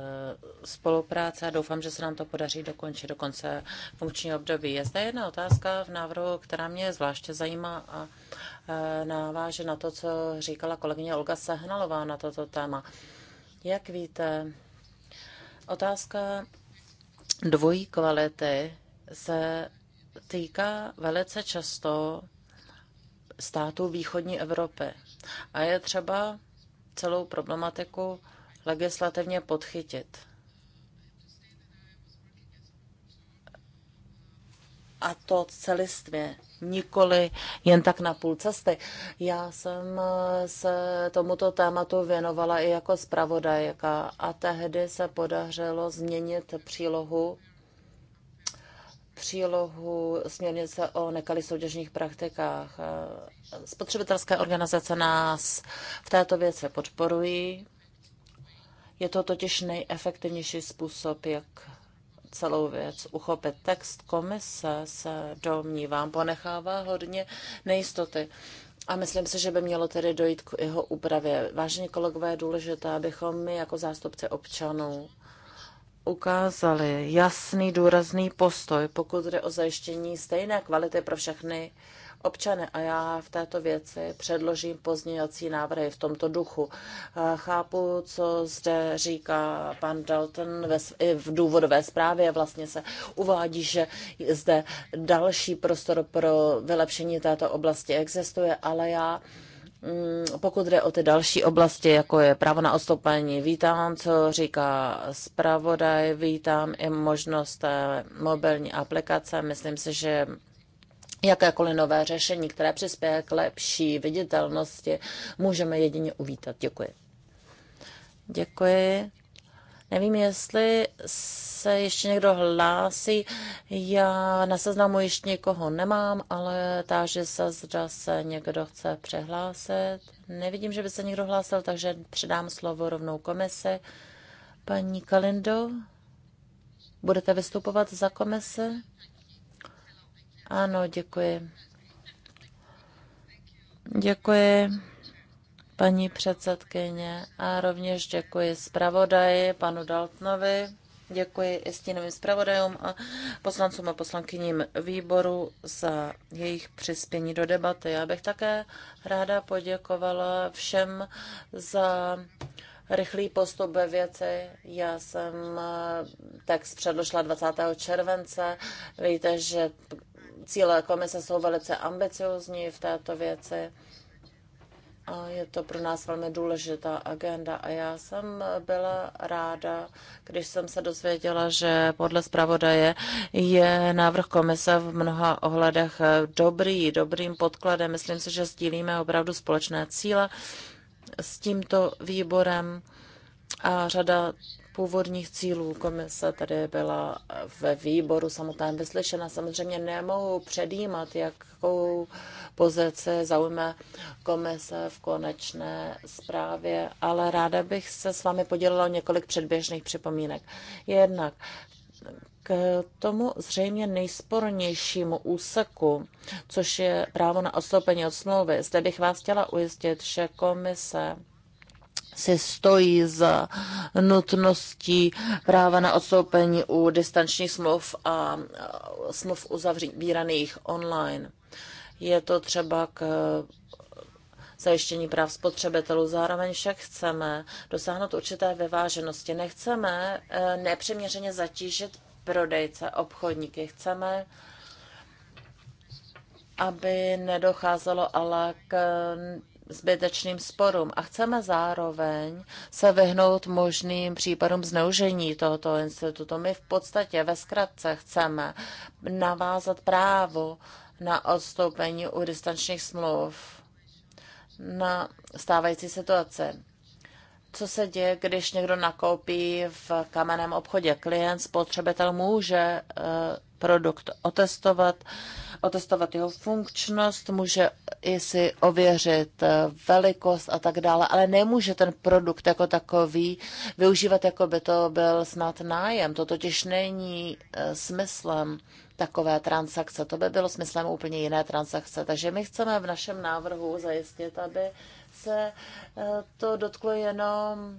spolupráce a doufám, že se nám to podaří dokončit do konce funkční období. Je zde jedna otázka v návrhu, která mě zvláště zajímá a eh, naváže na to, co říkala kolegyně Olga Sehnalová na toto téma. Jak víte, otázka dvojí kvality se týká velice často států východní Evropy. A je třeba celou problematiku legislativně podchytit. A to celistvě nikoli jen tak na půl cesty. Já jsem eh, se tomuto tématu věnovala i jako zpravodajka a tehdy se podařilo změnit přílohu přílohu směrnice o nekalých soutěžních praktikách. Eh, spotřebitelské organizace nás v této věci podporují. Je to totiž nejefektivnější způsob, jak celou věc uchopit. Text komise se domnívám ponechává hodně nejistoty. A myslím si, že by mělo tedy dojít k jeho úpravě. Vážení kolegové, je důležité, abychom my jako zástupci občanů ukázali jasný, důrazný postoj, pokud jde o zajištění stejné kvality pro všechny občany a já v této věci předložím pozměňovací návrhy v tomto duchu. Chápu, co zde říká pan Dalton ve, v důvodové zprávě. Vlastně se uvádí, že zde další prostor pro vylepšení této oblasti existuje, ale já mm, pokud jde o ty další oblasti, jako je právo na odstoupení, vítám, co říká zpravodaj, vítám i možnost mobilní aplikace. Myslím si, že Jakékoliv nové řešení, které přispěje k lepší viditelnosti, můžeme jedině uvítat. Děkuji. Děkuji. Nevím, jestli se ještě někdo hlásí. Já na seznamu ještě někoho nemám, ale táže se, zda se někdo chce přehlásit. Nevidím, že by se někdo hlásil, takže předám slovo rovnou komise. Paní Kalindo, budete vystupovat za komise? Ano, děkuji. Děkuji paní předsedkyně a rovněž děkuji zpravodaji panu Daltnovi. Děkuji i stínovým zpravodajům a poslancům a poslankyním výboru za jejich přispění do debaty. Já bych také ráda poděkovala všem za rychlý postup ve věci. Já jsem text předložila 20. července. Víte, že cíle komise jsou velice ambiciozní v této věci. A je to pro nás velmi důležitá agenda a já jsem byla ráda, když jsem se dozvěděla, že podle zpravodaje je návrh komise v mnoha ohledech dobrý, dobrým podkladem. Myslím si, že sdílíme opravdu společné cíle s tímto výborem a řada původních cílů komise tady byla ve výboru samotném vyslyšena. Samozřejmě nemohu předjímat, jakou pozici zaujme komise v konečné zprávě, ale ráda bych se s vámi podělila o několik předběžných připomínek. Jednak k tomu zřejmě nejspornějšímu úseku, což je právo na odstoupení od smlouvy. Zde bych vás chtěla ujistit, že komise si stojí za nutností práva na odstoupení u distančních smluv a smluv uzavíraných online. Je to třeba k zajištění práv spotřebitelů. Zároveň však chceme dosáhnout určité vyváženosti. Nechceme e, nepřiměřeně zatížit prodejce, obchodníky. Chceme, aby nedocházelo ale k zbytečným sporům a chceme zároveň se vyhnout možným případům zneužení tohoto institutu. My v podstatě ve zkratce chceme navázat právo na odstoupení u distančních smluv na stávající situaci. Co se děje, když někdo nakoupí v kamenném obchodě? Klient, spotřebitel může eh, produkt otestovat, otestovat jeho funkčnost, může i si ověřit eh, velikost a tak dále, ale nemůže ten produkt jako takový využívat, jako by to byl snad nájem. To totiž není eh, smyslem takové transakce. To by bylo smyslem úplně jiné transakce. Takže my chceme v našem návrhu zajistit, aby se eh, to dotklo jenom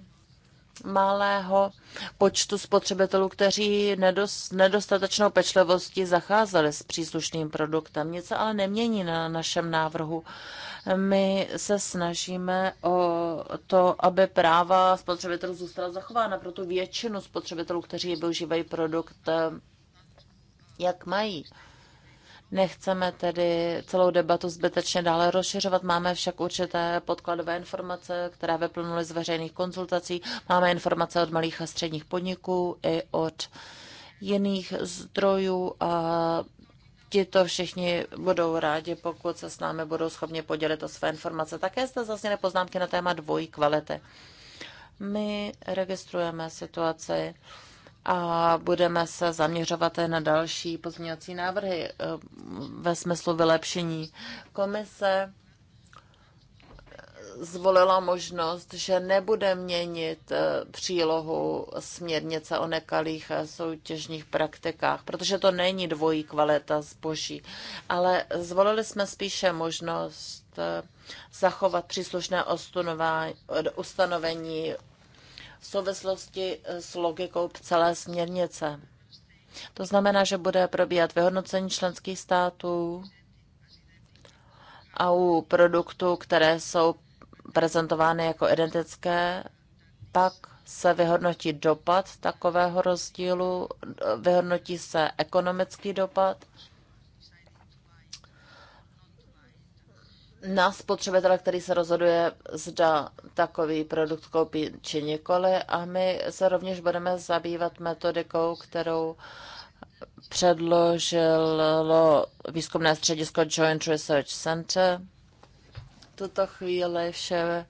malého počtu spotřebitelů, kteří nedostatečnou pečlivostí zacházeli s příslušným produktem. Nic ale nemění na našem návrhu. My se snažíme o to, aby práva spotřebitelů zůstala zachována pro tu většinu spotřebitelů, kteří využívají produkt, eh, jak mají. Nechceme tedy celou debatu zbytečně dále rozšiřovat. Máme však určité podkladové informace, které vyplnuly z veřejných konzultací. Máme informace od malých a středních podniků i od jiných zdrojů a to všichni budou rádi, pokud se s námi budou schopni podělit o své informace. Také jste zazněli poznámky na téma dvojí kvality. My registrujeme situaci a budeme se zaměřovat na další pozměňovací návrhy eh, ve smyslu vylepšení. Komise eh, zvolila možnost, že nebude měnit eh, přílohu směrnice o nekalých soutěžních praktikách, protože to není dvojí kvalita zboží, ale zvolili jsme spíše možnost zachovat příslušné ustanovení v souvislosti eh, s logikou celé směrnice. To znamená, že bude probíhat vyhodnocení členských států a u produktů, které jsou prezentovány jako identické, pak se vyhodnotí dopad takového rozdílu, eh, vyhodnotí se ekonomický dopad na spotřebitele, který se rozhoduje, zda takový produkt koupí či nikoli. A my se rovněž budeme zabývat metodikou, kterou předložilo výzkumné středisko Joint Research Center. Tuto chvíli vše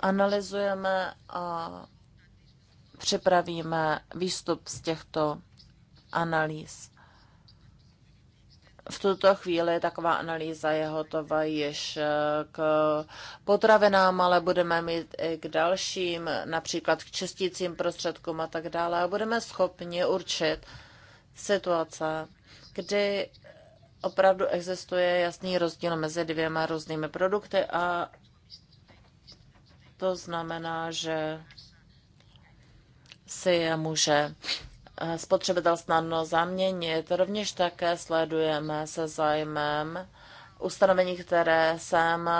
analyzujeme a připravíme výstup z těchto analýz v tuto chvíli taková analýza je hotová již eh, k potravinám, ale budeme mít i k dalším, například k čistícím prostředkům a tak dále. A budeme schopni určit situace, kdy opravdu existuje jasný rozdíl mezi dvěma různými produkty a to znamená, že si je může spotřebitel snadno zaměnit. Rovněž také sledujeme se zájmem ustanovení, které jsem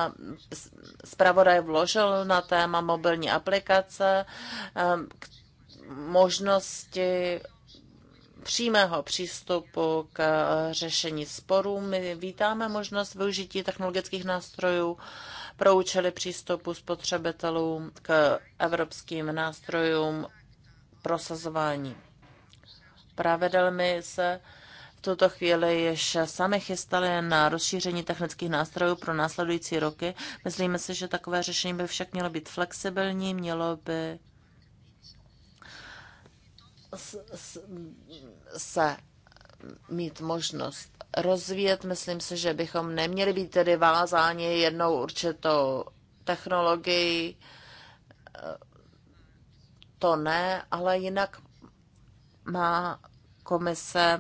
zpravodaj vložil na téma mobilní aplikace, možnosti přímého přístupu k řešení sporů. My vítáme možnost využití technologických nástrojů pro účely přístupu spotřebitelů k evropským nástrojům prosazování pravidelmi se v tuto chvíli již sami chystali na rozšíření technických nástrojů pro následující roky. Myslíme si, že takové řešení by však mělo být flexibilní, mělo by se mít možnost rozvíjet. Myslím si, že bychom neměli být tedy vázáni jednou určitou technologií. To ne, ale jinak má komise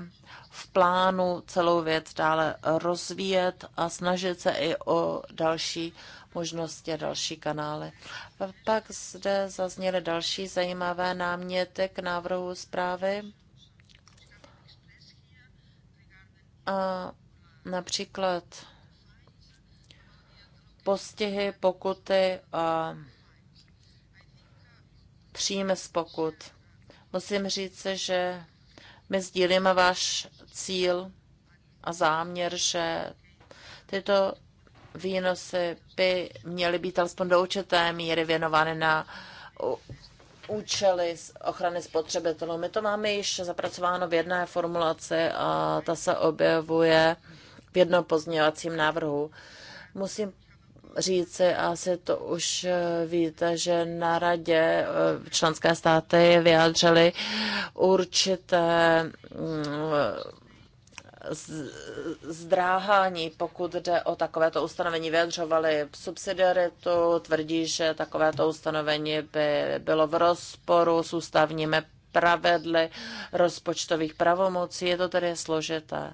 v plánu celou věc dále rozvíjet a snažit se i o další možnosti a další kanály. A pak zde zazněly další zajímavé náměty k návrhu zprávy. A například postihy, pokuty a příjmy z pokut. Musím říct, že my sdílíme váš cíl a záměr, že tyto výnosy by měly být alespoň do určité míry věnovány na účely ochrany spotřebitelů. My to máme již zapracováno v jedné formulaci a ta se objevuje v jednom pozměňovacím návrhu. Musím říci, asi to už eh, víte, že na radě eh, členské státy vyjádřily určité mm, zdráhání, pokud jde o takovéto ustanovení, vyjadřovali subsidiaritu, tvrdí, že takovéto ustanovení by bylo v rozporu s ústavními pravedly rozpočtových pravomocí. Je to tedy složité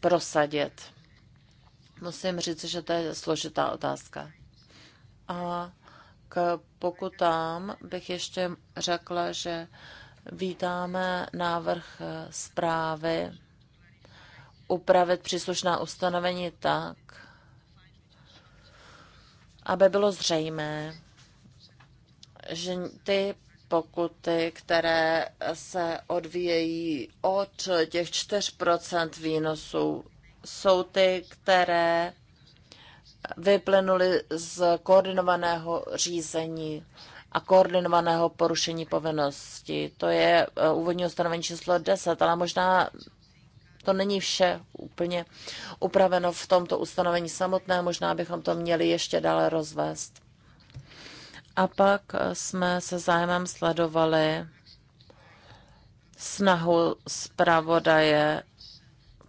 prosadit. Musím říct, že to je složitá otázka. A k pokutám bych ještě řekla, že vítáme návrh zprávy upravit příslušná ustanovení tak, aby bylo zřejmé, že ty pokuty, které se odvíjejí od těch 4% výnosů jsou ty, které vyplynuly z koordinovaného řízení a koordinovaného porušení povinnosti. To je eh, úvodní ustanovení číslo 10, ale možná to není vše úplně upraveno v tomto ustanovení samotné, možná bychom to měli ještě dále rozvést. A pak eh, jsme se zájmem sledovali snahu zpravodaje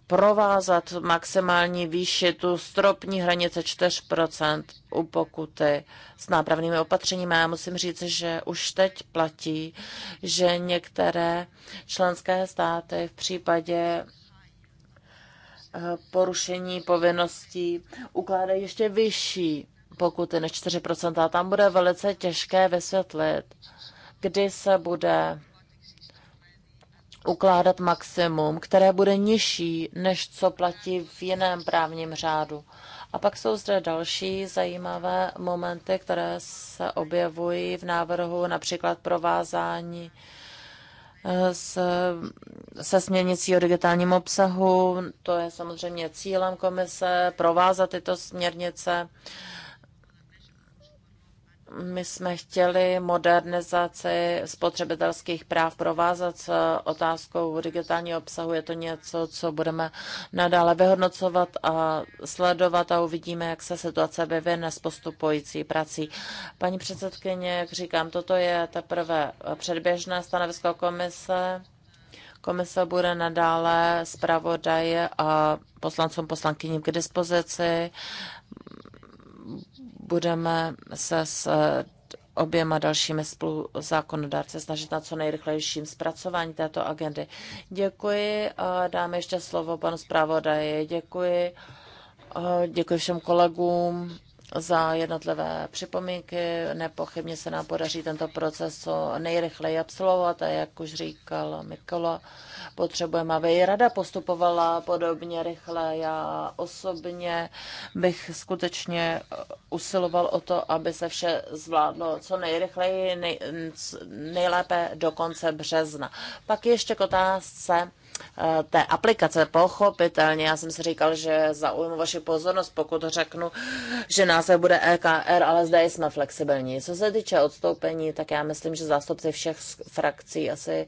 provázat maximální výši tu stropní hranice 4% u pokuty s nápravnými opatřeními. Já musím říct, že už teď platí, že některé členské státy v případě eh, porušení povinností ukládají ještě vyšší pokuty než 4%. A tam bude velice těžké vysvětlit, kdy se bude ukládat maximum, které bude nižší, než co platí v jiném právním řádu. A pak jsou zde další zajímavé momenty, které se objevují v návrhu, například provázání eh, se, se směrnicí o digitálním obsahu. To je samozřejmě cílem komise provázat tyto směrnice. My jsme chtěli modernizaci spotřebitelských práv provázat s otázkou digitálního obsahu. Je to něco, co budeme nadále vyhodnocovat a sledovat a uvidíme, jak se situace vyvine s postupující prací. Paní předsedkyně, jak říkám, toto je teprve předběžné stanovisko komise. Komise bude nadále zpravodaje a poslancům poslankyním k dispozici budeme se s eh, oběma dalšími spoluzákonodárce snažit na co nejrychlejším zpracování této agendy. Děkuji a dáme ještě slovo panu zpravodaji. Děkuji. Děkuji všem kolegům za jednotlivé připomínky. Nepochybně se nám podaří tento proces co nejrychleji absolvovat a jak už říkal Mikola, potřebujeme, aby i rada postupovala podobně rychle. Já osobně bych skutečně eh, usiloval o to, aby se vše zvládlo co nejrychleji, nej, nejlépe do konce března. Pak ještě k otázce Eh, té aplikace, pochopitelně. Já jsem si říkal, že zaujmu vaši pozornost, pokud řeknu, že název bude EKR, ale zde jsme flexibilní. Co se týče odstoupení, tak já myslím, že zástupci všech frakcí asi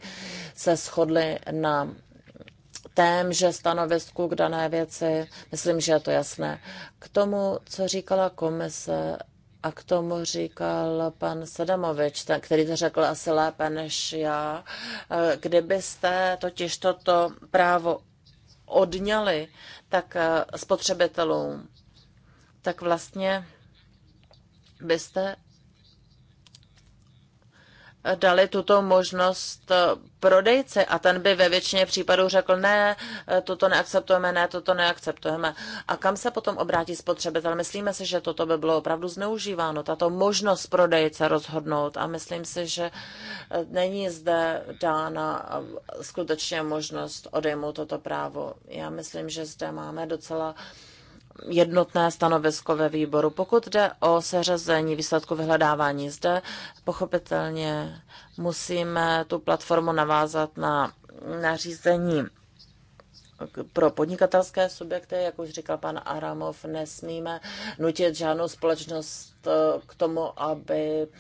se shodli na tém, že stanovisku k dané věci. Myslím, že je to jasné. K tomu, co říkala komise a k tomu říkal pan Sadamovič, ten, který to řekl asi lépe než já. E, kdybyste totiž toto právo odňali tak e, spotřebitelům, tak vlastně byste dali tuto možnost eh, prodejci a ten by ve většině případů řekl ne, eh, toto neakceptujeme, ne, toto neakceptujeme. A kam se potom obrátí spotřebitel? Myslíme si, že toto by bylo opravdu zneužíváno, tato možnost prodejce rozhodnout a myslím si, že eh, není zde dána skutečně možnost odejmout toto právo. Já myslím, že zde máme docela uh, jednotné stanovisko ve výboru. Pokud jde o seřazení výsledku vyhledávání zde, pochopitelně musíme tu platformu navázat na nařízení pro podnikatelské subjekty, jak už říkal pan Aramov, nesmíme nutit žádnou společnost eh, k tomu, aby uh,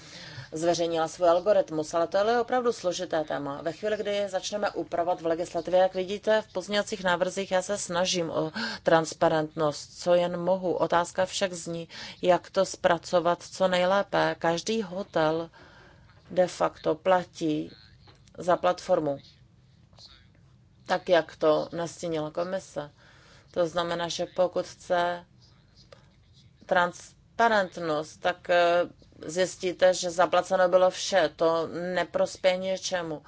zveřejnila svůj algoritmus, ale tohle je opravdu složité téma. Ve chvíli, kdy začneme upravovat v legislativě, jak vidíte, v pozměňovacích návrzích já se snažím o transparentnost, co jen mohu. Otázka však zní, jak to zpracovat co nejlépe. Každý hotel de facto platí za platformu, tak jak to nastínila komise. To znamená, že pokud chce transparentnost, tak eh, zjistíte, že zaplaceno bylo vše. To neprospěje něčemu.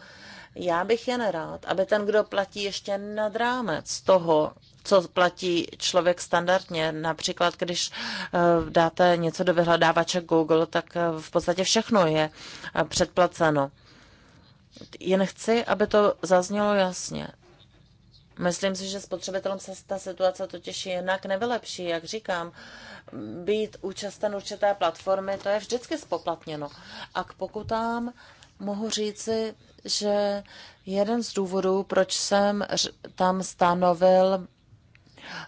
Já bych jen rád, aby ten, kdo platí ještě nad rámec toho, co platí člověk standardně. Například, když eh, dáte něco do vyhledávače Google, tak eh, v podstatě všechno je eh, předplaceno. Jen chci, aby to zaznělo jasně. Myslím si, že spotřebitelům se ta situace totiž jinak nevylepší. Jak říkám, být účasten určité platformy, to je vždycky spoplatněno. A k pokutám mohu říci, že jeden z důvodů, proč jsem tam stanovil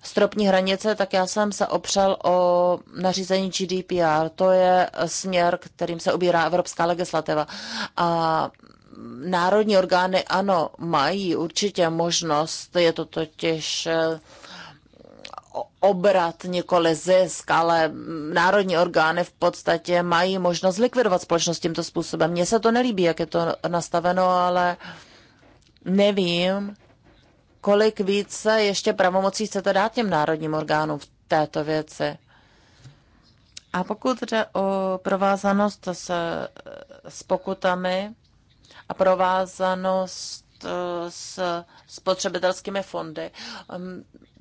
stropní hranice, tak já jsem se opřel o nařízení GDPR. To je směr, kterým se ubírá evropská legislativa. A národní orgány ano, mají určitě možnost, je to totiž eh, obrat, nikoli zisk, ale národní orgány v podstatě mají možnost likvidovat společnost tímto způsobem. Mně se to nelíbí, jak je to nastaveno, ale nevím, kolik více ještě pravomocí chcete dát těm národním orgánům v této věci. A pokud jde o provázanost se s pokutami, a provázanost eh, s spotřebitelskými fondy.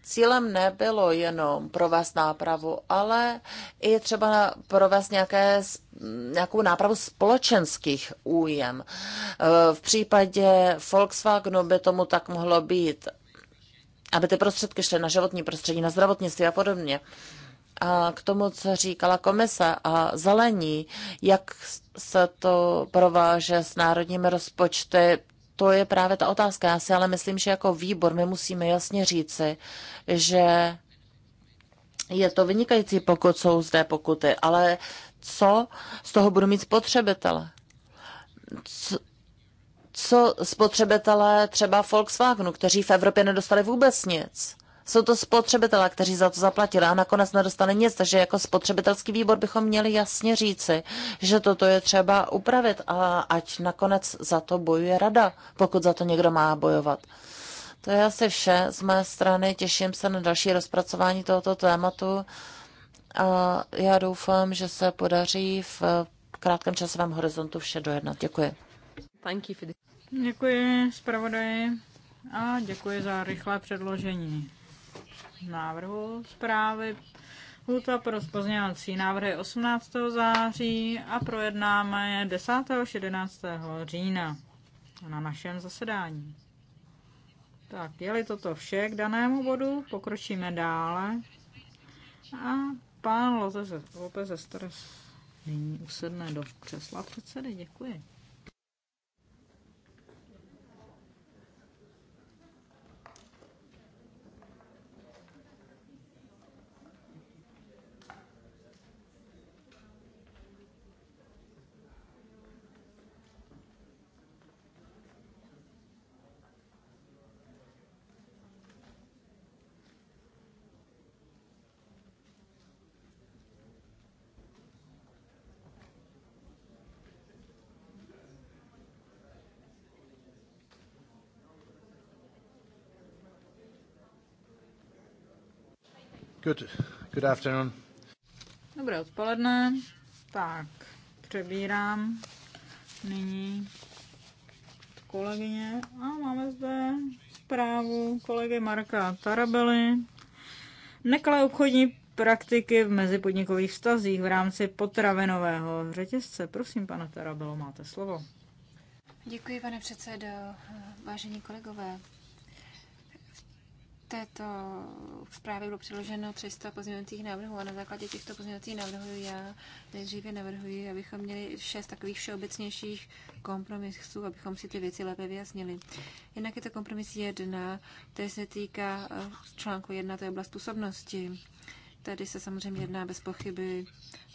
Cílem nebylo jenom provést nápravu, ale i třeba provést nějaké, nějakou nápravu společenských újem. Eh, v případě Volkswagenu by tomu tak mohlo být, aby ty prostředky šly na životní prostředí, na zdravotnictví a podobně a k tomu, co říkala komise a zelení, jak se to prováže s národními rozpočty, to je právě ta otázka. Já si ale myslím, že jako výbor my musíme jasně říci, že je to vynikající, pokud jsou zde pokuty, ale co z toho budou mít spotřebitele? Co, co spotřebitelé třeba Volkswagenu, kteří v Evropě nedostali vůbec nic? jsou to spotřebitelé, kteří za to zaplatili a nakonec nedostali nic. Takže jako spotřebitelský výbor bychom měli jasně říci, že toto je třeba upravit a ať nakonec za to bojuje rada, pokud za to někdo má bojovat. To je asi vše z mé strany. Těším se na další rozpracování tohoto tématu a já doufám, že se podaří v krátkém časovém horizontu vše dojednat. Děkuji. Děkuji zpravodaji a děkuji za rychlé předložení návrhu zprávy. Lhuta pro pozměňovací návrhy 18. září a projednáme je 10. a 11. října na našem zasedání. Tak, je-li toto vše k danému bodu, pokročíme dále. A pán Lopez Estres nyní usedne do křesla předsedy. Děkuji. Good, good afternoon. Dobré odpoledne. Tak, přebírám nyní kolegyně a máme zde zprávu kolegy Marka Tarabely. Nekalé obchodní praktiky v mezipodnikových vztazích v rámci potravinového řetězce. Prosím, pane Tarabelo, máte slovo. Děkuji, pane předsedo. Vážení kolegové, této zprávě bylo přiloženo 300 pozměňovacích návrhů a na základě těchto pozměňovacích návrhů já nejdříve navrhuji, abychom měli šest takových všeobecnějších kompromisů, abychom si ty věci lépe vyjasnili. Jinak je to kompromis 1, který se týká eh, článku 1, to je oblast působnosti. Tady se samozřejmě jedná bez pochyby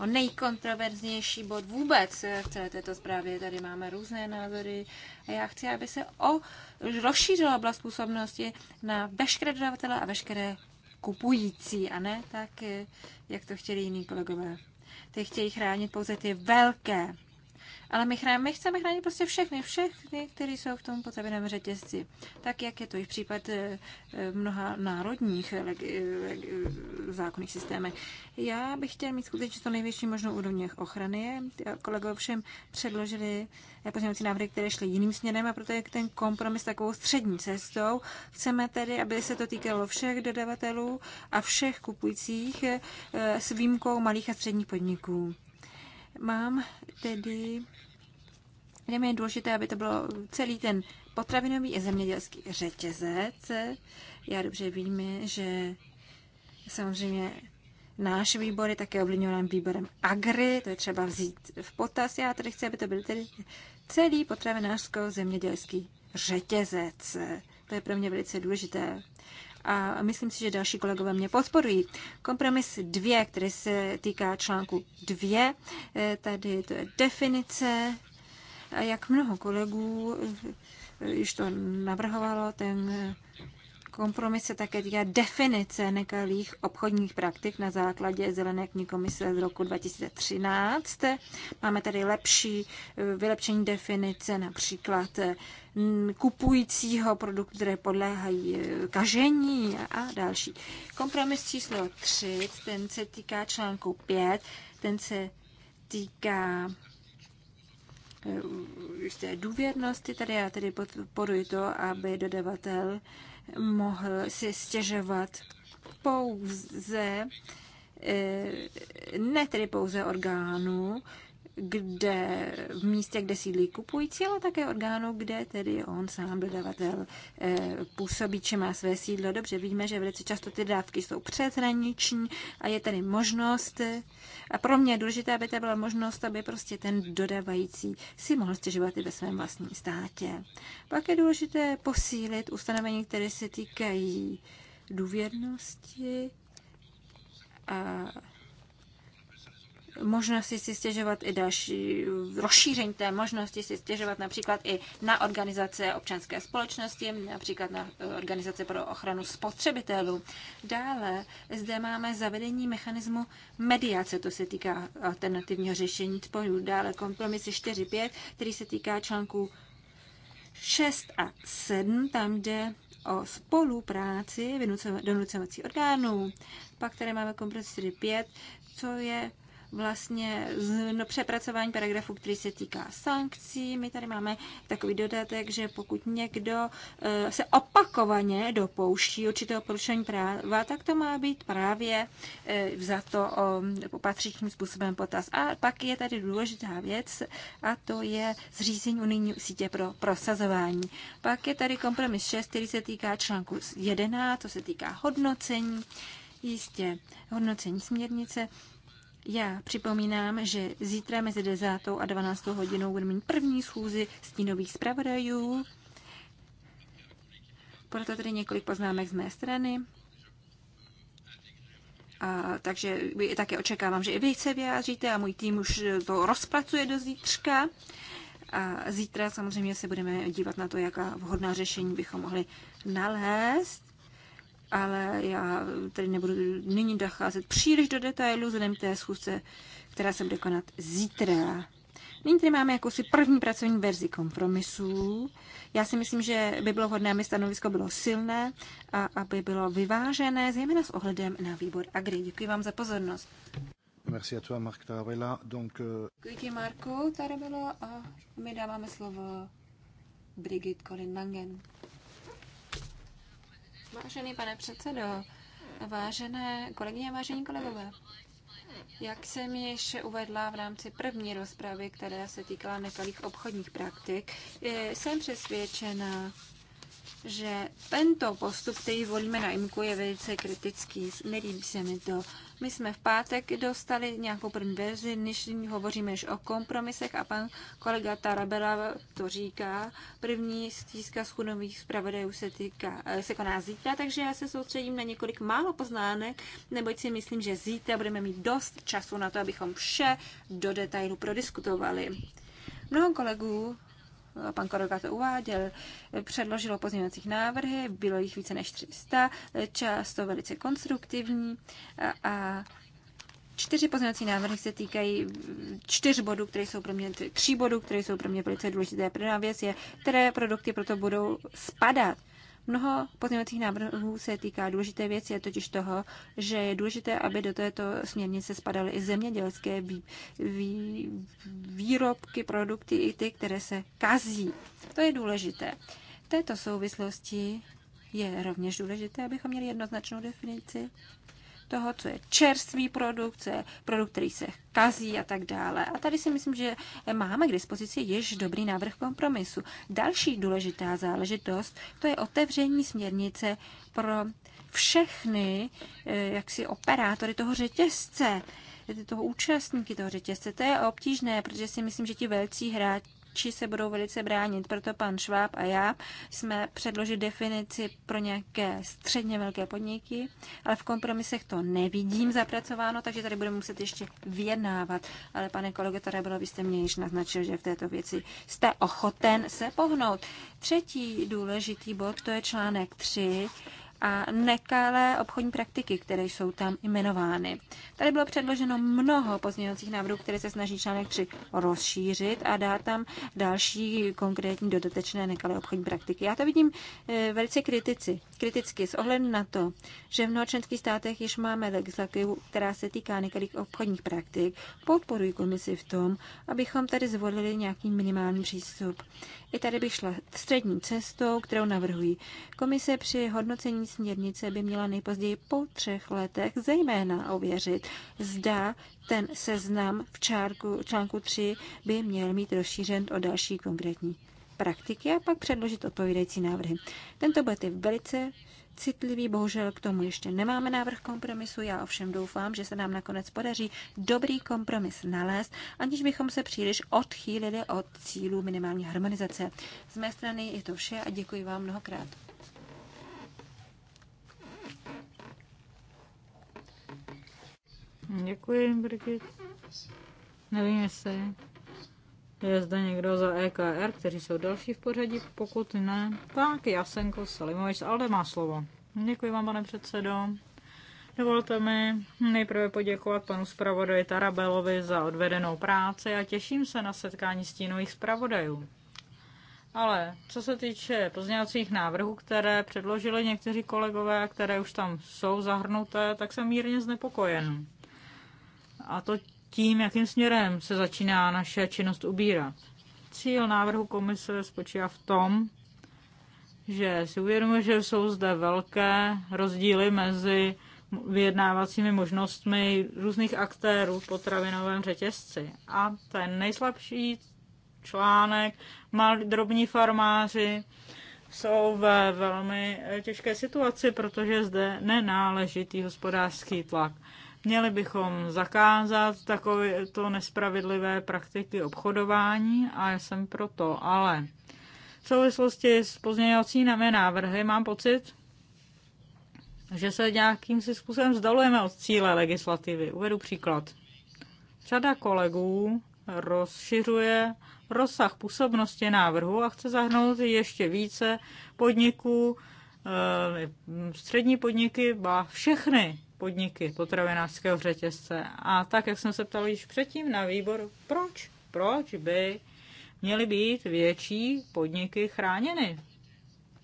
o nejkontroverznější bod vůbec v celé této zprávě. Tady máme různé názory a já chci, aby se o, rozšířila oblast působnosti na veškeré dodavatele a veškeré kupující a ne tak, eh, jak to chtěli jiní kolegové. Ty chtějí chránit pouze ty velké ale my, chrání, my chceme chránit prostě všechny, všechny, kteří jsou v tom potravinovém řetězci. Tak, jak je to i v případ eh, eh, mnoha národních eh, zákonných systémů. Já bych chtěl mít skutečně to největší možnou úrovně ochrany. Kolegové všem předložili pozměňovací návrhy, které šly jiným směrem a proto je ten kompromis takovou střední cestou. Chceme tedy, aby se to týkalo všech dodavatelů a všech kupujících s výjimkou malých a středních podniků. Mám tedy mně je důležité, aby to bylo celý ten potravinový a zemědělský řetězec. Já dobře vím, že samozřejmě náš výbor je také ovlivňován výborem Agri, to je třeba vzít v potaz. Já tady chci, aby to byl tedy celý potravinářsko-zemědělský řetězec. To je pro mě velice důležité. A myslím si, že další kolegové mě podporují. Kompromis 2, který se týká článku 2, eh, tady to je definice a jak mnoho kolegů již to navrhovalo, ten kompromis se také týká definice nekalých obchodních praktik na základě zelené knihy komise z roku 2013. Máme tady lepší vylepšení definice například kupujícího produktů, které podléhají e, kažení a další. Kompromis číslo 3, ten se týká článku 5, ten se týká jisté důvěrnosti. Tady já tedy podporuji to, aby dodavatel mohl si stěžovat pouze eh, ne tedy pouze orgánů, kde, v místě, kde sídlí kupující, ale také orgánu, kde tedy on sám dodavatel eh, působí, či má své sídlo. Dobře víme, že velice často ty dávky jsou přeshraniční a je tady možnost, eh, a pro mě je důležité, aby to byla možnost, aby prostě ten dodavající si mohl stěžovat i ve svém vlastním státě. Pak je důležité posílit ustanovení, které se týkají důvěrnosti a možnosti si stěžovat i další, rozšíření té možnosti si stěžovat například i na organizace občanské společnosti, například na eh, organizace pro ochranu spotřebitelů. Dále zde máme zavedení mechanismu mediace, to se týká alternativního řešení sporů. Dále kompromisy 4.5, který se týká článků 6 a 7, tam jde o spolupráci donucovací orgánů. Pak tady máme kompromis 4.5, co je vlastně z no, přepracování paragrafu, který se týká sankcí. My tady máme takový dodatek, že pokud někdo eh, se opakovaně dopouští určitého porušení práva, tak to má být právě eh, za to eh, patřičným způsobem potaz. A pak je tady důležitá věc a to je zřízení unijní sítě pro prosazování. Pak je tady kompromis 6, který se týká článku 11, co se týká hodnocení. Jistě, hodnocení směrnice já připomínám, že zítra mezi 10. a 12. hodinou budeme mít první schůzi stínových zpravodajů. Proto tedy několik poznámek z mé strany. A, takže také očekávám, že i vy se vyjádříte a můj tým už to rozpracuje do zítřka. A zítra samozřejmě se budeme dívat na to, jaká vhodná řešení bychom mohli nalézt ale já tady nebudu nyní docházet příliš do detailů. vzhledem k té schůzce, která se bude konat zítra. Nyní tady máme jakousi první pracovní verzi kompromisů. Já si myslím, že by bylo hodné, aby stanovisko bylo silné a aby bylo vyvážené, zejména s ohledem na výbor Agri. Děkuji vám za pozornost. Merci à toi, Marc Tarabella. Donc, euh... Děkuji Marku Tarabella, a my dáváme slovo Brigitte Colin Mangen. Vážený pane předsedo, vážené kolegyně, vážení kolegové, jak jsem již uvedla v rámci první rozpravy, která se týkala nekalých obchodních praktik, eh, jsem přesvědčena, že tento postup, který volíme na IMKU, je velice kritický. Nelíbí se mi to. My jsme v pátek dostali nějakou první verzi, než hovoříme už o kompromisech a pan kolega Tarabela to říká. První stízka schunových zpravodajů se, týká, eh, se koná zítra, takže já se soustředím na několik málo poznánek, neboť si myslím, že zítra budeme mít dost času na to, abychom vše do detailu prodiskutovali. Mnoho kolegů pan Korolka to uváděl, předložilo pozměňovacích návrhy, bylo jich více než 300, často velice konstruktivní a, a čtyři pozměňovací návrhy se týkají čtyř bodů, které jsou pro mě, tři bodů, které jsou pro mě velice důležité. První věc je, které produkty proto budou spadat Mnoho pozměňovacích návrhů se týká důležité věci, je totiž toho, že je důležité, aby do této směrnice spadaly i zemědělské vý, vý, výrobky, produkty, i ty, které se kazí. To je důležité. V této souvislosti je rovněž důležité, abychom měli jednoznačnou definici toho, co je čerstvý produkt, co je produkt, který se kazí a tak dále. A tady si myslím, že máme k dispozici již dobrý návrh kompromisu. Další důležitá záležitost, to je otevření směrnice pro všechny eh, jaksi operátory toho řetězce toho účastníky toho řetězce. To je obtížné, protože si myslím, že ti velcí hráči či se budou velice bránit. Proto pan Šváb a já jsme předložili definici pro nějaké středně velké podniky, ale v kompromisech to nevidím zapracováno, takže tady budeme muset ještě vyjednávat. Ale pane kolego, tady bylo byste mě již naznačil, že v této věci jste ochoten se pohnout. Třetí důležitý bod, to je článek 3, a nekalé obchodní praktiky, které jsou tam jmenovány. Tady bylo předloženo mnoho pozměňovacích návrhů, které se snaží článek 3 rozšířit a dá tam další konkrétní dodatečné nekalé obchodní praktiky. Já to vidím eh, velice kritici, kriticky s ohledem na to, že v mnoha členských státech již máme legislativu, která se týká nekalých obchodních praktik. Podporuji komisi v tom, abychom tady zvolili nějaký minimální přístup. I tady bych šla střední cestou, kterou navrhují. Komise při hodnocení směrnice by měla nejpozději po třech letech zejména ověřit, zda ten seznam v čárku, článku 3 by měl mít rozšířen o další konkrétní praktiky a pak předložit odpovídající návrhy. Tento bod je velice citlivý. Bohužel k tomu ještě nemáme návrh kompromisu. Já ovšem doufám, že se nám nakonec podaří dobrý kompromis nalézt, aniž bychom se příliš odchýlili od cílů minimální harmonizace. Z mé strany je to vše a děkuji vám mnohokrát. Děkuji, Brigitte. Nevím, jestli je zde někdo za EKR, kteří jsou další v pořadí? Pokud ne, tak Jasenko Salimovič Alde má slovo. Děkuji vám, pane předsedo. Dovolte mi nejprve poděkovat panu zpravodaji Tarabelovi za odvedenou práci a těším se na setkání stínových zpravodajů. Ale co se týče pozněvacích návrhů, které předložili někteří kolegové, které už tam jsou zahrnuté, tak jsem mírně znepokojen. A to tím, jakým směrem se začíná naše činnost ubírat. Cíl návrhu komise spočívá v tom, že si uvědomuje, že jsou zde velké rozdíly mezi vyjednávacími možnostmi různých aktérů v potravinovém řetězci. A ten nejslabší článek, malí drobní farmáři, jsou ve velmi těžké situaci, protože zde nenáležitý hospodářský tlak. Měli bychom zakázat takovéto nespravedlivé praktiky obchodování a já jsem proto, ale v souvislosti s pozměňovacími návrhy mám pocit, že se nějakým si způsobem vzdalujeme od cíle legislativy. Uvedu příklad. Řada kolegů rozšiřuje rozsah působnosti návrhu a chce zahrnout ještě více podniků, eh, střední podniky, ba všechny podniky potravinářského řetězce. A tak, jak jsem se ptal již předtím na výbor proč? Proč by měly být větší podniky chráněny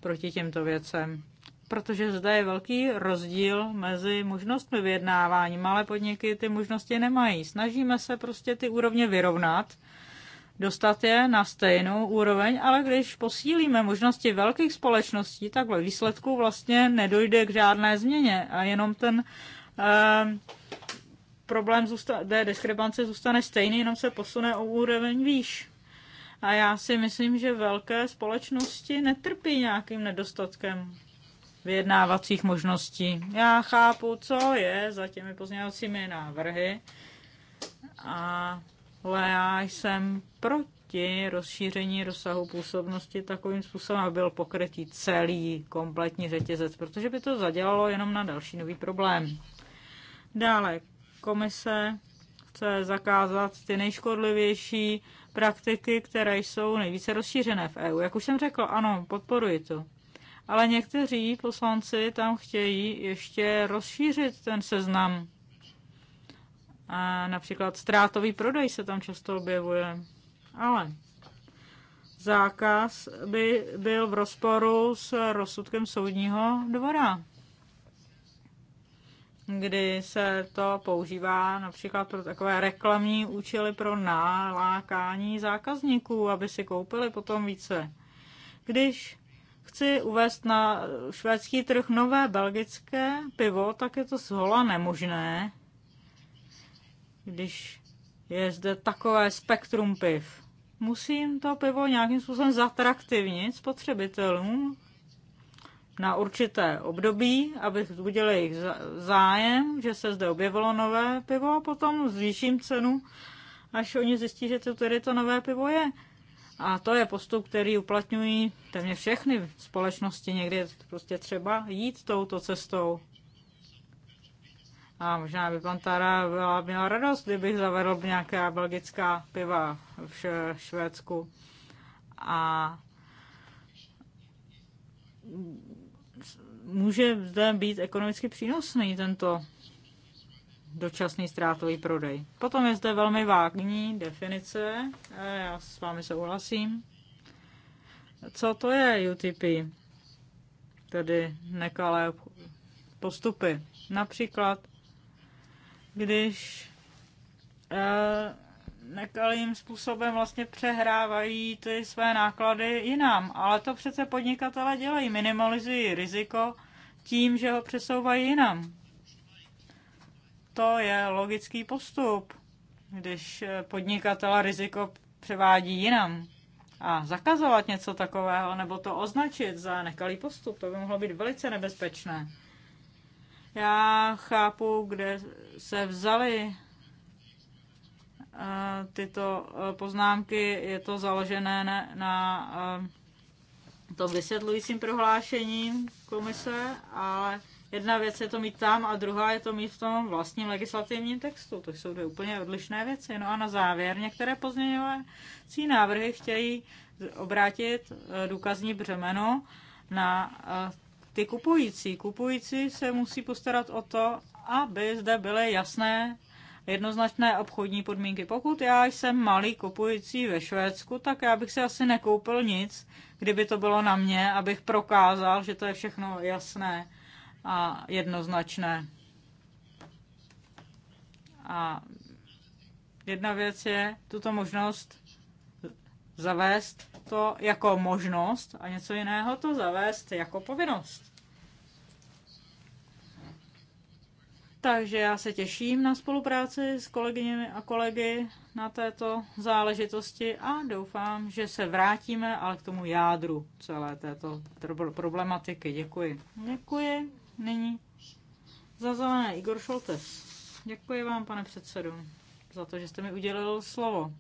proti těmto věcem? Protože zde je velký rozdíl mezi možnostmi vyjednávání. Malé podniky ty možnosti nemají. Snažíme se prostě ty úrovně vyrovnat dostat je na stejnou úroveň, ale když posílíme možnosti velkých společností, tak ve výsledku vlastně nedojde k žádné změně a jenom ten eh, problém zůsta- té diskrepance zůstane stejný, jenom se posune o úroveň výš. A já si myslím, že velké společnosti netrpí nějakým nedostatkem vyjednávacích možností. Já chápu, co je za těmi pozměňovacími návrhy a ale já jsem proti rozšíření rozsahu působnosti takovým způsobem, aby byl pokrytý celý kompletní řetězec, protože by to zadělalo jenom na další nový problém. Dále komise chce zakázat ty nejškodlivější praktiky, které jsou nejvíce rozšířené v EU. Jak už jsem řekl, ano, podporuji to. Ale někteří poslanci tam chtějí ještě rozšířit ten seznam a například ztrátový prodej se tam často objevuje. Ale zákaz by byl v rozporu s rozsudkem soudního dvora, kdy se to používá například pro takové reklamní účely pro nalákání zákazníků, aby si koupili potom více. Když chci uvést na švédský trh nové belgické pivo, tak je to zhola nemožné, když je zde takové spektrum piv. Musím to pivo nějakým způsobem zatraktivnit spotřebitelům na určité období, abych vzbudil jejich zájem, že se zde objevilo nové pivo a potom zvýším cenu, až oni zjistí, že to tedy to nové pivo je. A to je postup, který uplatňují téměř všechny společnosti. Někdy je prostě třeba jít touto cestou. A možná by pan Tara byla, měla radost, kdybych zavedl nějaké belgická piva v Švédsku. A může zde být ekonomicky přínosný tento dočasný ztrátový prodej. Potom je zde velmi vágní definice, já s vámi souhlasím. Co to je UTP? Tedy nekalé postupy. Například když eh, nekalým způsobem vlastně přehrávají ty své náklady jinam. Ale to přece podnikatele dělají, minimalizují riziko tím, že ho přesouvají jinam. To je logický postup, když eh, podnikatele riziko převádí jinam. A zakazovat něco takového, nebo to označit za nekalý postup, to by mohlo být velice nebezpečné. Já chápu, kde se vzaly eh, tyto eh, poznámky. Je to založené na eh, tom vysvětlujícím prohlášením komise, ale jedna věc je to mít tam a druhá je to mít v tom vlastním legislativním textu. To jsou dvě úplně odlišné věci. No a na závěr některé pozměňovací návrhy chtějí obrátit důkazní břemeno na ty kupující. Kupující se musí postarat o to, aby zde byly jasné jednoznačné obchodní podmínky. Pokud já jsem malý kupující ve Švédsku, tak já bych si asi nekoupil nic, kdyby to bylo na mě, abych prokázal, že to je všechno jasné a jednoznačné. A jedna věc je tuto možnost zavést to jako možnost a něco jiného to zavést jako povinnost. Takže já se těším na spolupráci s kolegyněmi a kolegy na této záležitosti a doufám, že se vrátíme ale k tomu jádru celé této problematiky. Děkuji. Děkuji. Nyní za zelené Igor Šoltes. Děkuji vám, pane předsedu, za to, že jste mi udělil slovo.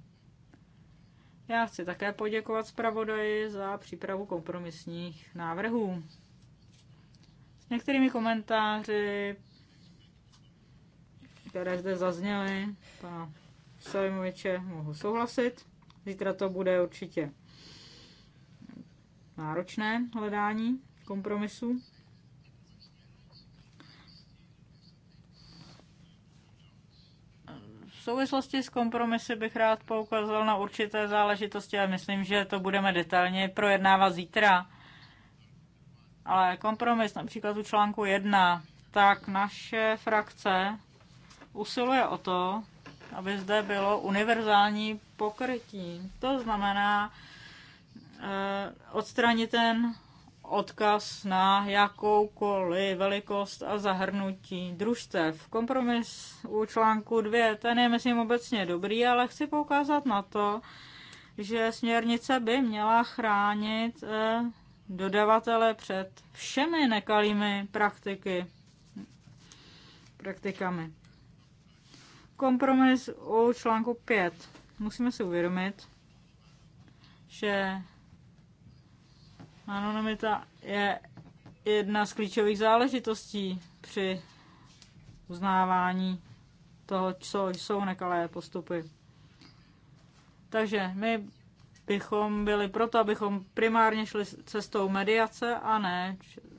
Já chci také poděkovat zpravodaji za přípravu kompromisních návrhů. S některými komentáři, které zde zazněly, pana Salimoviče, mohu souhlasit. Zítra to bude určitě náročné hledání kompromisu. V souvislosti s kompromisy bych rád poukázal na určité záležitosti a myslím, že to budeme detailně projednávat zítra. Ale kompromis například u článku 1, tak naše frakce usiluje o to, aby zde bylo univerzální pokrytí. To znamená eh, odstranit ten odkaz na jakoukoliv velikost a zahrnutí družstev. Kompromis u článku 2, ten je myslím obecně dobrý, ale chci poukázat na to, že směrnice by měla chránit eh, dodavatele před všemi nekalými praktiky, praktikami. Kompromis u článku 5. Musíme si uvědomit, že Anonymita je jedna z klíčových záležitostí při uznávání toho, co jsou nekalé postupy. Takže my bychom byli proto, abychom primárně šli cestou mediace a ne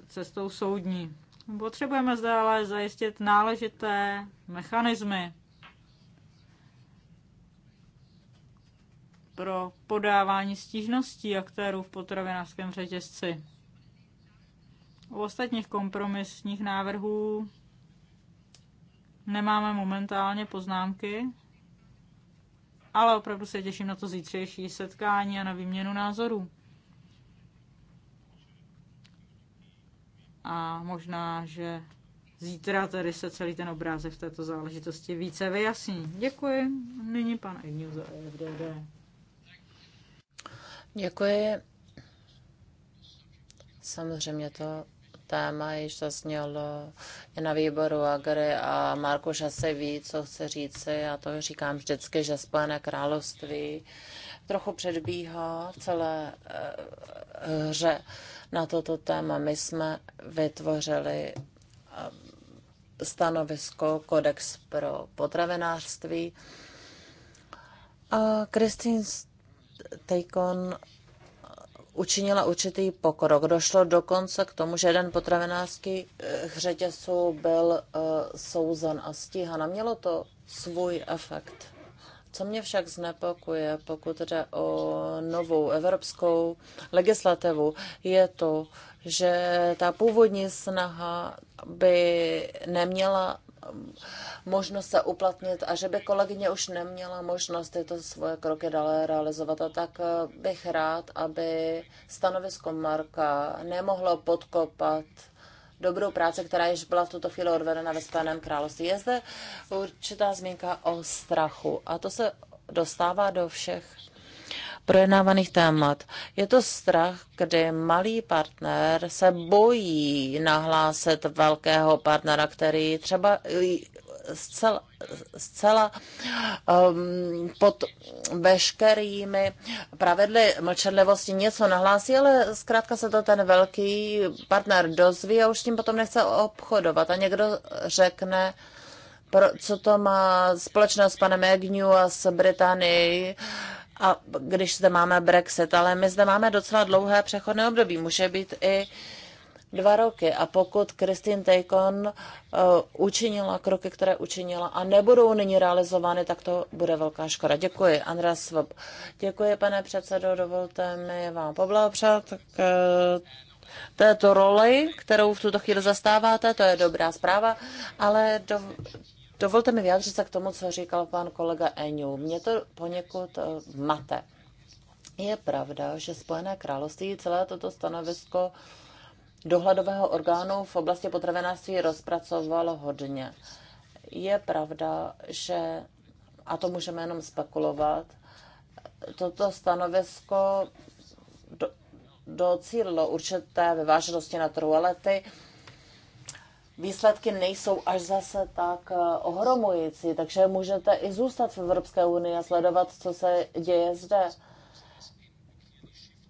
cestou soudní. Potřebujeme zde ale zajistit náležité mechanismy pro podávání stížností aktérů v potravinářském řetězci. U ostatních kompromisních návrhů nemáme momentálně poznámky, ale opravdu se těším na to zítřejší setkání a na výměnu názorů. A možná, že zítra tedy se celý ten obrázek v této záležitosti více vyjasní. Děkuji. Nyní pan Egnew EFDD. Děkuji. Samozřejmě to téma již zaznělo je na výboru Agry a Markuš asi ví, co chce říci. Já to říkám vždycky, že Spojené království trochu předbíhá v celé eh, hře na toto téma. My jsme vytvořili eh, stanovisko Kodex pro potravinářství. A Kristýn Tejkon učinila určitý pokrok. Došlo dokonce k tomu, že jeden potravinářský eh, řetězců byl eh, souzen a stíhan. A mělo to svůj efekt. Co mě však znepokuje, pokud jde o novou evropskou legislativu, je to, že ta původní snaha by neměla možnost se uplatnit a že by kolegyně už neměla možnost tyto svoje kroky dále realizovat. A tak eh, bych rád, aby stanovisko Marka nemohlo podkopat dobrou práci, která již byla v tuto chvíli odvedena ve Spojeném království. Je zde určitá zmínka o strachu a to se dostává do všech projednávaných témat. Je to strach, kdy malý partner se bojí nahlásit velkého partnera, který třeba zcela, zcela um, pod veškerými pravidly mlčenlivosti něco nahlásí, ale zkrátka se to ten velký partner dozví a už s tím potom nechce obchodovat. A někdo řekne, pro, co to má společnost s panem Agnew a s Británií. Uh, a když zde máme Brexit, ale my zde máme docela dlouhé přechodné období, může být i dva roky a pokud Christine Tejkon uh, eh, učinila kroky, které učinila a nebudou nyní realizovány, tak to bude velká škoda. Děkuji, Andrea Svob. Děkuji, pane předsedo, dovolte mi vám poblahopřát k eh, této roli, kterou v tuto chvíli zastáváte, to je dobrá zpráva, ale do, Dovolte mi vyjádřit se k tomu, co říkal pan kolega Eňu. Mě to poněkud eh, mate. Je pravda, že Spojené království celé toto stanovisko dohledového orgánu v oblasti potravinářství rozpracovalo hodně. Je pravda, že, a to můžeme jenom spekulovat, toto stanovisko do, docílilo určité vyváženosti na trhu, ale ty výsledky nejsou až zase tak eh, ohromující, takže můžete i zůstat v Evropské unii a sledovat, co se děje zde.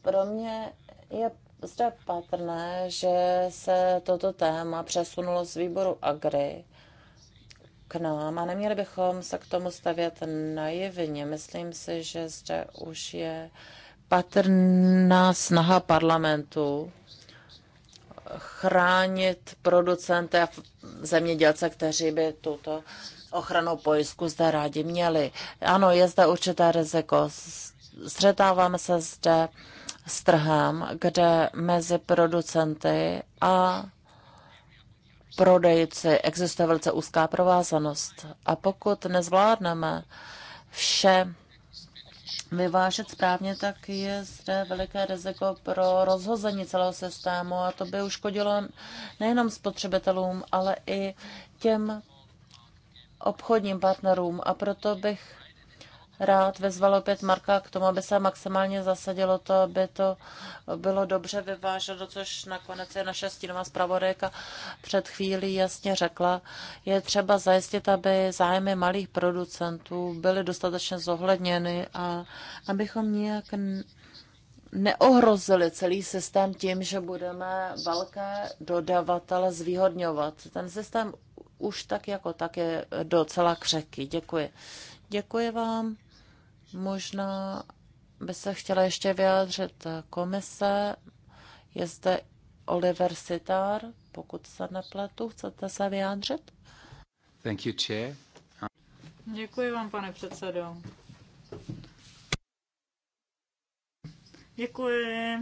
Pro mě je zde patrné, že se toto téma přesunulo z výboru Agri k nám a neměli bychom se k tomu stavět naivně. Myslím si, že zde už je patrná snaha parlamentu chránit producenty a zemědělce, kteří by tuto ochranou pojistku zde rádi měli. Ano, je zde určité riziko. Střetáváme se zde s trhem, kde mezi producenty a prodejci existuje velice úzká provázanost. A pokud nezvládneme vše vyvážet správně, tak je zde veliké riziko pro rozhození celého systému a to by uškodilo nejenom spotřebitelům, ale i těm obchodním partnerům. A proto bych rád vyzval opět Marka k tomu, aby se maximálně zasadilo to, aby to bylo dobře vyváženo, což nakonec je naše stínová zpravodajka před chvílí jasně řekla. Je třeba zajistit, aby zájmy malých producentů byly dostatečně zohledněny a abychom nijak neohrozili celý systém tím, že budeme velké dodavatele zvýhodňovat. Ten systém už tak jako tak je docela křehký. Děkuji. Děkuji vám. Možná by se chtěla ještě vyjádřit komise. Je zde Oliver Sitar, pokud se nepletu. Chcete se vyjádřit? Thank you, chair. Děkuji vám, pane předsedo. Děkuji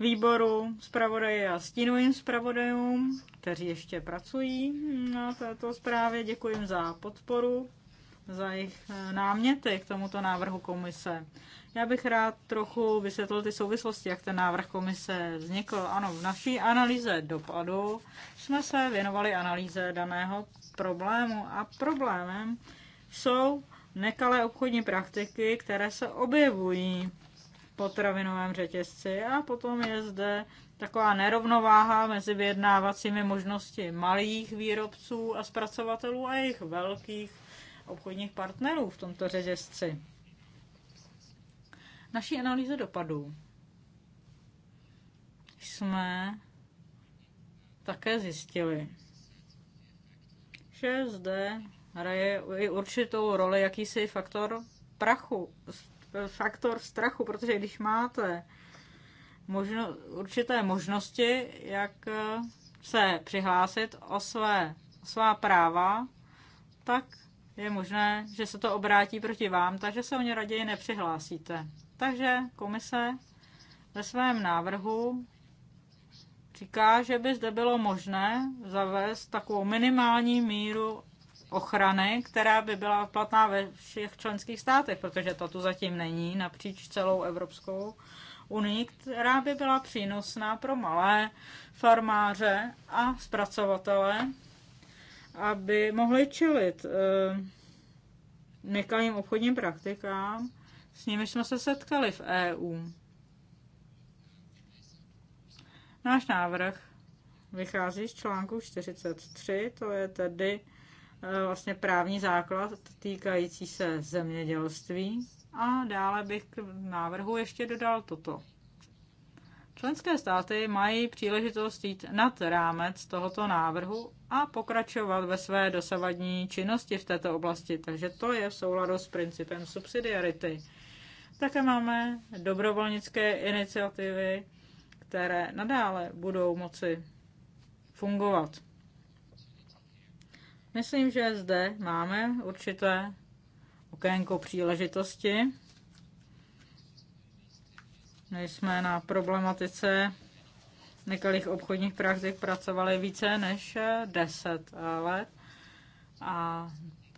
výboru zpravodaje a stínovým zpravodajům, kteří ještě pracují na této zprávě. Děkuji jim za podporu za jejich eh, náměty k tomuto návrhu komise. Já bych rád trochu vysvětlil ty souvislosti, jak ten návrh komise vznikl. Ano, v naší analýze dopadu jsme se věnovali analýze daného problému a problémem jsou nekalé obchodní praktiky, které se objevují v potravinovém řetězci a potom je zde taková nerovnováha mezi vyjednávacími možnosti malých výrobců a zpracovatelů a jejich velkých obchodních partnerů v tomto řetězci. Naší analýze dopadů jsme také zjistili, že zde hraje i určitou roli jakýsi faktor prachu, faktor strachu, protože když máte možno, určité možnosti, jak se přihlásit o své, o svá práva, tak je možné, že se to obrátí proti vám, takže se o ně raději nepřihlásíte. Takže komise ve svém návrhu říká, že by zde bylo možné zavést takovou minimální míru ochrany, která by byla platná ve všech členských státech, protože to tu zatím není napříč celou Evropskou unii, která by byla přínosná pro malé farmáře a zpracovatele aby mohli čelit eh, nekalým obchodním praktikám, s nimi jsme se setkali v EU. Náš návrh vychází z článku 43, to je tedy eh, vlastně právní základ týkající se zemědělství. A dále bych k návrhu ještě dodal toto. Členské státy mají příležitost jít nad rámec tohoto návrhu a pokračovat ve své dosavadní činnosti v této oblasti, takže to je v souladu s principem subsidiarity. Také máme dobrovolnické iniciativy, které nadále budou moci fungovat. Myslím, že zde máme určité okénko příležitosti jsme na problematice nekalých obchodních praktik pracovali více než 10 eh, eh, let a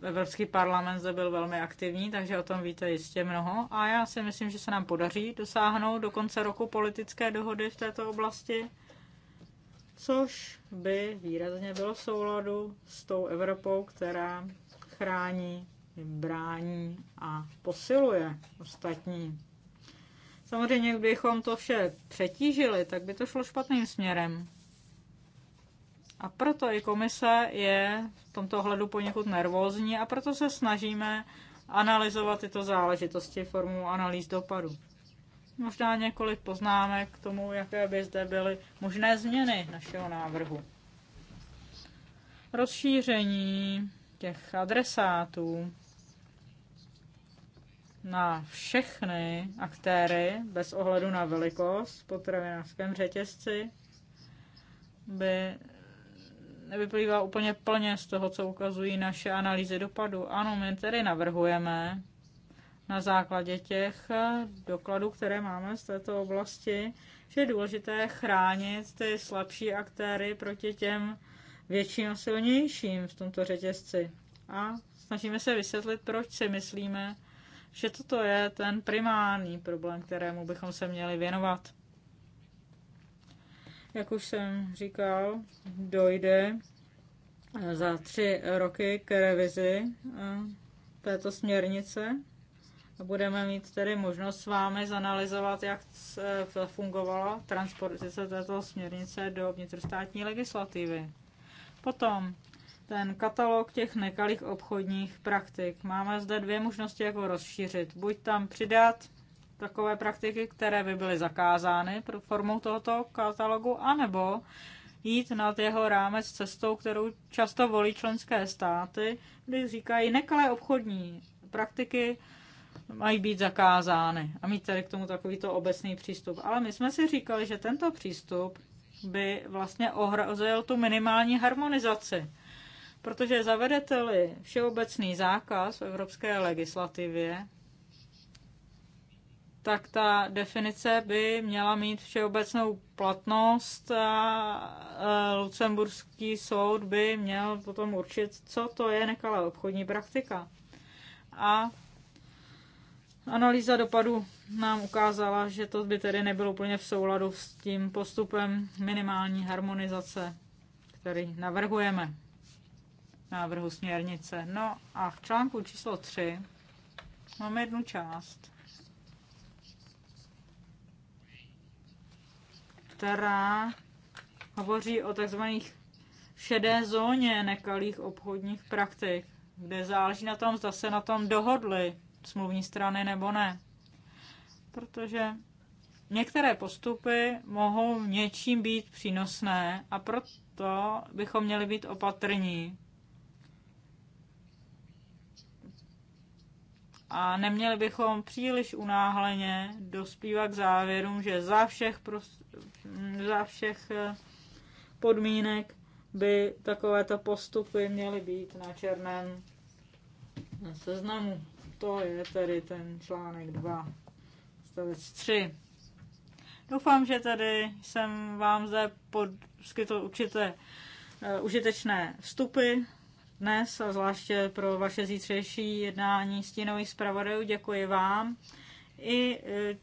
Evropský parlament zde byl velmi aktivní, takže o tom víte jistě mnoho. A já si myslím, že se nám podaří dosáhnout do konce roku politické dohody v této oblasti, což by výrazně bylo v souladu s tou Evropou, která chrání, brání a posiluje ostatní Samozřejmě, kdybychom to vše přetížili, tak by to šlo špatným směrem. A proto i komise je v tomto ohledu poněkud nervózní a proto se snažíme analyzovat tyto záležitosti formou analýz dopadu. Možná několik poznámek k tomu, jaké by zde byly možné změny našeho návrhu. Rozšíření těch adresátů na všechny aktéry, bez ohledu na velikost v potravinářském řetězci, by nevyplývá úplně plně z toho, co ukazují naše analýzy dopadu. Ano, my tedy navrhujeme na základě těch dokladů, které máme z této oblasti, že je důležité chránit ty slabší aktéry proti těm větším a silnějším v tomto řetězci. A snažíme se vysvětlit, proč si myslíme, že toto je ten primární problém, kterému bychom se měli věnovat. Jak už jsem říkal, dojde eh, za tři roky k revizi eh, této směrnice a budeme mít tedy možnost s vámi zanalizovat, jak fungovala transpozice této směrnice do vnitrostátní legislativy. Potom ten katalog těch nekalých obchodních praktik. Máme zde dvě možnosti, jak ho rozšířit. Buď tam přidat takové praktiky, které by byly zakázány pro formou tohoto katalogu, anebo jít nad jeho rámec cestou, kterou často volí členské státy, kdy říkají, nekalé obchodní praktiky mají být zakázány a mít tady k tomu takovýto obecný přístup. Ale my jsme si říkali, že tento přístup by vlastně ohrozil tu minimální harmonizaci Protože zavedete-li všeobecný zákaz v evropské legislativě, tak ta definice by měla mít všeobecnou platnost a e, Lucemburský soud by měl potom určit, co to je nekalá obchodní praktika. A analýza dopadu nám ukázala, že to by tedy nebylo úplně v souladu s tím postupem minimální harmonizace, který navrhujeme návrhu směrnice. No a v článku číslo 3 máme jednu část, která hovoří o takzvaných šedé zóně nekalých obchodních praktik, kde záleží na tom, zda se na tom dohodly smluvní strany nebo ne. Protože některé postupy mohou něčím být přínosné a proto bychom měli být opatrní. a neměli bychom příliš unáhleně dospívat k závěrům, že za všech, prost, za všech eh, podmínek by takovéto postupy měly být na černém seznamu. To je tedy ten článek 2, stavec 3. Doufám, že tady jsem vám zde poskytl určité uh, užitečné vstupy dnes a zvláště pro vaše zítřejší jednání stínových zpravodajů. Děkuji vám i e,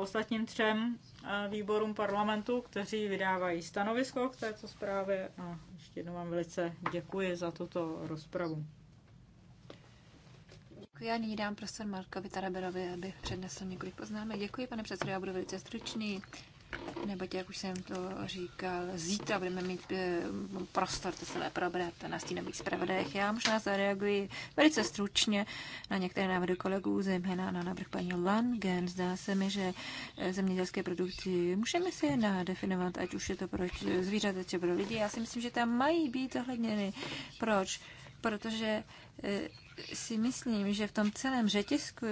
ostatním třem e, výborům parlamentu, kteří vydávají stanovisko k této zprávě. A ještě jednou vám velice děkuji za tuto rozpravu. Děkuji. Já nyní dám prostor Markovi Taraberovi, aby přednesl několik poznámek. Děkuji, pane předsedo, já budu velice stručný neboť, jak už jsem to říkal, zítra budeme mít eh, prostor to celé probrat na stínových zpravodajech. Já možná zareaguji velice stručně na některé návrhy kolegů, zejména na návrh paní Langen. Zdá se mi, že eh, zemědělské produkty můžeme si je nadefinovat, ať už je to pro zvířata, či pro lidi. Já si myslím, že tam mají být ohledněny. Proč? Protože eh, si myslím, že v tom celém řetězku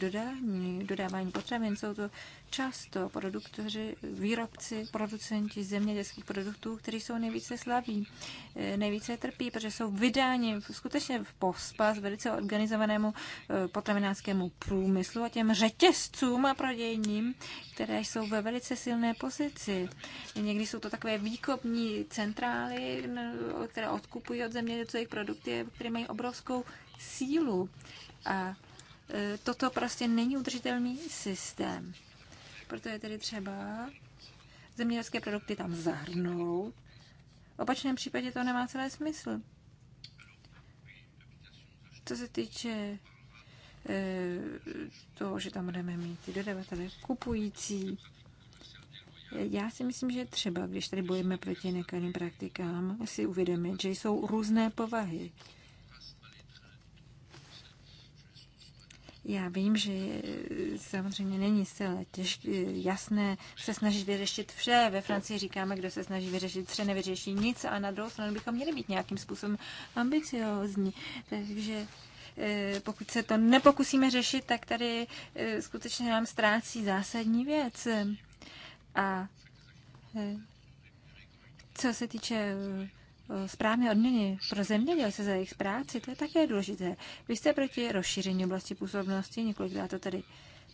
dodání, dodávání potravin jsou to často produktoři, výrobci, producenti zemědělských produktů, kteří jsou nejvíce slaví, eh, nejvíce trpí, protože jsou vydáni skutečně v pospas velice organizovanému eh, potravinářskému průmyslu a těm řetězcům a prodějním, které jsou ve velice silné pozici. Někdy jsou to takové výkopní centrály, které odkupují od zemědělců jejich produkty, které mají obrovskou sílu. A eh, toto prostě není udržitelný systém. Proto je tedy třeba zemědělské produkty tam zahrnout. V opačném případě to nemá celé smysl. Co se týče eh, to, že tam budeme mít ty dodavatele kupující. Já si myslím, že třeba, když tady bojujeme proti nekalým praktikám, si uvědomit, že jsou různé povahy. Já vím, že samozřejmě není zcela jasné se snažit vyřešit vše. Ve Francii říkáme, kdo se snaží vyřešit vše, nevyřeší nic a na druhou stranu bychom měli být nějakým způsobem ambiciózní. Takže eh, pokud se to nepokusíme řešit, tak tady eh, skutečně nám ztrácí zásadní věc. A eh, co se týče Eh, správné odměny pro zemědělce za jejich práci, to je také důležité. Vy jste proti rozšíření oblasti působnosti, několikrát to tady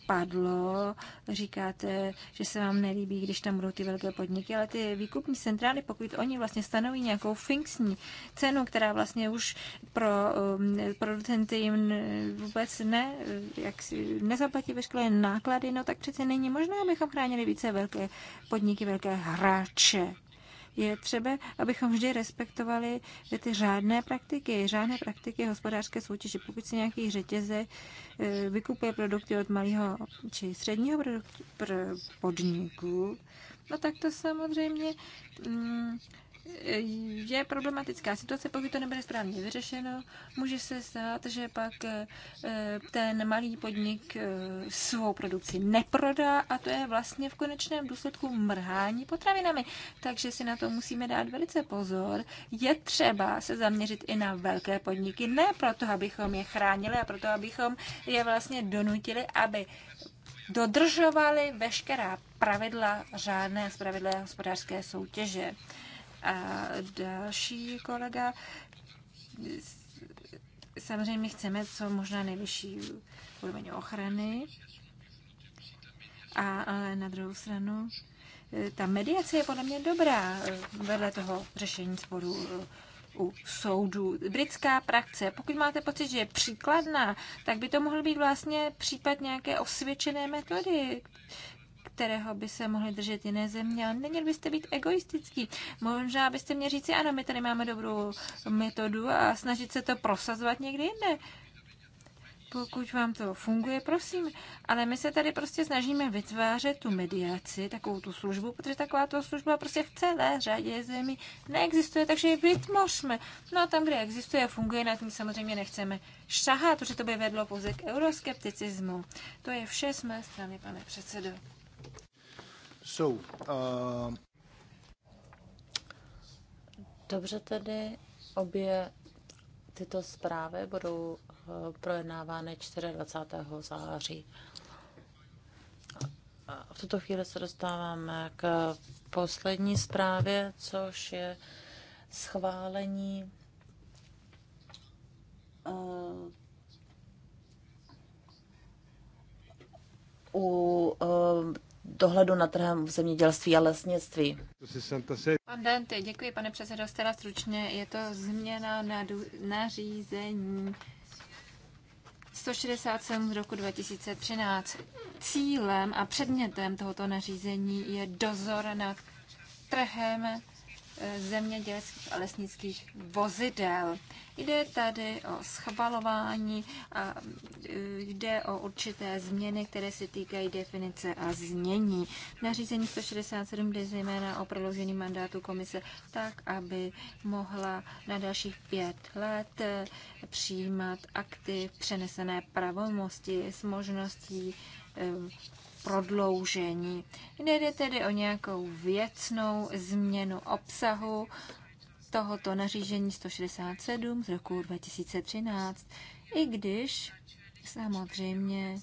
padlo, říkáte, že se vám nelíbí, když tam budou ty velké podniky, ale ty výkupní centrály, pokud oni vlastně stanoví nějakou fixní cenu, která vlastně už pro um, producenty jim vůbec ne, jak si nezaplatí veškeré náklady, no tak přece není možné, abychom chránili více velké podniky, velké hráče je třeba, abychom vždy respektovali ty řádné praktiky, řádné praktiky hospodářské soutěže. Pokud si nějaký řetěze eh, vykupuje produkty od malého či středního podniku, no tak to samozřejmě mm, je problematická situace, pokud to nebude správně vyřešeno, může se stát, že pak eh, ten malý podnik eh, svou produkci neprodá a to je vlastně v konečném důsledku mrhání potravinami. Takže si na to musíme dát velice pozor. Je třeba se zaměřit i na velké podniky, ne proto, abychom je chránili a proto, abychom je vlastně donutili, aby dodržovali veškerá pravidla řádné spravedlivé hospodářské soutěže. A další kolega, samozřejmě chceme co možná nejvyšší úroveň ochrany, a, ale na druhou stranu e, ta mediace je podle mě dobrá e, vedle toho řešení sporu e, u soudu. Britská praxe, pokud máte pocit, že je příkladná, tak by to mohl být vlastně případ nějaké osvědčené metody, kterého by se mohly držet jiné země. A neměl byste být egoistický. Možná byste měli říci, ano, my tady máme dobrou metodu a snažit se to prosazovat někdy jinde. Pokud vám to funguje, prosím. Ale my se tady prostě snažíme vytvářet tu mediaci, takovou tu službu, protože taková to služba prostě v celé řadě zemí neexistuje, takže ji vytvořme. No a tam, kde existuje a funguje, na tím samozřejmě nechceme šahat, protože to by vedlo pouze k euroskepticismu. To je vše z mé strany, pane předsedo. Uh, Dobře tedy, obě tyto zprávy budou eh, projednávány 24. září. A v tuto chvíli se dostáváme k poslední zprávě, což je schválení eh, u eh, dohledu na trhem v zemědělství a lesnictví. Pan Dante, děkuji, pane předsedo, stela stručně. Je to změna na nařízení 167 z roku 2013. Cílem a předmětem tohoto nařízení je dozor nad trhem eh, zemědělských a lesnických vozidel. Jde tady o schvalování a e, jde o určité změny, které se týkají definice a změní. Nařízení 167 jde zejména o prodloužení mandátu komise tak, aby mohla na dalších pět let e, přijímat akty přenesené pravomosti s možností e, prodloužení. Jde tedy o nějakou věcnou změnu obsahu tohoto nařízení 167 z roku 2013, i když samozřejmě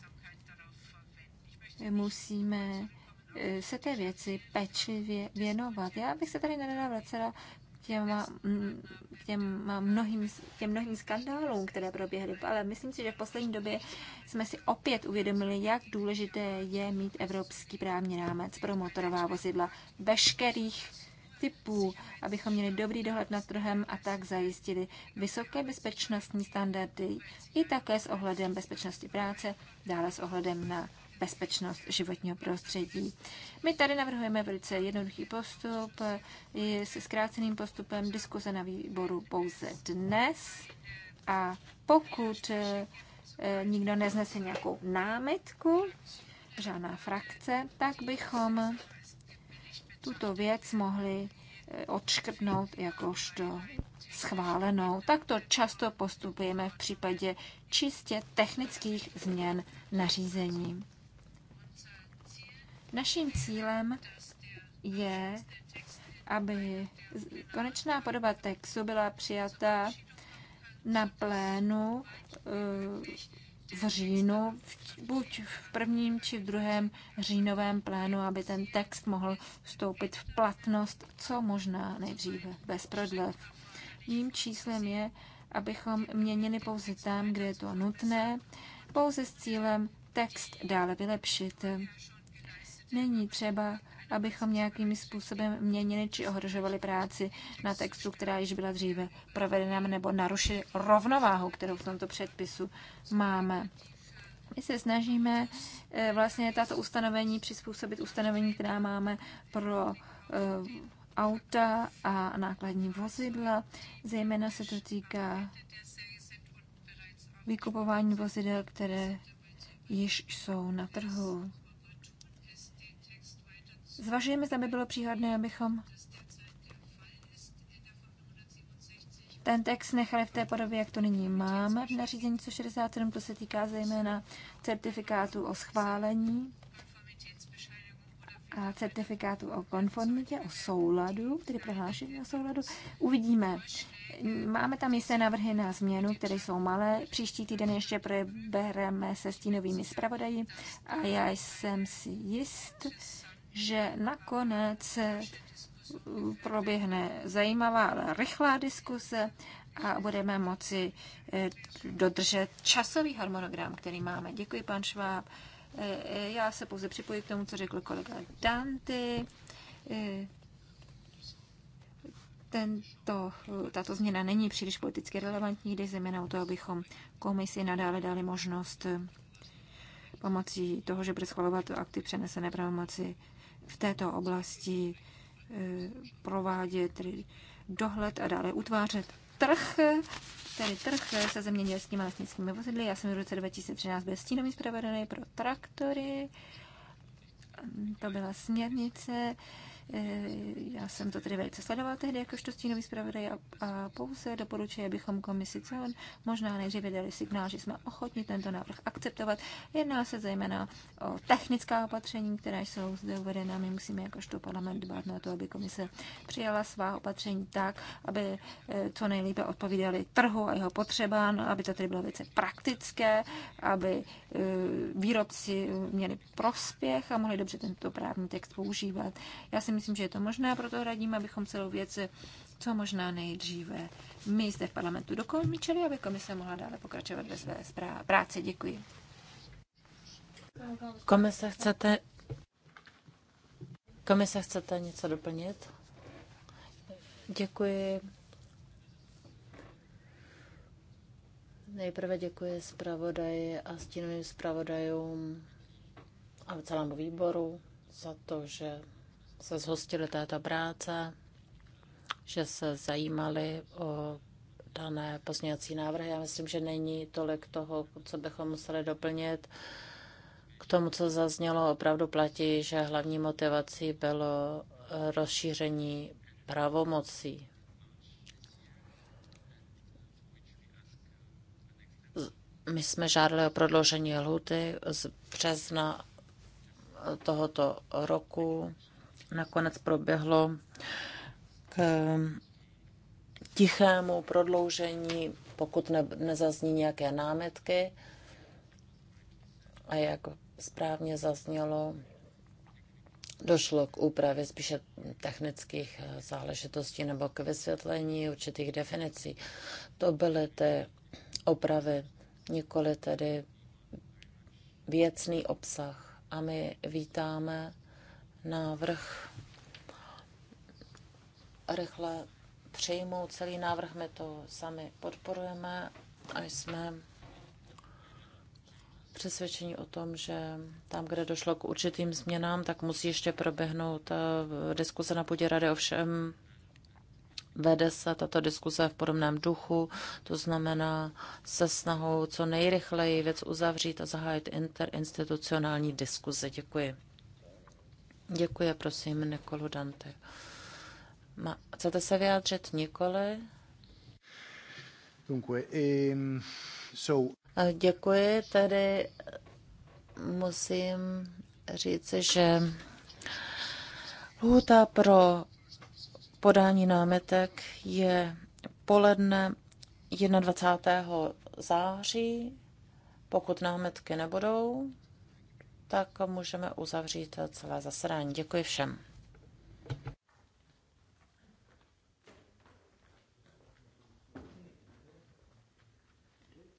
musíme eh, se té věci pečlivě věnovat. Já bych se tady nedala vracela těma, těma mnohým, těm mnohým skandálům, které proběhly. Ale myslím si, že v poslední době jsme si opět uvědomili, jak důležité je mít evropský právní rámec pro motorová vozidla veškerých typů, abychom měli dobrý dohled nad trhem a tak zajistili vysoké bezpečnostní standardy i také s ohledem bezpečnosti práce, dále s ohledem na bezpečnost životního prostředí. My tady navrhujeme velice jednoduchý postup se zkráceným postupem diskuze na výboru pouze dnes a pokud eh, eh, nikdo neznese nějakou námitku, žádná frakce, tak bychom tuto věc mohli eh, odškrtnout jakožto schválenou. Takto často postupujeme v případě čistě technických změn nařízení. Naším cílem je, aby konečná podoba textu byla přijata na plénu eh, v říjnu, buď v prvním či v druhém říjnovém plénu, aby ten text mohl vstoupit v platnost co možná nejdříve, bez prodlev. Mým číslem je, abychom měnili pouze tam, kde je to nutné, pouze s cílem text dále vylepšit. Není třeba abychom nějakým způsobem měnili či ohrožovali práci na textu, která již byla dříve provedena, nebo narušili rovnováhu, kterou v tomto předpisu máme. My se snažíme eh, vlastně tato ustanovení přizpůsobit ustanovení, která máme pro eh, auta a nákladní vozidla. Zejména se to týká vykupování vozidel, které již jsou na trhu. Zvažujeme, zda by bylo příhodné, abychom ten text nechali v té podobě, jak to nyní máme v nařízení 167, to se týká zejména certifikátu o schválení a certifikátu o konformitě, o souladu, tedy prohlášení o souladu. Uvidíme. Máme tam jisté návrhy na změnu, které jsou malé. Příští týden ještě probereme se stínovými zpravodaji a já jsem si jist, že nakonec eh, proběhne zajímavá, ale rychlá diskuse a budeme moci eh, dodržet časový harmonogram, který máme. Děkuji, pan Šváb. Eh, já se pouze připojím k tomu, co řekl kolega Danty. Tento, tato změna není příliš politicky relevantní, jde zejména o to, abychom komisi nadále dali možnost pomocí toho, že bude schvalovat akty přenesené pravomoci v této oblasti eh, provádět dohled a dále utvářet trh, tedy trh se zemědělskými těmi lesnickými vozidly. Já jsem v roce 2013 byl stínový zpravodaj pro traktory. To byla směrnice, Eh, já jsem to tedy velice sledoval tehdy jakožto stínový zpravodaj a, a pouze doporučuji, abychom komisi co možná nejdříve dali signál, že jsme ochotni tento návrh akceptovat. Jedná se zejména o technická opatření, která jsou zde uvedena. My musíme jakožto parlament dbát na to, aby komise přijala svá opatření tak, aby eh, co nejlépe odpovídali trhu a jeho potřebám, aby to tedy bylo velice praktické, aby eh, výrobci měli prospěch a mohli dobře tento právní text používat. Já si myslím, že je to možné, proto radím, abychom celou věc co možná nejdříve my zde v parlamentu dokončili, aby komise mohla dále pokračovat ve své práci. Děkuji. Komise, chcete, komise, chcete něco doplnit? Děkuji. Nejprve děkuji zpravodaji a stínovým zpravodajům a celému výboru za to, že se zhostili této práce, že se zajímali o dané pozměňovací návrhy. Já myslím, že není tolik toho, co bychom museli doplnit. K tomu, co zaznělo, opravdu platí, že hlavní motivací bylo rozšíření pravomocí. My jsme žádali o prodloužení lhuty z března tohoto roku nakonec proběhlo k tichému prodloužení, pokud ne, nezazní nějaké námitky. A jak správně zaznělo, došlo k úpravě spíše technických eh, záležitostí nebo k vysvětlení určitých definicí. To byly ty opravy, nikoli tedy věcný obsah. A my vítáme návrh rychle přijmout celý návrh. My to sami podporujeme a jsme přesvědčení o tom, že tam, kde došlo k určitým změnám, tak musí ještě proběhnout eh, diskuse na půdě rady. Ovšem vede se tato diskuse v podobném duchu, to znamená se snahou co nejrychleji věc uzavřít a zahájit interinstitucionální diskuze. Děkuji. Děkuji, prosím, Nikolu Dante. Ma, chcete se vyjádřit nikoli? Dunque, um, so... Děkuji, tedy musím říct, že lhůta pro podání námetek je poledne 21. září, pokud námetky nebudou, tak můžeme uzavřít celé zasedání. Děkuji všem.